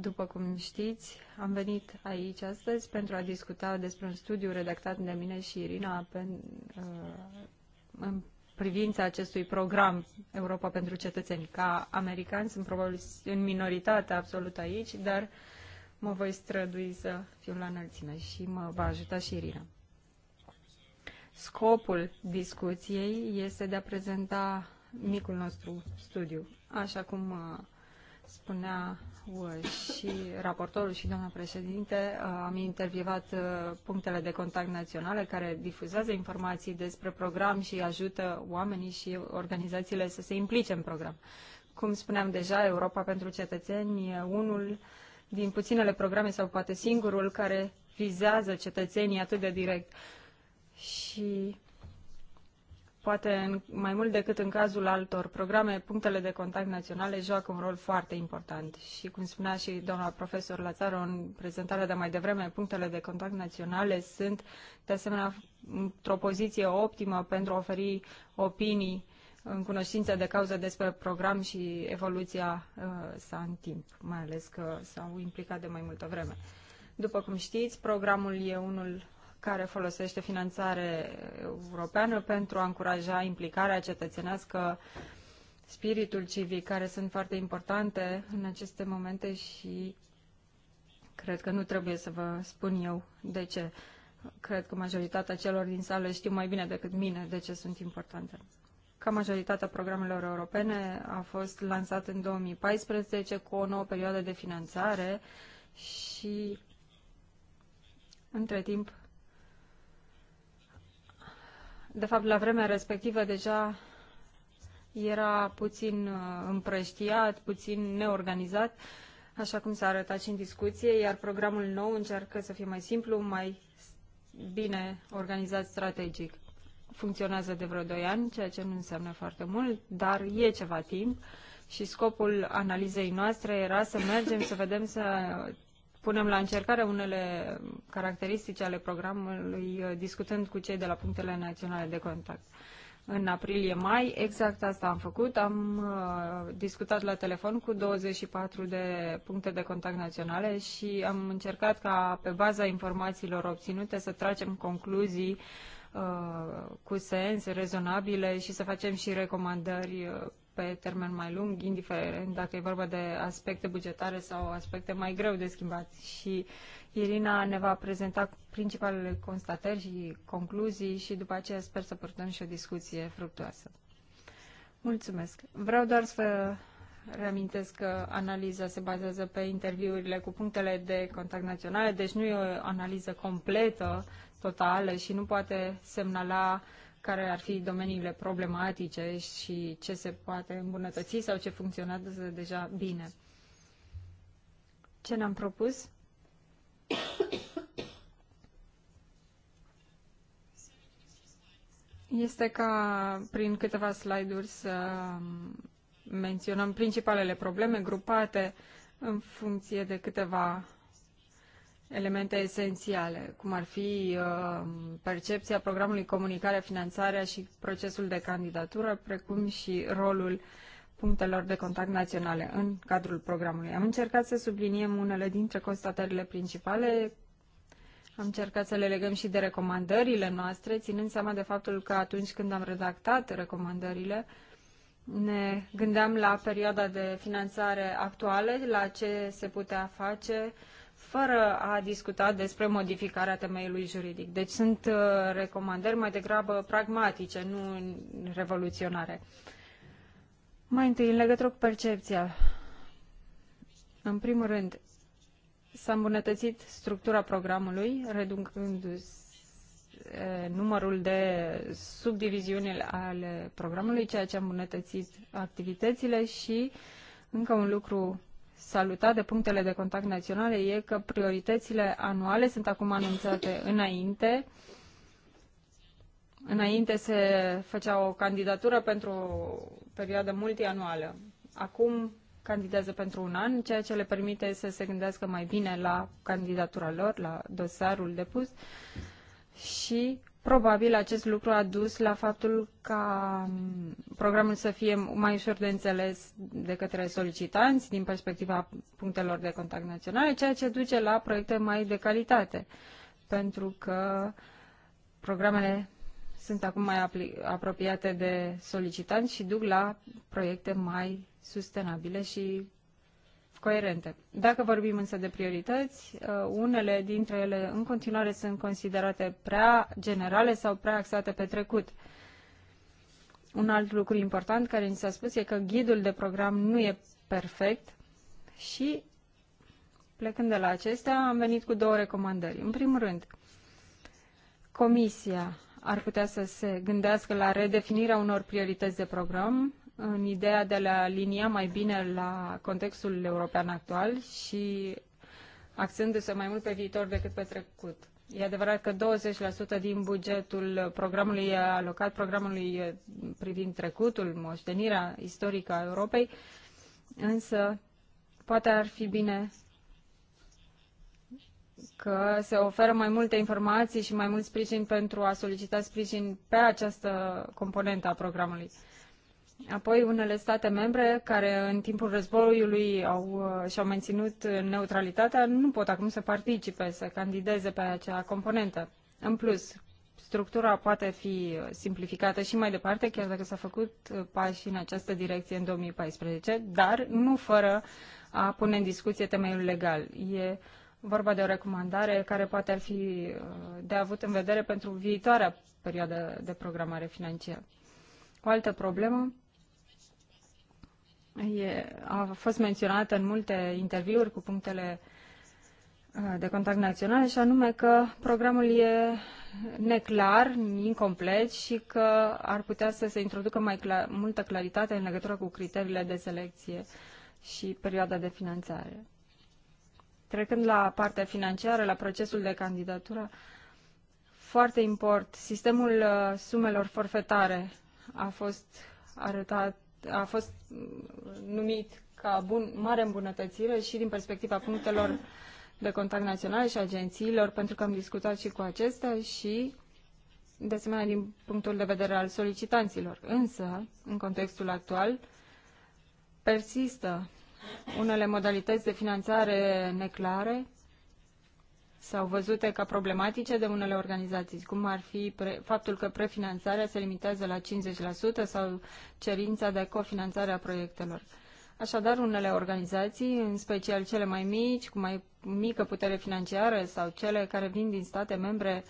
După cum știți, am venit aici astăzi pentru a discuta despre un studiu redactat de mine și Irina pe, uh, privința acestui program Europa pentru cetățeni. Ca american sunt probabil în minoritate absolut aici, dar mă voi strădui să fiu la înălțime și mă va ajuta și Irina. Scopul discuției este de a prezenta micul nostru studiu, așa cum uh, spunea uh, și raportorul și doamna președinte, uh, am intervievat uh, punctele de contact naționale care difuzează informații despre program și ajută oamenii și organizațiile să se implice în program. Cum spuneam deja, Europa pentru cetățeni e unul din puținele programe sau poate singurul care vizează cetățenii atât de direct. Și poate în, mai mult decât în cazul altor programe, punctele de contact naționale joacă un rol foarte important. Și cum spunea și doamna profesor Lazaro în prezentarea de mai devreme, punctele de contact naționale sunt de asemenea într-o poziție optimă pentru a oferi opinii în cunoștință de cauză despre program și evoluția uh, sa în timp, mai ales că s-au implicat de mai multă vreme. După cum știți, programul e unul care folosește finanțare europeană pentru a încuraja implicarea cetățenească, spiritul civic, care sunt foarte importante în aceste momente și cred că nu trebuie să vă spun eu de ce. Cred că majoritatea celor din sală știu mai bine decât mine de ce sunt importante. Ca majoritatea programelor europene a fost lansat în 2014 cu o nouă perioadă de finanțare și între timp de fapt, la vremea respectivă deja era puțin uh, împrăștiat, puțin neorganizat, așa cum s-a arătat și în discuție, iar programul nou încearcă să fie mai simplu, mai bine organizat strategic. Funcționează de vreo 2 ani, ceea ce nu înseamnă foarte mult, dar e ceva timp și scopul analizei noastre era să mergem, să vedem, să punem la încercare unele caracteristici ale programului uh, discutând cu cei de la punctele naționale de contact. În aprilie-mai, exact asta am făcut, am uh, discutat la telefon cu 24 de puncte de contact naționale și am încercat ca pe baza informațiilor obținute să tragem concluzii uh, cu sens, rezonabile și să facem și recomandări pe termen mai lung, indiferent dacă e vorba de aspecte bugetare sau aspecte mai greu de schimbat. Și Irina ne va prezenta principalele constatări și concluzii și după aceea sper să purtăm și o discuție fructuoasă. Mulțumesc. Vreau doar să reamintesc că analiza se bazează pe interviurile cu punctele de contact naționale, deci nu e o analiză completă, totală și nu poate semnala uh, care ar fi domeniile problematice și ce se poate îmbunătăți sau ce funcționează deja bine. Ce ne-am propus? Este ca prin câteva slide-uri să menționăm principalele probleme grupate în funcție de câteva elemente esențiale, cum ar fi uh, percepția programului, comunicarea, finanțarea și procesul de candidatură, precum și rolul punctelor de contact naționale în cadrul programului. Am încercat să subliniem unele dintre constatările principale, am încercat să le legăm și de recomandările noastre, ținând seama de faptul că atunci când am redactat recomandările, ne gândeam la perioada de finanțare actuală, la ce se putea face, uh, fără a discuta despre modificarea temeiului juridic. Deci sunt uh, recomandări mai degrabă pragmatice, nu revoluționare. Mai întâi, în legătură cu percepția. În primul rând, s-a îmbunătățit structura programului, reducându-se uh, numărul de subdiviziuni ale programului, ceea ce a îmbunătățit activitățile și încă un lucru salutat de punctele de contact naționale e că prioritățile anuale sunt acum anunțate înainte. Înainte se făcea o candidatură pentru o perioadă multianuală. Acum candidează pentru un an, ceea ce le permite să se gândească mai bine la candidatura lor, la dosarul depus și Probabil acest lucru a dus la faptul ca programul să fie mai ușor de înțeles de către solicitanți din perspectiva punctelor de contact naționale, ceea ce duce la proiecte mai de calitate, pentru că programele sunt acum mai apropiate de solicitanți și duc la proiecte mai sustenabile și coerente. Dacă vorbim însă de priorități, uh, unele dintre ele în continuare sunt considerate prea generale sau prea axate pe trecut. Un alt lucru important care ni s-a spus e că ghidul de program nu e perfect și, plecând de la acestea, am venit cu două recomandări. În primul rând, Comisia ar putea să se gândească la redefinirea unor priorități de program în ideea de a le alinia mai bine la contextul european actual și axându-se mai mult pe viitor decât pe trecut. E adevărat că 20% din bugetul programului e alocat programului privind trecutul, moștenirea istorică a Europei, însă poate ar fi bine că se oferă mai multe informații și mai mult sprijin pentru a solicita sprijin pe această componentă a programului. Apoi unele state membre care în timpul războiului au, uh, și-au menținut neutralitatea nu pot acum să participe, să candideze pe acea componentă. În plus, structura poate fi simplificată și mai departe, chiar dacă s-a făcut uh, pași în această direcție în 2014, dar nu fără a pune în discuție temeiul legal. E vorba de o recomandare care poate fi uh, de avut în vedere pentru viitoarea perioadă de programare financiară. O altă problemă e, a fost menționată în multe interviuri cu punctele uh, de contact naționale și anume că programul e neclar, incomplet și că ar putea să se introducă mai clar, multă claritate în legătură cu criteriile de selecție și perioada de finanțare. Trecând la partea financiară, la procesul de candidatură, foarte import, sistemul uh, sumelor forfetare a fost arătat a fost numit ca bun, mare îmbunătățire și din perspectiva punctelor de contact național și agențiilor, pentru că am discutat și cu acestea și, de asemenea, din punctul de vedere al solicitanților. Însă, în contextul actual, persistă unele modalități de finanțare neclare sau văzute ca problematice de unele organizații, cum ar fi pre, faptul că prefinanțarea se limitează la 50% sau cerința de cofinanțare a proiectelor. Așadar, unele organizații, în special cele mai mici, cu mai mică putere financiară sau cele care vin din state membre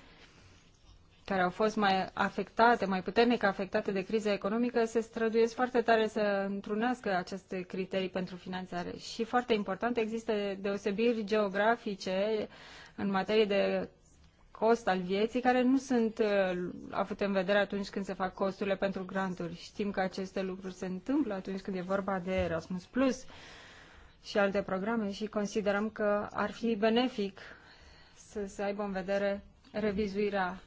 care au fost mai afectate, mai puternic afectate de criza economică, se străduiesc foarte tare să întrunească aceste criterii pentru finanțare. Și foarte important, există deosebiri geografice în materie de cost al vieții, care nu sunt uh, avute în vedere atunci când se fac costurile pentru granturi. Știm că aceste lucruri se întâmplă atunci când e vorba de Erasmus Plus și alte programe și considerăm că ar fi benefic să se aibă în vedere revizuirea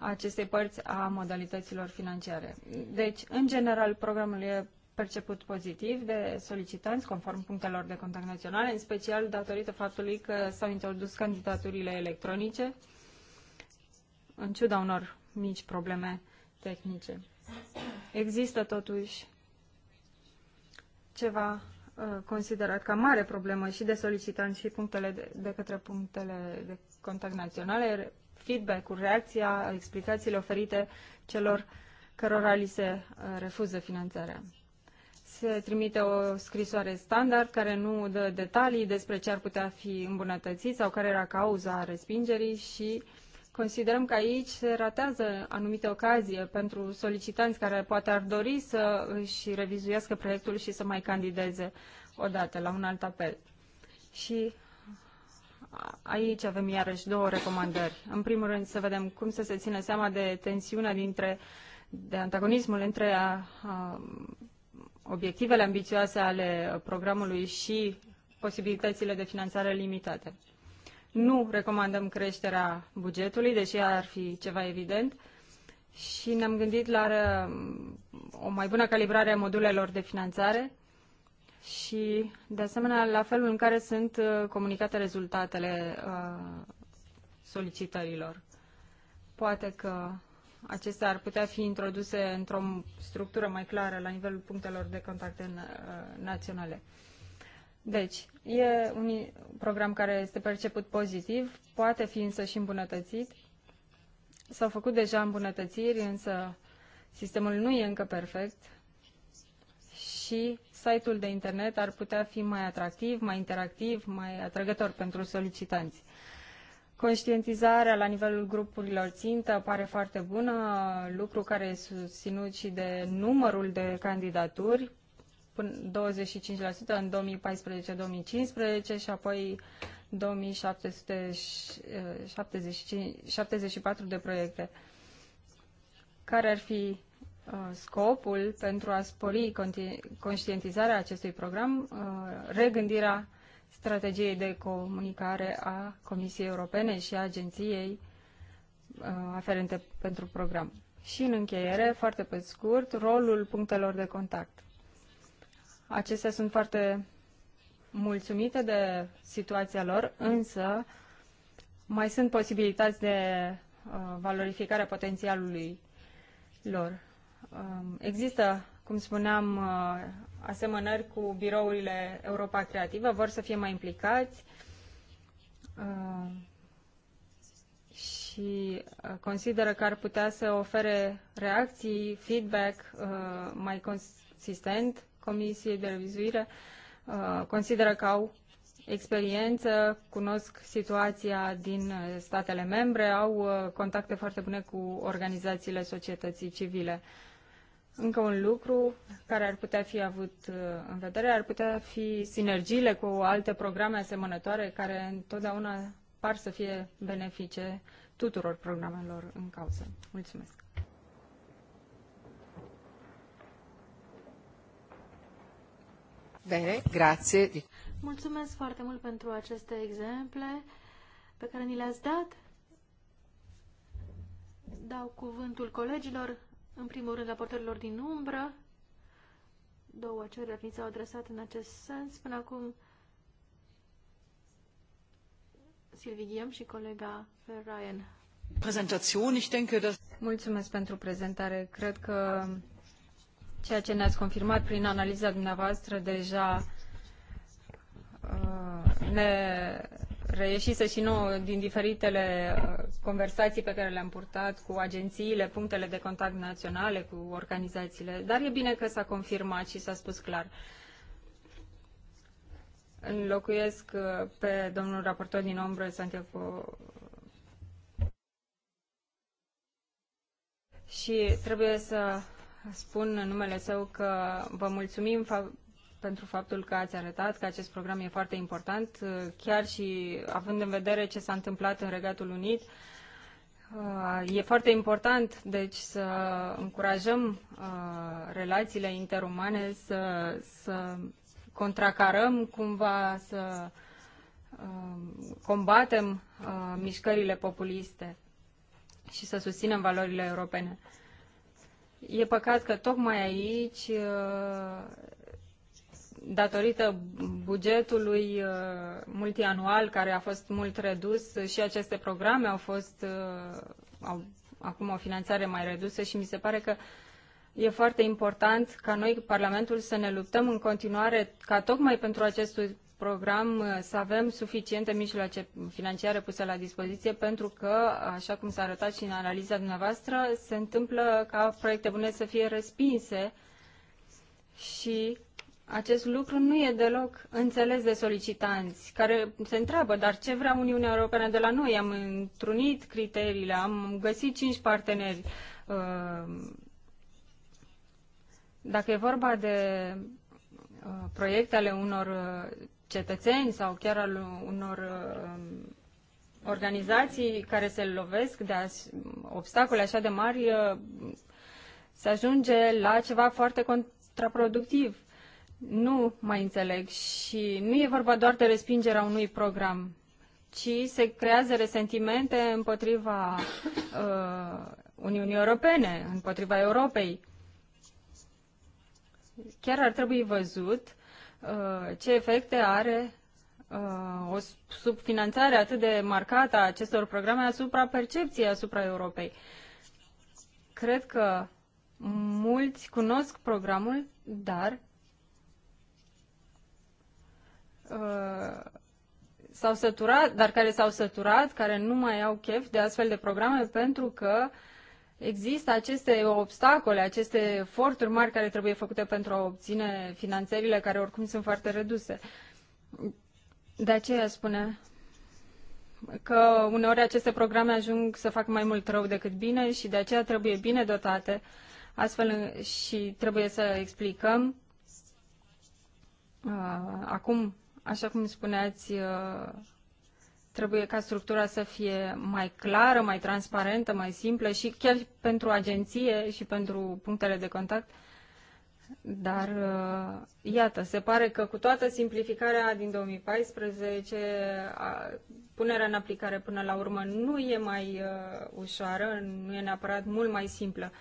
acestei părți a modalităților financiare. Deci, în general, programul e perceput pozitiv de solicitanți, conform punctelor de contact naționale, în special datorită faptului că s-au introdus candidaturile electronice, în ciuda unor mici probleme tehnice. Există totuși ceva uh, considerat ca mare problemă și de solicitanți și punctele de, de către punctele de contact naționale, feedback-ul, reacția, explicațiile oferite celor cărora li se uh, refuză finanțarea. Se trimite o scrisoare standard care nu dă detalii despre ce ar putea fi îmbunătățit sau care era cauza respingerii și considerăm că aici se ratează anumite ocazie pentru solicitanți care poate ar dori să își revizuiască proiectul și să mai candideze odată la un alt apel. Și aici avem iarăși două recomandări. În primul rând să vedem cum să se țină seama de tensiunea dintre, de antagonismul între a, a, obiectivele ambițioase ale programului și posibilitățile de finanțare limitate. Nu recomandăm creșterea bugetului, deși ar fi ceva evident, și ne-am gândit la um, o mai bună calibrare a modulelor de finanțare și, de asemenea, la felul în care sunt uh, comunicate rezultatele uh, solicitărilor. Poate că acestea ar putea fi introduse într-o structură mai clară la nivelul punctelor de contact uh, naționale. Deci, e un program care este perceput pozitiv, poate fi însă și îmbunătățit. S-au făcut deja îmbunătățiri, însă sistemul nu e încă perfect și site-ul de internet ar putea fi mai atractiv, mai interactiv, mai atrăgător pentru solicitanți. Conștientizarea la nivelul grupurilor țintă pare foarte bună, lucru care e susținut și de numărul de candidaturi, 25% în 2014-2015 și apoi 2774 de proiecte. Care ar fi Uh, scopul pentru a spori conștientizarea acestui program, uh, regândirea strategiei de comunicare a Comisiei Europene și a agenției uh, aferente pentru program. Și în încheiere, foarte pe scurt, rolul punctelor de contact. Acestea sunt foarte mulțumite de situația lor, însă mai sunt posibilități de valorificare a potențialului lor. Um, există, cum spuneam, uh, asemănări cu birourile Europa Creativă, vor să fie mai implicați um, și uh, consideră că ar putea să ofere reacții, feedback uh, mai consistent Comisiei de Revizuire, consideră că au experiență, cunosc situația din statele membre, au contacte foarte bune cu organizațiile societății civile. Încă un lucru care ar putea fi avut uh, în vedere ar putea fi sinergiile cu alte programe asemănătoare care întotdeauna par să fie benefice tuturor programelor în cauză. Mulțumesc! Bine, grație! Mulțumesc foarte mult pentru aceste exemple pe care ni le-ați dat. Dau cuvântul colegilor în primul rând, raportărilor din umbră. Două cereri mi s-au adresat în acest sens. Până acum, Silvi Ghiem și colega Ryan. Mulțumesc pentru prezentare. Cred că ceea ce ne-ați confirmat prin analiza dumneavoastră deja uh, ne reieșise și nouă din diferitele uh, conversații pe care le-am purtat cu agențiile, punctele de contact naționale, cu organizațiile, dar e bine că s-a confirmat și s-a spus clar. Înlocuiesc uh, pe domnul raportor din ombră, Santiago și trebuie să spun în numele său că vă mulțumim pentru faptul că ați arătat că acest program e foarte important, chiar și având în vedere ce s-a întâmplat în Regatul Unit. Uh, e foarte important, deci, să încurajăm uh, relațiile interumane, să, să contracarăm cumva, să uh, combatem mișcările populiste și să susținem valorile europene. E păcat că tocmai aici datorită bugetului uh, multianual care a fost mult redus și aceste programe au fost uh, au, acum o finanțare mai redusă și mi se pare că e foarte important ca noi, Parlamentul, să ne luptăm în continuare ca tocmai pentru acest program uh, să avem suficiente mijloace financiare puse la dispoziție pentru că, așa cum s-a arătat și în analiza dumneavoastră, se întâmplă ca proiecte bune să fie respinse și acest lucru nu e deloc înțeles de solicitanți, care se întreabă, dar ce vrea Uniunea Europeană de la noi? Am întrunit criteriile, am găsit cinci parteneri. Uh, dacă e vorba de uh, proiecte ale unor uh, cetățeni sau chiar al unor organizații care se lovesc de obstacole așa de mari, se ajunge la ceva foarte contraproductiv nu mai înțeleg și nu e vorba doar de respingerea unui program, ci se creează resentimente împotriva uh, Uniunii Europene, împotriva Europei. Chiar ar trebui văzut uh, ce efecte are uh, o subfinanțare atât de marcată a acestor programe asupra percepției asupra Europei. Cred că mulți cunosc programul, dar Uh, s-au săturat, dar care s-au săturat, care nu mai au chef de astfel de programe pentru că există aceste obstacole, aceste eforturi mari care trebuie făcute pentru a obține finanțările care oricum sunt foarte reduse. De aceea spune că uneori aceste programe ajung să facă mai mult rău decât bine și de aceea trebuie bine dotate astfel și trebuie să explicăm uh, acum așa cum spuneați, uh, trebuie ca structura să fie mai clară, mai transparentă, mai simplă și chiar pentru agenție și pentru punctele de contact. Dar, uh, iată, se pare că cu toată simplificarea din 2014, punerea în aplicare până la urmă nu e mai uh, ușoară, nu e neapărat mult mai simplă.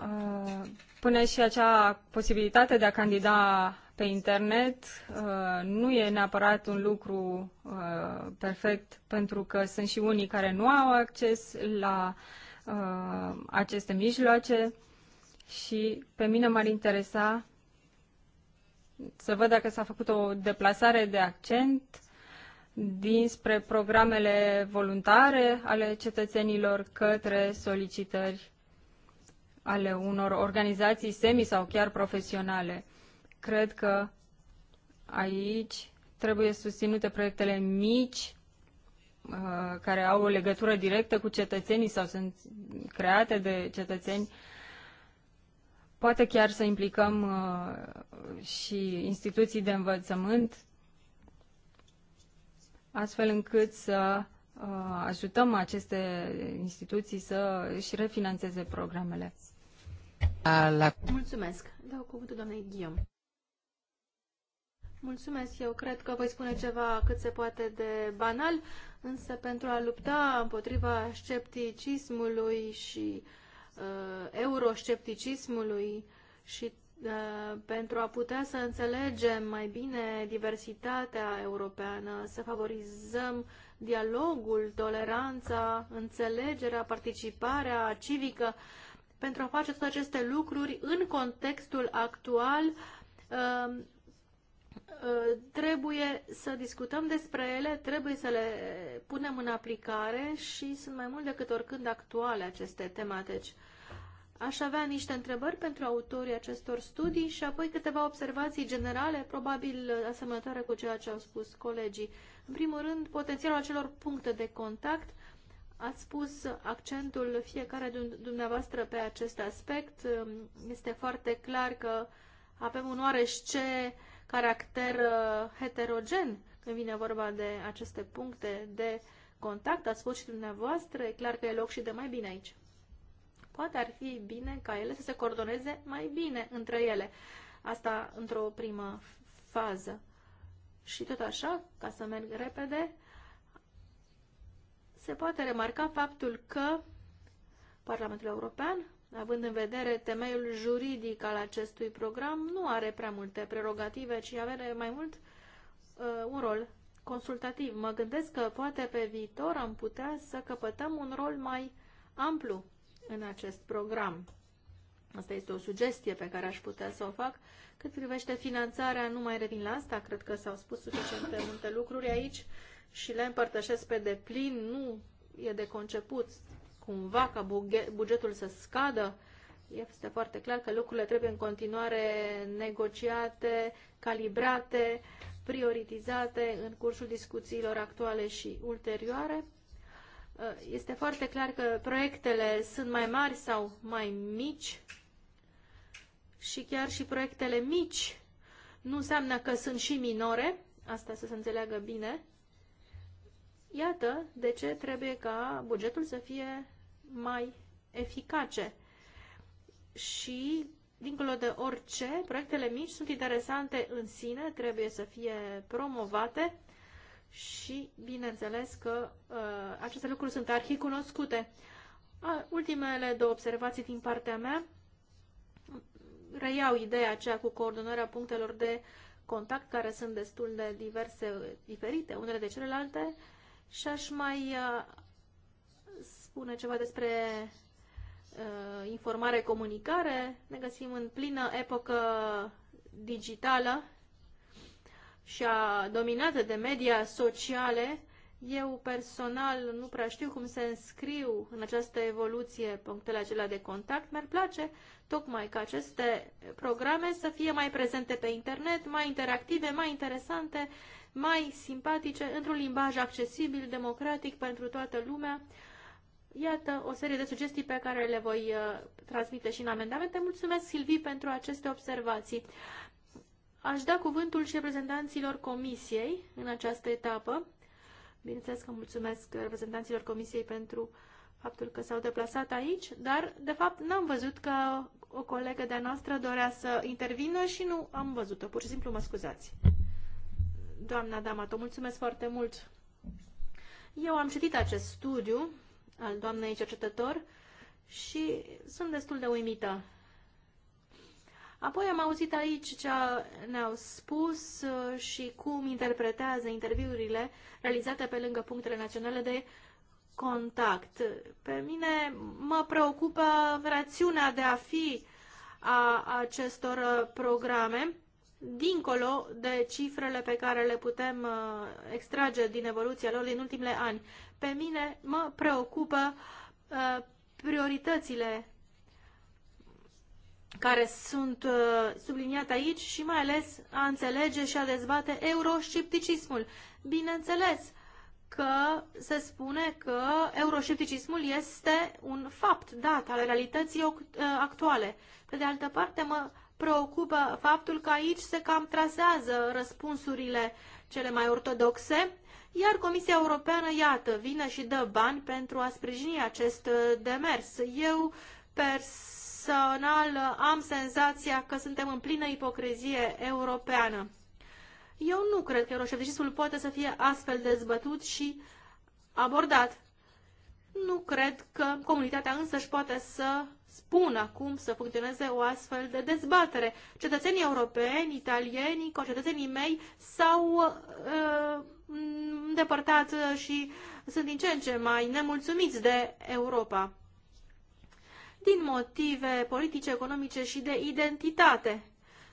Uh, până și acea posibilitate de a candida pe internet uh, nu e neapărat un lucru uh, perfect pentru că sunt și unii care nu au acces la uh, aceste mijloace și pe mine m-ar interesa să văd dacă s-a făcut o deplasare de accent dinspre programele voluntare ale cetățenilor către solicitări ale unor organizații semi sau chiar profesionale. Cred că aici trebuie susținute proiectele mici uh, care au o legătură directă cu cetățenii sau sunt create de cetățeni, poate chiar să implicăm uh, și instituții de învățământ, astfel încât să uh, ajutăm aceste instituții să își refinanțeze programele. La... Mulțumesc. Dau cuvântul doamnei Ghiom. Mulțumesc. Eu cred că voi spune ceva cât se poate de banal, însă pentru a lupta împotriva scepticismului și uh, euroscepticismului și uh, pentru a putea să înțelegem mai bine diversitatea europeană, să favorizăm dialogul, toleranța, înțelegerea, participarea civică, pentru a face toate aceste lucruri în contextul actual uh, Uh, trebuie să discutăm despre ele, trebuie să le punem în aplicare și sunt mai mult decât oricând actuale aceste tematici. Aș avea niște întrebări pentru autorii acestor studii și apoi câteva observații generale, probabil asemănătoare cu ceea ce au spus colegii. În primul rând, potențialul acelor puncte de contact. Ați spus accentul fiecare dumneavoastră pe acest aspect. Este foarte clar că avem un oareși ce caracter uh, heterogen când vine vorba de aceste puncte de contact. Ați spus și dumneavoastră, e clar că e loc și de mai bine aici. Poate ar fi bine ca ele să se coordoneze mai bine între ele. Asta într-o primă fază. Și tot așa, ca să merg repede, se poate remarca faptul că Parlamentul European având în vedere temeiul juridic al acestui program, nu are prea multe prerogative, ci are mai mult uh, un rol consultativ. Mă gândesc că poate pe viitor am putea să căpătăm un rol mai amplu în acest program. Asta este o sugestie pe care aș putea să o fac. Cât privește finanțarea, nu mai revin la asta, cred că s-au spus suficiente multe lucruri aici și le împărtășesc pe deplin, nu e de conceput cumva ca bugetul să scadă, este foarte clar că lucrurile trebuie în continuare negociate, calibrate, prioritizate în cursul discuțiilor actuale și ulterioare. Uh, este foarte clar că proiectele sunt mai mari sau mai mici și chiar și proiectele mici nu înseamnă că sunt și minore, asta să se înțeleagă bine. Iată de ce trebuie ca bugetul să fie mai eficace. Și, dincolo de orice, proiectele mici sunt interesante în sine, trebuie să fie promovate și, bineînțeles, că uh, aceste lucruri sunt arhicunoscute. Uh, ultimele două observații din partea mea reiau ideea aceea cu coordonarea punctelor de contact care sunt destul de diverse, diferite unele de celelalte și aș mai uh, spune ceva despre uh, informare-comunicare. Ne găsim în plină epocă digitală și a dominată de media sociale. Eu personal nu prea știu cum se înscriu în această evoluție punctele acelea de contact. Mi-ar place tocmai ca aceste programe să fie mai prezente pe internet, mai interactive, mai interesante, mai simpatice, într-un limbaj accesibil, democratic pentru toată lumea, Iată o serie de sugestii pe care le voi uh, transmite și în amendamente. Mulțumesc, Silvi, pentru aceste observații. Aș da cuvântul și reprezentanților comisiei în această etapă. Bineînțeles că mulțumesc reprezentanților comisiei pentru faptul că s-au deplasat aici, dar, de fapt, n-am văzut că o colegă de-a noastră dorea să intervină și nu am văzut-o. Pur și simplu mă scuzați. Doamna Damato, mulțumesc foarte mult. Eu am citit acest studiu al doamnei cercetător și sunt destul de uimită. Apoi am auzit aici ce ne-au spus uh, și cum interpretează interviurile realizate pe lângă punctele naționale de contact. Pe mine mă preocupă rațiunea de a fi a acestor uh, programe, dincolo de cifrele pe care le putem uh, extrage din evoluția lor din ultimele ani pe mine mă preocupă uh, prioritățile care sunt uh, subliniate aici și mai ales a înțelege și a dezbate euroscepticismul. Bineînțeles că se spune că euroscepticismul este un fapt dat al realității uh, actuale. Pe de altă parte, mă preocupă faptul că aici se cam trasează răspunsurile cele mai ortodoxe iar Comisia Europeană, iată, vine și dă bani pentru a sprijini acest uh, demers. Eu personal am senzația că suntem în plină ipocrizie europeană. Eu nu cred că euroșepticismul poate să fie astfel dezbătut și abordat. Nu cred că comunitatea însă își poate să spună cum să funcționeze o astfel de dezbatere. Cetățenii europeni, italieni, concetățenii mei s-au uh, Mm, îndepărtat uh, și sunt din ce în ce mai nemulțumiți de Europa. Din motive politice, economice și de identitate.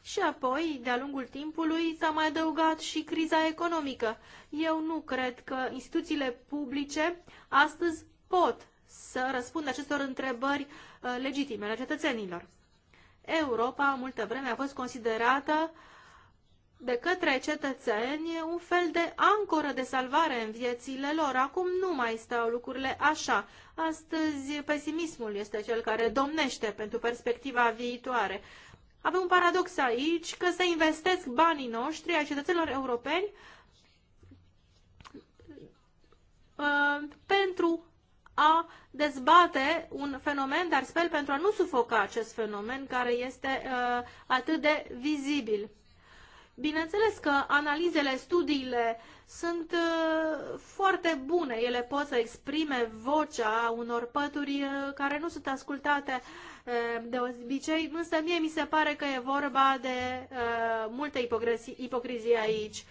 Și apoi, de-a lungul timpului, s-a mai adăugat și criza economică. Eu nu cred că instituțiile publice astăzi pot să răspundă acestor întrebări uh, legitime ale cetățenilor. Europa, multă vreme, a fost considerată uh, de către cetățeni un fel de ancoră de salvare în viețile lor. Acum nu mai stau lucrurile așa. Astăzi pesimismul este cel care domnește pentru perspectiva viitoare. Avem un paradox aici că se investesc banii noștri ai cetățenilor europeni uh, pentru a dezbate un fenomen, dar sper pentru a nu sufoca acest fenomen care este uh, atât de vizibil. Bineînțeles că analizele, studiile sunt uh, foarte bune. Ele pot să exprime vocea unor pături uh, care nu sunt ascultate uh, de obicei, însă mie mi se pare că e vorba de multă ipocrizie aici.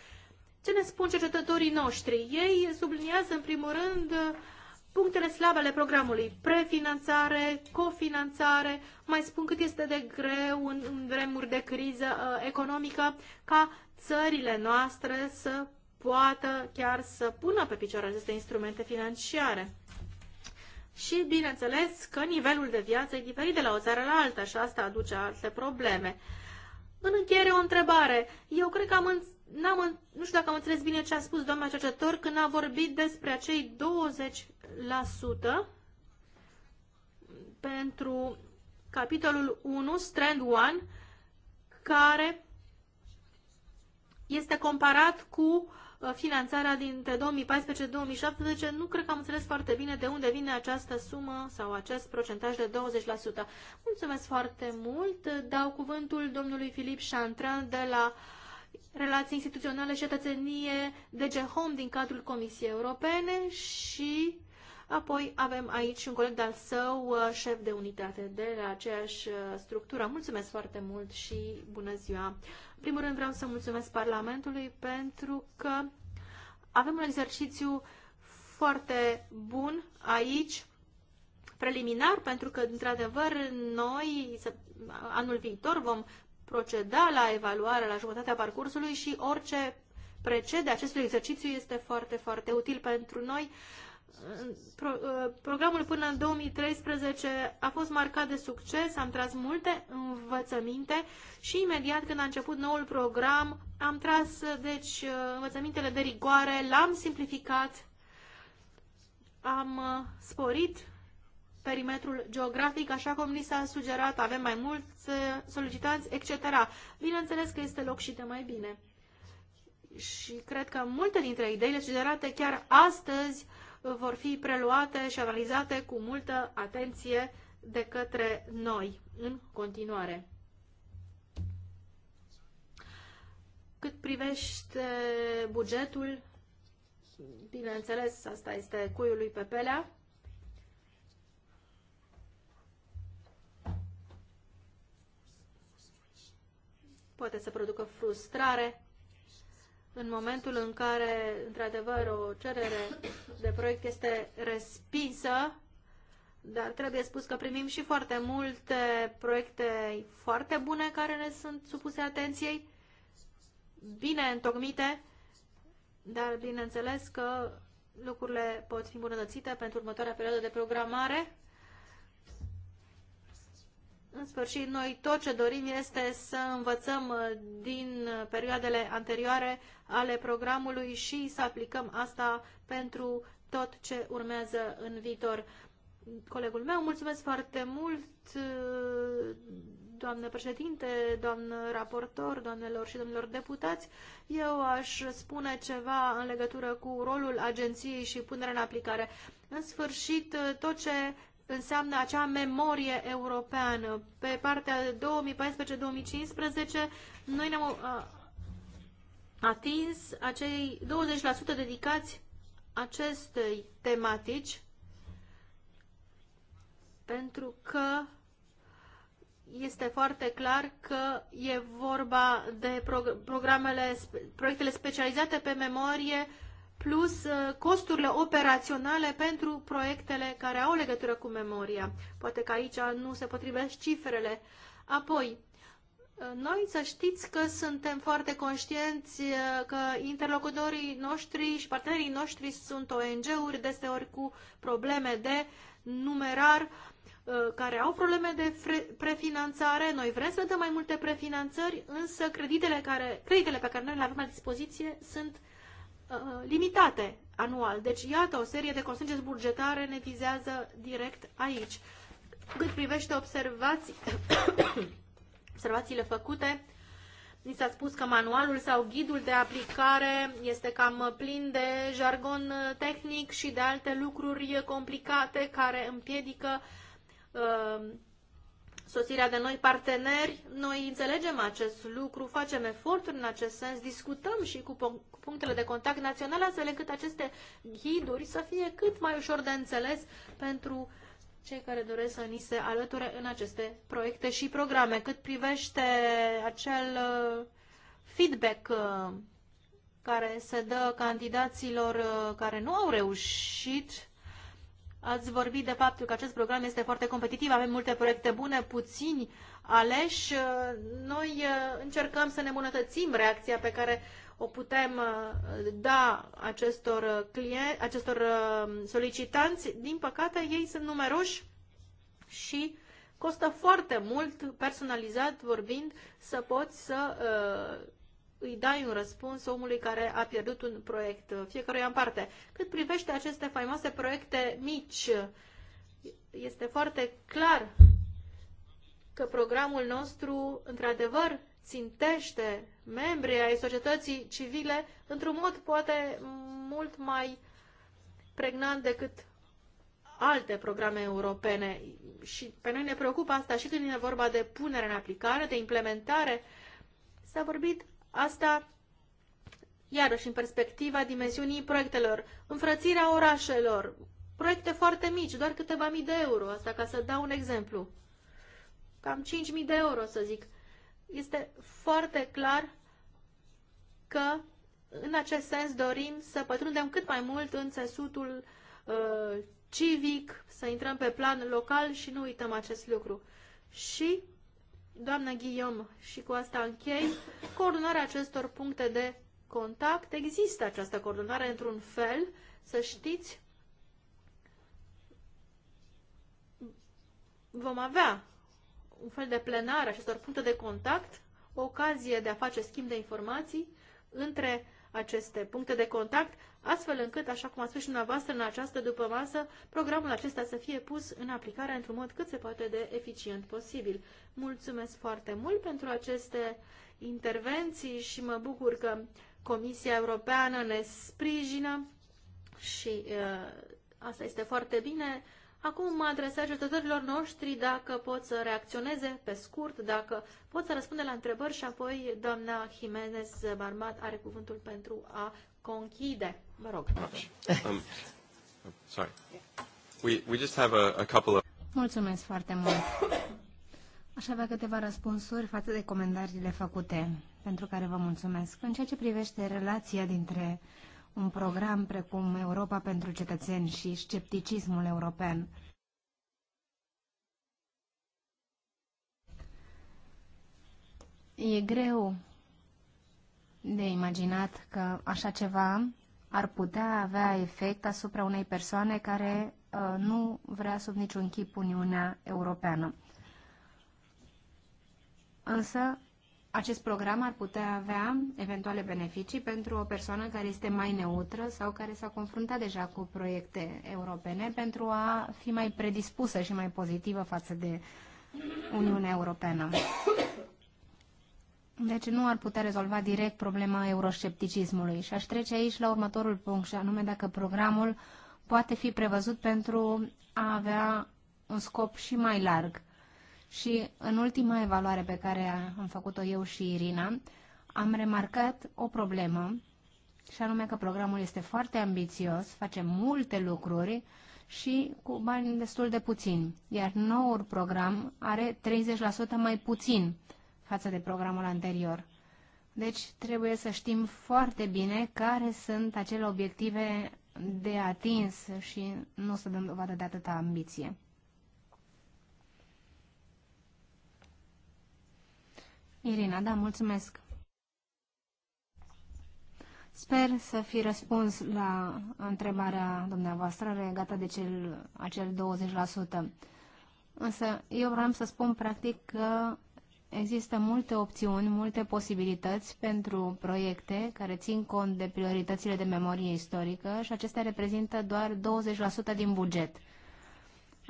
Ce ne spun cercetătorii noștri? Ei subliniază în primul rând uh, Punctele slabe ale programului, prefinanțare, cofinanțare, mai spun cât este de greu în, în vremuri de criză uh, economică ca țările noastre să poată chiar să pună pe picioare aceste instrumente financiare. Și bineînțeles că nivelul de viață e diferit de la o țară la alta și asta aduce alte probleme. În încheiere o întrebare. Eu cred că am în... N-am, nu știu dacă am înțeles bine ce a spus doamna cercetător când a vorbit despre acei 20 pentru capitolul 1, Strand 1, care este comparat cu uh, finanțarea dintre 2014-2017. Nu cred că am înțeles foarte bine de unde vine această sumă sau acest procentaj de 20%. Mulțumesc foarte mult. Dau cuvântul domnului Filip Chantran de la Relații Instituționale și Cetățenie DG Home din cadrul Comisiei Europene și Apoi avem aici un coleg al său, uh, șef de unitate de la aceeași uh, structură. Mulțumesc foarte mult și bună ziua! În primul rând vreau să mulțumesc Parlamentului pentru că avem un exercițiu foarte bun aici, preliminar, pentru că, într-adevăr, noi anul viitor vom proceda la evaluare la jumătatea parcursului și orice precede acestui exercițiu este foarte, foarte util pentru noi. Uh, Pro, uh, programul până în 2013 a fost marcat de succes, am tras multe învățăminte și imediat când a început noul program am tras uh, deci uh, învățămintele de rigoare, l-am simplificat, am sporit perimetrul geografic, așa cum ni s-a sugerat, avem mai mulți solicitanți, etc. Bineînțeles că este loc și de mai bine. Și cred că multe dintre ideile sugerate chiar astăzi uh, vor fi preluate și analizate cu multă atenție de către noi în continuare. Cât privește bugetul, bineînțeles, asta este cuiul lui Pepelea. Poate să producă frustrare în momentul în care, într-adevăr, o cerere de proiect este respinsă, dar trebuie spus că primim și foarte multe proiecte foarte bune care ne sunt supuse atenției, bine întocmite, dar bineînțeles că lucrurile pot fi îmbunătățite pentru următoarea perioadă de programare în sfârșit, noi tot ce dorim este să învățăm uh, din uh, perioadele anterioare ale programului și să aplicăm asta pentru tot ce urmează în viitor. Colegul meu, mulțumesc foarte mult, uh, doamnă președinte, doamnă raportor, doamnelor și domnilor deputați. Eu aș spune ceva în legătură cu rolul agenției și punerea în aplicare. În sfârșit, tot ce înseamnă acea memorie europeană. Pe partea 2014-2015 noi ne-am uh, atins acei 20% dedicați acestei tematici pentru că este foarte clar că e vorba de programele, proiectele specializate pe memorie plus uh, costurile operaționale pentru proiectele care au legătură cu memoria. Poate că aici nu se potrivesc cifrele. Apoi, uh, noi să știți că suntem foarte conștienți uh, că interlocutorii noștri și partenerii noștri sunt ONG-uri, deseori cu probleme de numerar, care au probleme de prefinanțare. Noi vrem să dăm mai multe prefinanțări, însă creditele, care, creditele pe care noi le avem la dispoziție sunt uh, Uh, limitate anual. Deci, iată, o serie de constrângeri bugetare ne vizează direct aici. Cât privește observații, observațiile făcute, ni s-a spus că manualul sau ghidul de aplicare este cam plin de jargon tehnic și de alte lucruri complicate care împiedică uh, sosirea de noi parteneri. Noi înțelegem acest lucru, facem eforturi în acest sens, discutăm și cu punctele de contact naționale, astfel încât aceste ghiduri să fie cât mai ușor de înțeles pentru cei care doresc să ni se alăture în aceste proiecte și programe. Cât privește acel uh, feedback uh, care se dă candidaților uh, care nu au reușit Ați vorbit de faptul că acest program este foarte competitiv, avem multe proiecte bune, puțini aleși. Noi uh, încercăm să ne îmbunătățim reacția pe care o putem uh, da acestor, uh, client, acestor solicitanți. Din păcate, ei sunt numeroși și costă foarte mult, personalizat vorbind, să poți să îi dai un răspuns omului care a pierdut un proiect, uh, fiecăruia în parte. Cât privește aceste faimoase proiecte mici, este foarte clar că programul nostru, într-adevăr, țintește membrii ai societății civile într-un mod poate mult mai pregnant decât alte programe europene și pe noi ne preocupă asta și când e vorba de punere în aplicare, de implementare. S-a vorbit Asta, iarăși, în perspectiva dimensiunii proiectelor, înfrățirea orașelor, proiecte foarte mici, doar câteva mii de euro, asta ca să dau un exemplu. Cam 5.000 de euro, să zic. Este foarte clar că în acest sens dorim să pătrundem cât mai mult în țesutul uh, civic, să intrăm pe plan local și nu uităm acest lucru. Și doamna Guillaume, și cu asta închei, coordonarea acestor puncte de contact. Există această coordonare într-un fel, să știți, vom avea un fel de plenar acestor puncte de contact, o ocazie de a face schimb de informații între aceste puncte de contact, astfel încât, așa cum a spus și dumneavoastră în această masă, programul acesta să fie pus în aplicare într-un mod cât se poate de eficient posibil. Mulțumesc foarte mult pentru aceste intervenții și mă bucur că Comisia Europeană ne sprijină și uh, asta este foarte bine. Acum mă adresez ajutătorilor noștri dacă pot să reacționeze pe scurt, dacă pot să răspunde la întrebări și apoi doamna Jimenez Barmat are cuvântul pentru a conchide. Mă rog. Um, sorry. We, we just have a, a couple of... Mulțumesc foarte mult. Aș avea câteva răspunsuri față de comentariile făcute, pentru care vă mulțumesc. În ceea ce privește relația dintre un program precum Europa pentru cetățeni și scepticismul european. E greu de imaginat că așa ceva ar putea avea efect asupra unei persoane care uh, nu vrea sub niciun chip Uniunea Europeană. Însă, acest program ar putea avea eventuale beneficii pentru o persoană care este mai neutră sau care s-a confruntat deja cu proiecte europene pentru a fi mai predispusă și mai pozitivă față de Uniunea Europeană. Deci nu ar putea rezolva direct problema euroscepticismului. Și aș trece aici la următorul punct, și anume dacă programul poate fi prevăzut pentru a avea un scop și mai larg și în ultima evaluare pe care am făcut-o eu și Irina, am remarcat o problemă, și anume că programul este foarte ambițios, face multe lucruri și cu bani destul de puțini. Iar noul program are 30% mai puțin față de programul anterior. Deci trebuie să știm foarte bine care sunt acele obiective de atins și nu să dăm dovadă de atâta ambiție. Irina, da, mulțumesc. Sper să fi răspuns la întrebarea dumneavoastră legată de cel, acel 20%. Însă eu vreau să spun practic că există multe opțiuni, multe posibilități pentru proiecte care țin cont de prioritățile de memorie istorică și acestea reprezintă doar 20% din buget.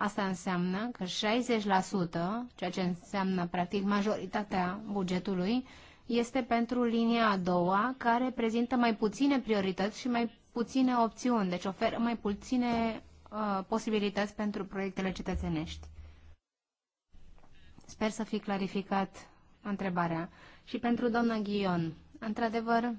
Asta înseamnă că 60%, ceea ce înseamnă practic majoritatea bugetului, este pentru linia a doua, care prezintă mai puține priorități și mai puține opțiuni, deci oferă mai puține uh, posibilități pentru proiectele cetățenești. Sper să fi clarificat întrebarea. Și pentru doamna Ghion, într-adevăr,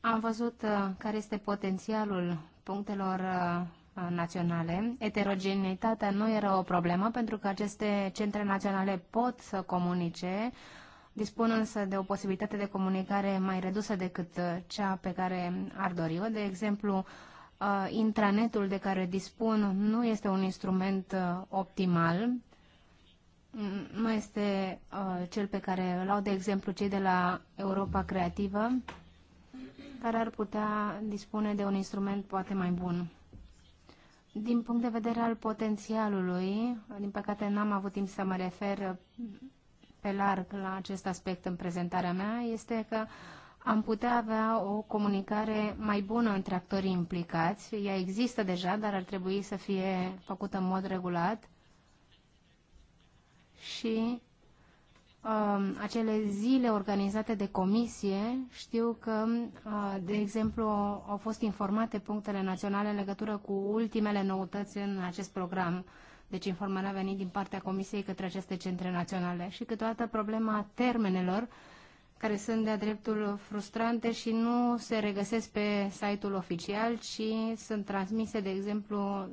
am văzut uh, care este potențialul punctelor uh, naționale. Eterogeneitatea nu era o problemă pentru că aceste centre naționale pot să comunice, dispun însă de o posibilitate de comunicare mai redusă decât uh, cea pe care ar dori-o. De exemplu, uh, intranetul de care dispun nu este un instrument uh, optimal, mm, nu este cel pe care îl au, de exemplu, cei de la Europa Creativă, care ar putea dispune de un instrument poate mai bun. Din punct de vedere al potențialului, din păcate n-am avut timp să mă refer pe larg la acest aspect în prezentarea mea, este că am putea avea o comunicare mai bună între actorii implicați. Ea există deja, dar ar trebui să fie făcută în mod regulat. Și Um, acele zile organizate de comisie, știu că, uh, de exemplu, au fost informate punctele naționale în legătură cu ultimele noutăți în acest program. Deci informarea a venit din partea comisiei către aceste centre naționale și câteodată problema termenelor care sunt de-a dreptul frustrante și nu se regăsesc pe site-ul oficial, ci sunt transmise, de exemplu,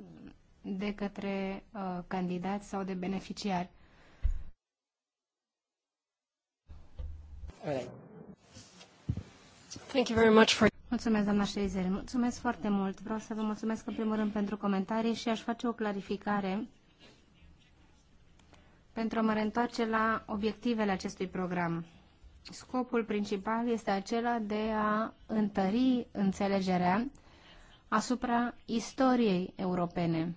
de către uh, candidați sau de beneficiari. Thank you very much for... Mulțumesc, doamna Șeizer. Mulțumesc foarte mult. Vreau să vă mulțumesc în primul rând pentru comentarii și aș face o clarificare pentru a mă reîntoarce la obiectivele acestui program. Scopul principal este acela de a întări înțelegerea asupra istoriei europene.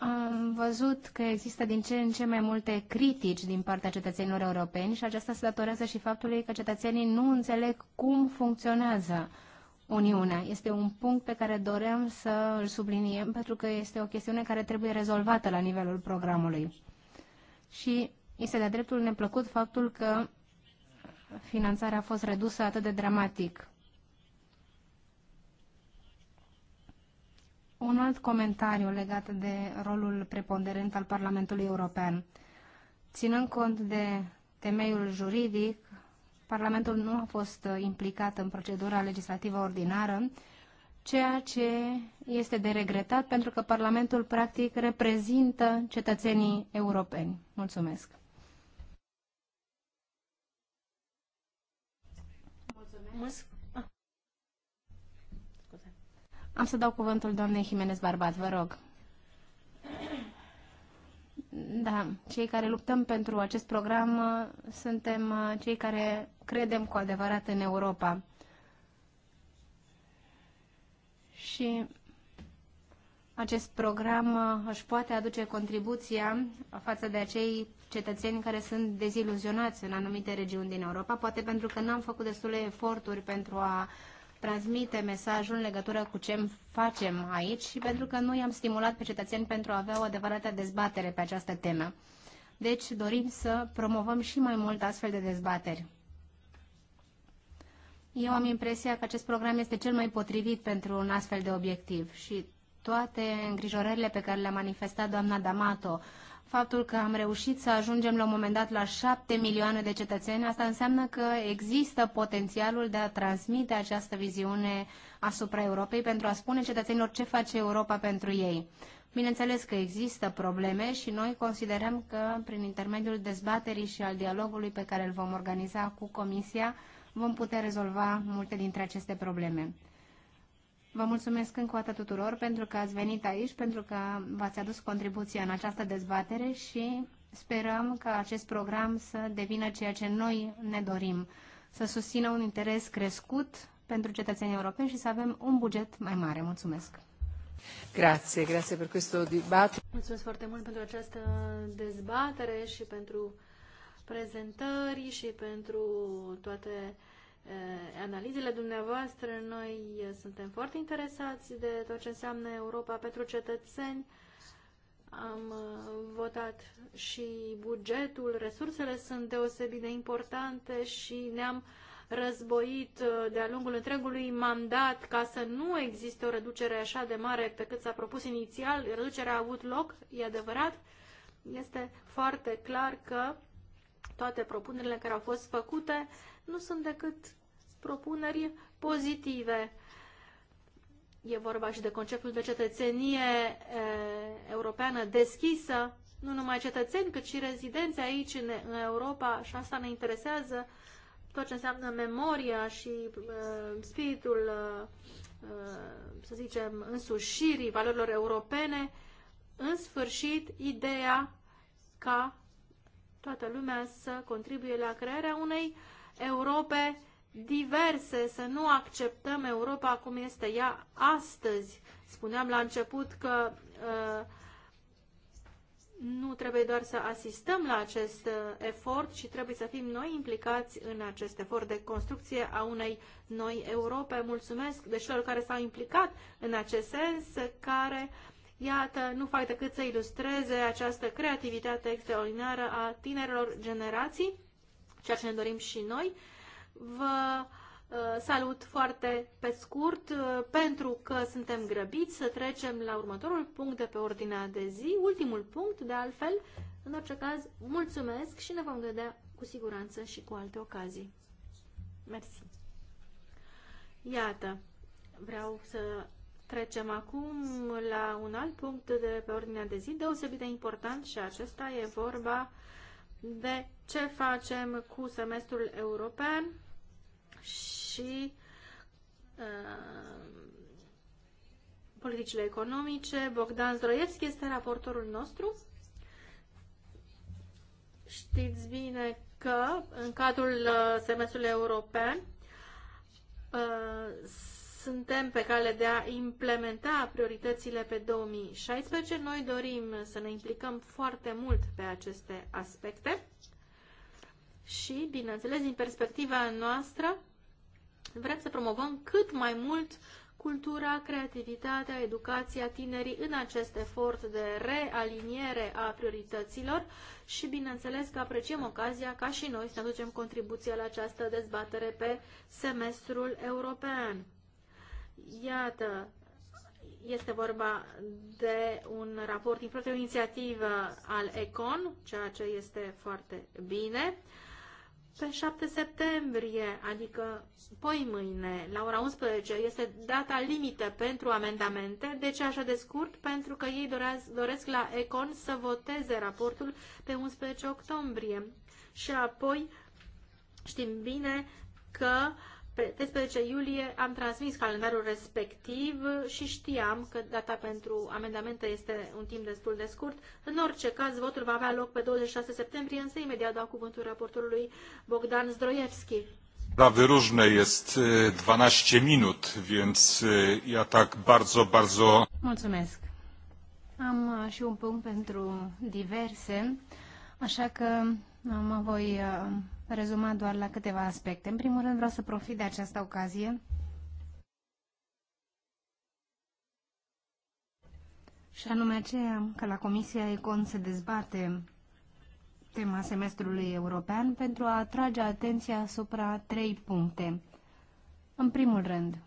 am văzut că există din ce în ce mai multe critici din partea cetățenilor europeni și aceasta se datorează și faptului că cetățenii nu înțeleg cum funcționează Uniunea. Este un punct pe care doream să îl subliniem pentru că este o chestiune care trebuie rezolvată la nivelul programului. Și este de dreptul neplăcut faptul că finanțarea a fost redusă atât de dramatic. Un alt comentariu legat de rolul preponderent al Parlamentului European. Ținând cont de temeiul juridic, Parlamentul nu a fost uh, implicat în procedura legislativă ordinară, ceea ce este de regretat pentru că Parlamentul practic reprezintă cetățenii europeni. Mulțumesc! Mulțumesc! Am să dau cuvântul doamnei Jimenez Barbat, vă rog. Da, cei care luptăm pentru acest program uh, suntem uh, cei care credem cu adevărat în Europa. Și acest program uh, își poate aduce contribuția față de acei cetățeni care sunt deziluzionați în anumite regiuni din Europa, poate pentru că n-am făcut destule eforturi pentru a uh, transmite mesajul în legătură cu ce facem aici și pentru că nu i-am stimulat pe cetățeni pentru a avea o adevărată dezbatere pe această temă. Deci dorim să promovăm și mai mult astfel de dezbateri. Eu am impresia că acest program este cel mai potrivit pentru un astfel de obiectiv și toate îngrijorările pe care le-a manifestat doamna D'Amato Faptul că am reușit să ajungem la un moment dat la șapte milioane de cetățeni, asta înseamnă că există potențialul de a transmite această viziune asupra Europei pentru a spune cetățenilor ce face Europa pentru ei. Bineînțeles că există probleme și noi considerăm că prin intermediul dezbaterii și al dialogului pe care îl vom organiza cu Comisia vom putea rezolva multe dintre aceste probleme. Vă mulțumesc încă o dată tuturor pentru că ați venit aici, pentru că v-ați adus contribuția în această dezbatere și sperăm că acest program să devină ceea ce noi ne dorim, să susțină un interes crescut pentru cetățenii europeni și să avem un buget mai mare. Mulțumesc! Grazie, grazie per questo dibattito. Mulțumesc foarte mult pentru această dezbatere și pentru prezentări și pentru toate Eh, analizele dumneavoastră. Noi eh, suntem foarte interesați de tot ce înseamnă Europa pentru cetățeni. Am eh, votat și bugetul, resursele sunt deosebit de importante și ne-am războit de-a lungul întregului mandat ca să nu existe o reducere așa de mare pe cât s-a propus inițial. Reducerea a avut loc, e adevărat. Este foarte clar că toate propunerile care au fost făcute nu sunt decât propuneri pozitive. E vorba și de conceptul de cetățenie e, europeană deschisă, nu numai cetățeni, cât și rezidenți aici în, în Europa și asta ne interesează tot ce înseamnă memoria și e, spiritul, e, să zicem, însușirii valorilor europene, în sfârșit, ideea ca toată lumea să contribuie la crearea unei Europe diverse, să nu acceptăm Europa cum este ea astăzi. Spuneam la început că uh, nu trebuie doar să asistăm la acest uh, efort, ci trebuie să fim noi implicați în acest efort de construcție a unei noi Europe. Mulțumesc de celor care s-au implicat în acest sens, care iată, nu fac decât să ilustreze această creativitate extraordinară a tinerilor generații, ceea ce ne dorim și noi. Vă uh, salut foarte pe scurt uh, pentru că suntem grăbiți să trecem la următorul punct de pe ordinea de zi, ultimul punct de altfel. În orice caz, mulțumesc și ne vom vedea cu siguranță și cu alte ocazii. Mersi. Iată, vreau să Trecem acum la un alt punct de pe ordinea de zi, deosebit de important și acesta e vorba de ce facem cu semestrul european și uh, politicile economice. Bogdan Zdroievski este raportorul nostru. Știți bine că în cadrul uh, semestrului european uh, suntem pe cale de a implementa prioritățile pe 2016. Noi dorim să ne implicăm foarte mult pe aceste aspecte și, bineînțeles, din perspectiva noastră, vrem să promovăm cât mai mult cultura, creativitatea, educația tinerii în acest efort de realiniere a priorităților și bineînțeles că apreciem ocazia ca și noi să aducem contribuția la această dezbatere pe semestrul european. Iată, este vorba de un raport din proprie inițiativă al ECON, ceea ce este foarte bine. Pe 7 septembrie, adică poi mâine, la ora 11, este data limită pentru amendamente. De ce așa de scurt? Pentru că ei doresc, doresc la ECON să voteze raportul pe 11 octombrie. Și apoi știm bine că uh, pe 13 iulie am transmis calendarul respectiv și știam că data pentru amendamente este un timp destul de scurt. În orice caz, votul va avea loc pe 26 septembrie, însă imediat dau cuvântul raportorului Bogdan Zdrojewski. Sprawy różne jest 12 minut, więc ja tak bardzo, bardzo... Mulțumesc. Am și un punct pentru diverse, așa că mă voi rezuma doar la câteva aspecte. În primul rând vreau să profit de această ocazie și anume aceea că la Comisia Econ se dezbate tema semestrului european pentru a atrage atenția asupra trei puncte. În primul rând,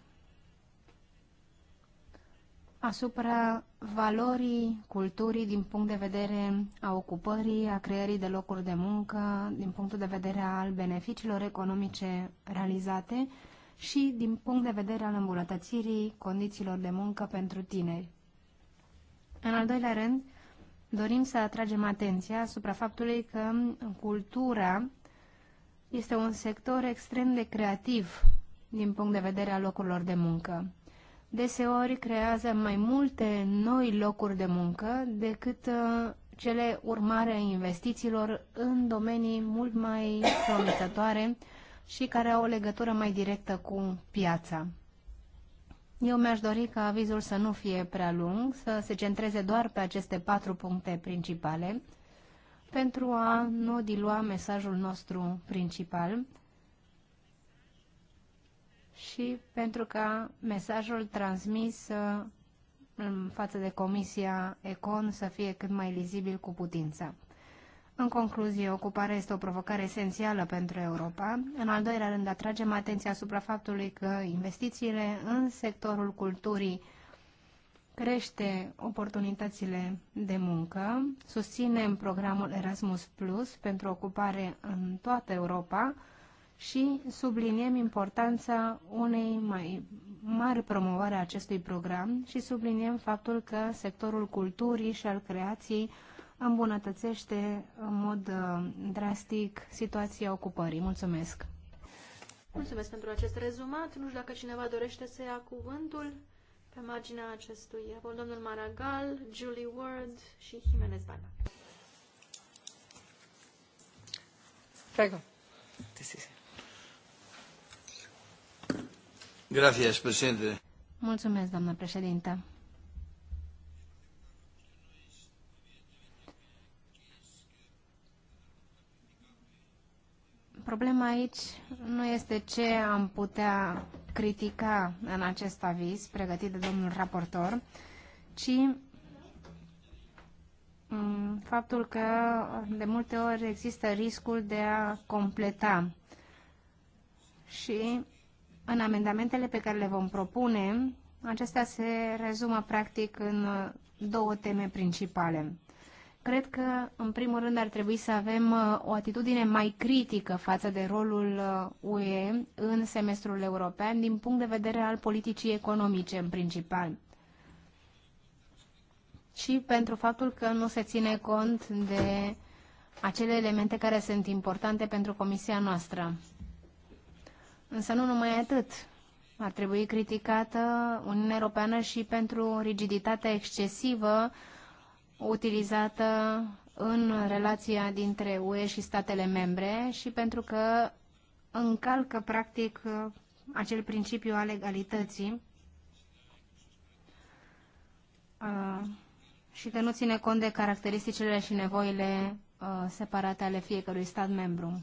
asupra valorii culturii din punct de vedere a ocupării, a creării de locuri de muncă, din punctul de vedere al beneficiilor economice realizate și din punct de vedere al îmbunătățirii condițiilor de muncă pentru tineri. În al doilea rând, dorim să atragem atenția asupra faptului că cultura este un sector extrem de creativ din punct de vedere al locurilor de muncă deseori creează mai multe noi locuri de muncă decât uh, cele urmare a investițiilor în domenii mult mai promițătoare și care au o legătură mai directă cu piața. Eu mi-aș dori ca avizul să nu fie prea lung, să se centreze doar pe aceste patru puncte principale, pentru a nu dilua mesajul nostru principal și pentru ca mesajul transmis uh, în față de Comisia Econ să fie cât mai lizibil cu putință. În concluzie, ocuparea este o provocare esențială pentru Europa. În al doilea rând, atragem atenția asupra faptului că investițiile în sectorul culturii crește oportunitățile de muncă, susținem programul Erasmus Plus pentru ocupare în toată Europa, și subliniem importanța unei mai mari promovare a acestui program și subliniem faptul că sectorul culturii și al creației îmbunătățește în mod uh, drastic situația ocupării. Mulțumesc! Mulțumesc pentru acest rezumat. Nu știu dacă cineva dorește să ia cuvântul pe marginea acestui. Apoi domnul Maragal, Julie Ward și Jimenez Bana. Prego. This is Gracias, Mulțumesc, doamnă președinte. Problema aici nu este ce am putea critica în acest aviz pregătit de domnul raportor, ci mm, faptul că de multe ori există riscul de a completa și în amendamentele pe care le vom propune, acestea se rezumă practic în două teme principale. Cred că, în primul rând, ar trebui să avem uh, o atitudine mai critică față de rolul uh, UE în semestrul european din punct de vedere al politicii economice, în principal. Și pentru faptul că nu se ține cont de acele elemente care sunt importante pentru comisia noastră. Însă nu numai atât. Ar trebui criticată Uniunea Europeană și pentru rigiditatea excesivă utilizată în relația dintre UE și statele membre și pentru că încalcă practic acel principiu al egalității și că nu ține cont de caracteristicile și nevoile separate ale fiecărui stat membru.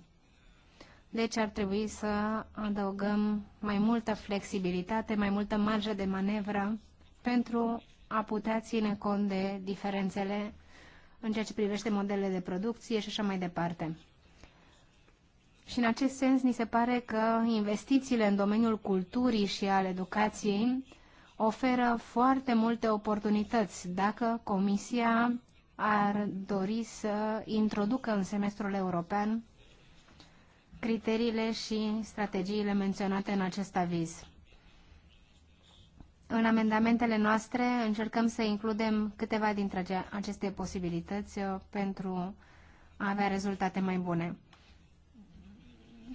Deci ar trebui să adăugăm mai multă flexibilitate, mai multă marjă de manevră pentru a putea ține cont de diferențele în ceea ce privește modelele de producție și așa mai departe. Și în acest sens, ni se pare că investițiile în domeniul culturii și al educației oferă foarte multe oportunități dacă Comisia ar dori să introducă în semestrul european criteriile și strategiile menționate în acest aviz. În amendamentele noastre încercăm să includem câteva dintre aceste posibilități uh, pentru a avea rezultate mai bune.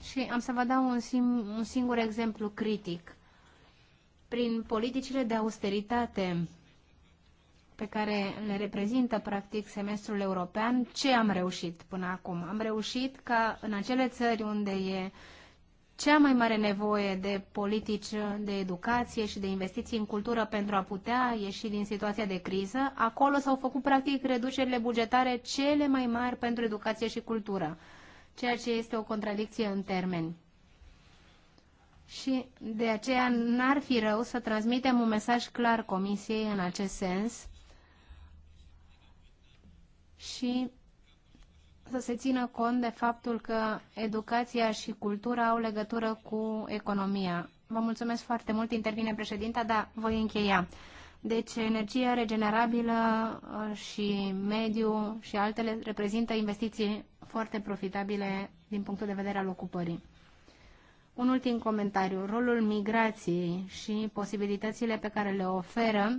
Și am să vă dau un, sim, un singur exemplu critic. Prin politicile de austeritate pe care le reprezintă practic semestrul european, ce am reușit până acum? Am reușit ca în acele țări unde e cea mai mare nevoie de politici de educație și de investiții în cultură pentru a putea ieși din situația de criză, acolo s-au făcut practic reducerile bugetare cele mai mari pentru educație și cultură, ceea ce este o contradicție în termeni. Și de aceea n-ar fi rău să transmitem un mesaj clar Comisiei în acest sens, și să se țină cont de faptul că educația și cultura au legătură cu economia. Vă mulțumesc foarte mult, intervine președinta, dar voi încheia. Deci energia regenerabilă uh, și mediu și altele reprezintă investiții foarte profitabile din punctul de vedere al ocupării. Un ultim comentariu. Rolul migrației și posibilitățile pe care le oferă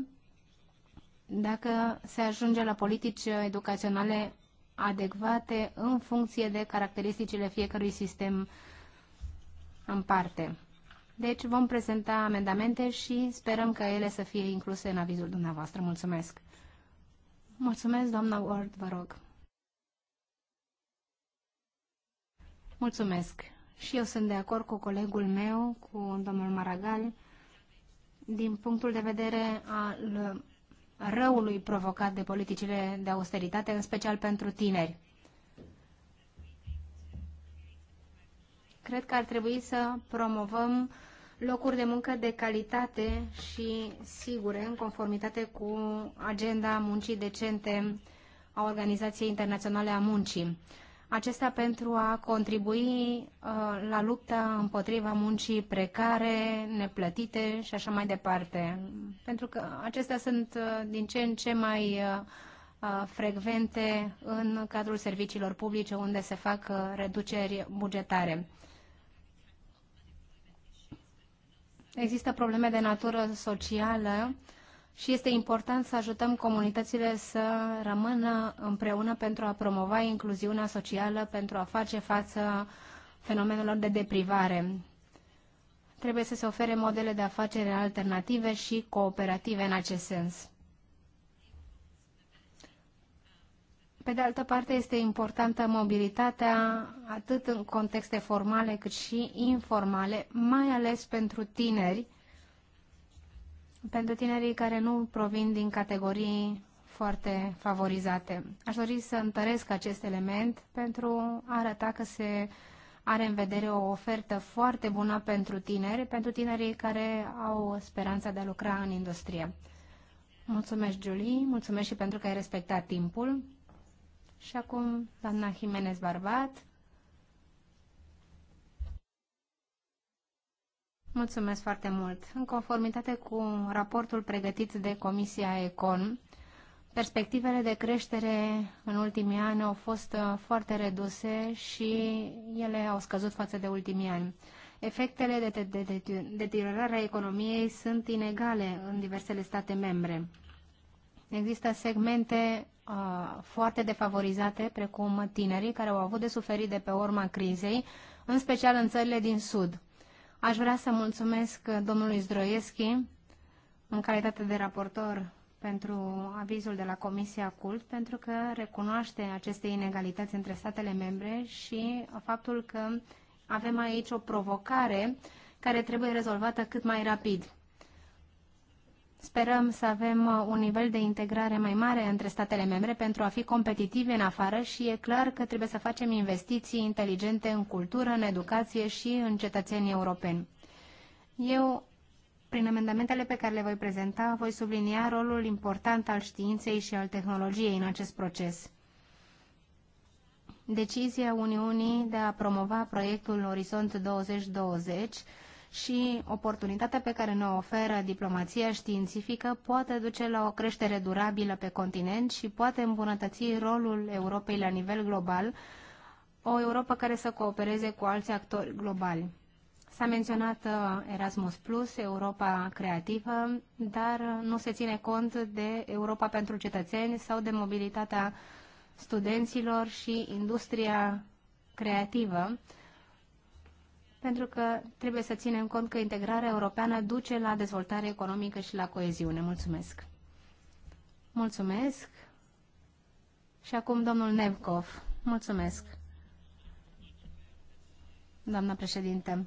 dacă se ajunge la politici educaționale adecvate în funcție de caracteristicile fiecărui sistem în parte. Deci vom prezenta amendamente și sperăm că ele să fie incluse în avizul dumneavoastră. Mulțumesc! Mulțumesc, doamna Ward, vă rog. Mulțumesc. Și eu sunt de acord cu colegul meu, cu domnul Maragal, din punctul de vedere al răului provocat de politicile de austeritate, în special pentru tineri. Cred că ar trebui să promovăm locuri de muncă de calitate și sigure, în conformitate cu agenda muncii decente a Organizației Internaționale a Muncii acesta pentru a contribui uh, la lupta împotriva muncii precare, neplătite și așa mai departe. Pentru că acestea sunt uh, din ce în ce mai uh, uh frecvente în cadrul serviciilor publice unde se fac uh, reduceri bugetare. Există probleme de natură socială și este important să ajutăm comunitățile să rămână împreună pentru a promova incluziunea socială, pentru a face față fenomenelor de deprivare. Trebuie să se ofere modele de afacere alternative și cooperative în acest sens. Pe de altă parte, este importantă mobilitatea atât în contexte formale cât și informale, mai ales pentru tineri, pentru tinerii care nu provin din categorii foarte favorizate. Aș dori să întăresc acest element pentru a arăta că se are în vedere o ofertă foarte bună pentru tineri, pentru tinerii care au speranța de a lucra în industrie. Mulțumesc, Julie, mulțumesc și pentru că ai respectat timpul. Și acum, doamna Jimenez Barbat, Mulțumesc foarte mult. În conformitate cu raportul pregătit de Comisia Econ, perspectivele de creștere în ultimii ani au fost uh, foarte reduse și ele au scăzut față de ultimii ani. Efectele de deteriorare a economiei sunt inegale în diversele state membre. Există segmente uh, foarte defavorizate, precum tinerii, care au avut de suferit de pe urma crizei, în special în țările din Sud. Aș vrea să mulțumesc domnului Zdroieschi, în calitate de raportor pentru avizul de la Comisia CULT, pentru că recunoaște aceste inegalități între statele membre și faptul că avem aici o provocare care trebuie rezolvată cât mai rapid. Sperăm să avem uh, un nivel de integrare mai mare între statele membre pentru a fi competitivi în afară și e clar că trebuie să facem investiții inteligente în cultură, în educație și în cetățenii europeni. Eu, prin amendamentele pe care le voi prezenta, voi sublinia rolul important al științei și al tehnologiei în acest proces. Decizia Uniunii de a promova proiectul Orizont 2020 și oportunitatea pe care ne oferă diplomația științifică poate duce la o creștere durabilă pe continent și poate îmbunătăți rolul Europei la nivel global, o Europa care să coopereze cu alți actori globali. S-a menționat uh, Erasmus Plus, Europa creativă, dar nu se ține cont de Europa pentru cetățeni sau de mobilitatea studenților și industria creativă, pentru că trebuie să ținem cont că integrarea europeană duce la dezvoltare economică și la coeziune. Mulțumesc! Mulțumesc! Și acum domnul Nevkov. Mulțumesc! Doamna președinte,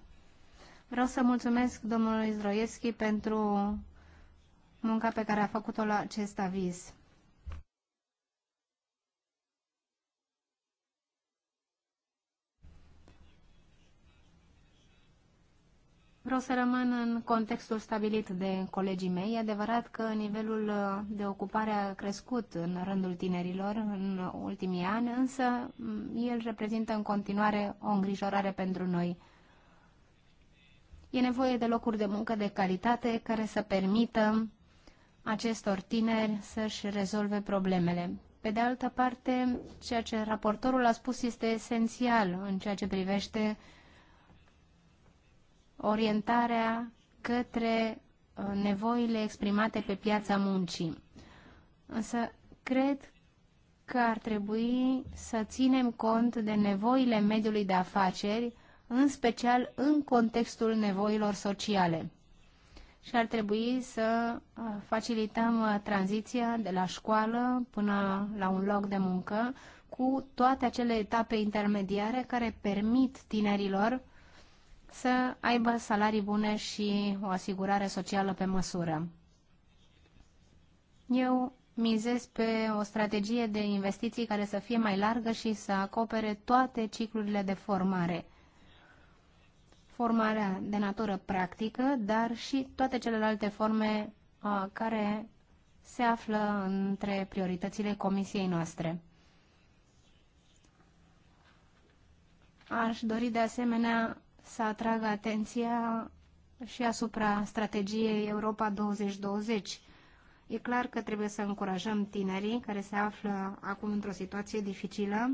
vreau să mulțumesc domnului Zdroieschi pentru munca pe care a făcut-o la acest aviz. Vreau să rămân în contextul stabilit de colegii mei. E adevărat că nivelul uh, de ocupare a crescut în rândul tinerilor în ultimii ani, însă mm, el reprezintă în continuare o îngrijorare pentru noi. E nevoie de locuri de muncă de calitate care să permită acestor tineri să-și rezolve problemele. Pe de altă parte, ceea ce raportorul a spus este esențial în ceea ce privește uh, orientarea către uh, nevoile exprimate pe piața muncii. Însă, cred că ar trebui să ținem cont de nevoile mediului de afaceri, în special în contextul nevoilor sociale. Și ar trebui să uh, facilităm uh, tranziția de la școală până la un loc de muncă cu toate acele etape intermediare care permit tinerilor să aibă salarii bune și o asigurare socială pe măsură. Eu mizez pe o strategie de investiții care să fie mai largă și să acopere toate ciclurile de formare. Formarea de natură practică, dar și toate celelalte forme a, uh, care se află între prioritățile comisiei noastre. Aș dori de asemenea să atragă atenția și asupra strategiei Europa 2020. E clar că trebuie să încurajăm tinerii care se află acum într-o situație dificilă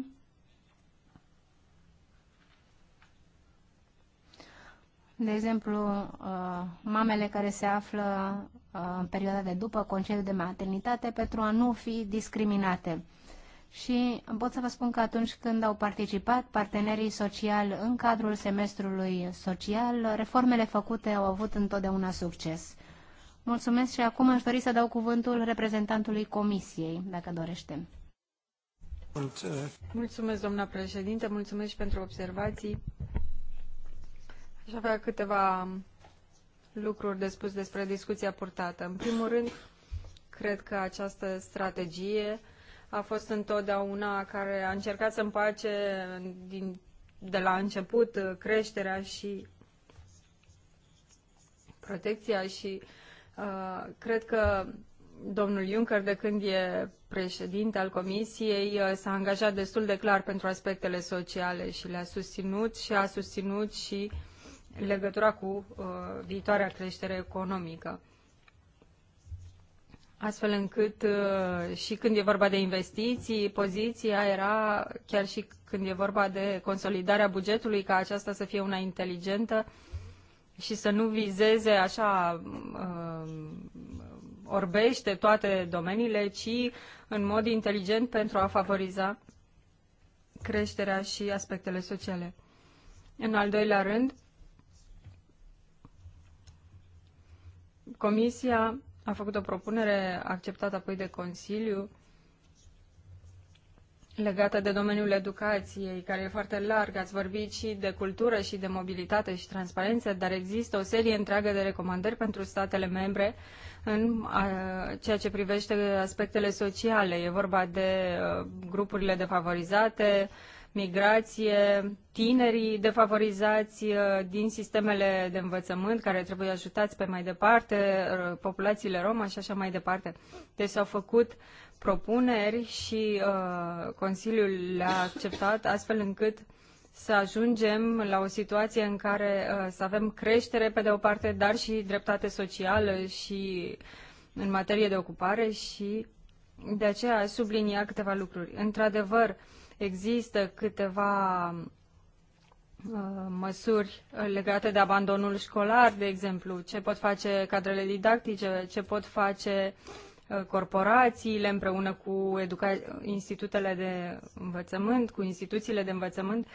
De exemplu, uh, mamele care se află uh, în perioada de după concediu de maternitate pentru a nu fi discriminate și pot să vă spun că atunci când au participat partenerii sociali în cadrul semestrului social, reformele făcute au avut întotdeauna succes. Mulțumesc și acum aș dori să dau cuvântul reprezentantului Comisiei, dacă dorește. Uh, mulțumesc, doamna președinte, mulțumesc și pentru observații. Aș avea câteva lucruri de spus despre discuția purtată. În primul rând, cred că această strategie a fost întotdeauna care a încercat să împace din, de la început uh, creșterea și protecția și uh, cred că domnul Juncker, de când e președinte al Comisiei, uh, s-a angajat destul de clar pentru aspectele sociale și le-a susținut și a susținut și legătura cu uh, viitoarea creștere economică astfel încât uh, și când e vorba de investiții, poziția era, chiar și când e vorba de consolidarea bugetului, ca aceasta să fie una inteligentă și să nu vizeze așa uh, orbește toate domeniile, ci în mod inteligent pentru a favoriza creșterea și aspectele sociale. În al doilea rând, Comisia a făcut o propunere acceptată apoi de Consiliu legată de domeniul educației, care e foarte larg. Ați vorbit și de cultură și de mobilitate și transparență, dar există o serie întreagă de recomandări pentru statele membre în ceea ce privește aspectele sociale. E vorba de uh, grupurile defavorizate, migrație, tinerii defavorizați uh, din sistemele de învățământ care trebuie ajutați pe mai departe, uh, populațiile romă și așa mai departe. Deci s-au făcut propuneri și uh, Consiliul le-a acceptat astfel încât să ajungem la o situație în care uh, să avem creștere pe de o parte, dar și dreptate socială și în materie de ocupare și de aceea aș sublinia câteva lucruri. Într-adevăr, uh, Există câteva uh, măsuri uh, legate de abandonul școlar, de exemplu, ce pot face cadrele didactice, ce pot face uh, corporațiile împreună cu educa- institutele de învățământ, cu instituțiile de învățământ,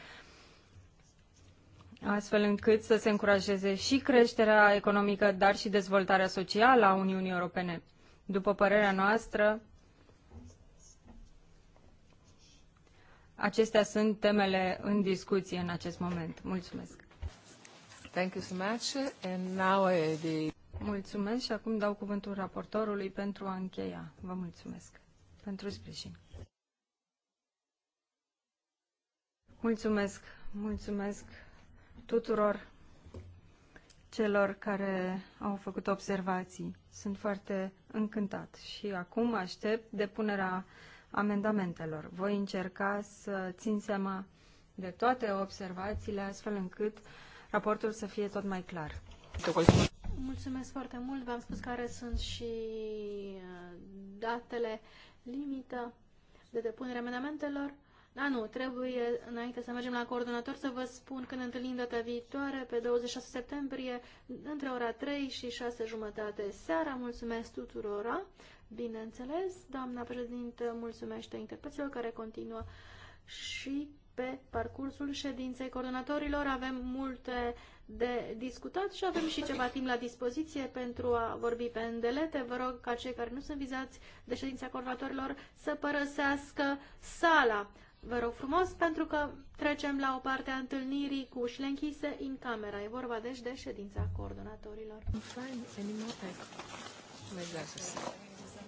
astfel încât să se încurajeze și creșterea economică, dar și dezvoltarea socială a Uniunii Europene. După părerea noastră, Acestea sunt temele în discuție în acest moment. Mulțumesc! Thank you so much. And now uh, the... Mulțumesc și acum dau cuvântul raportorului pentru a încheia. Vă mulțumesc pentru sprijin. Mulțumesc, mulțumesc tuturor celor care au făcut observații. Sunt foarte încântat și acum aștept depunerea amendamentelor. Voi încerca să țin seama de toate observațiile, astfel încât raportul să fie tot mai clar. Mulțumesc foarte mult. V-am spus care sunt și uh, datele limită de depunere amendamentelor. Da, nu, trebuie, înainte să mergem la coordonator, să vă spun când întâlnim data viitoare, pe 26 septembrie, între ora 3 și 6 jumătate seara. Mulțumesc tuturora Bineînțeles, doamna președintă mulțumește interpreților care continuă și pe parcursul ședinței coordonatorilor. Avem multe de discutat și avem și ceva timp la dispoziție pentru a vorbi pe îndelete. Vă rog ca cei care nu sunt vizați de ședința coordonatorilor să părăsească sala. Vă rog frumos, pentru că trecem la o parte a întâlnirii cu ușile închise în camera. E vorba deci de ședința coordonatorilor. Nu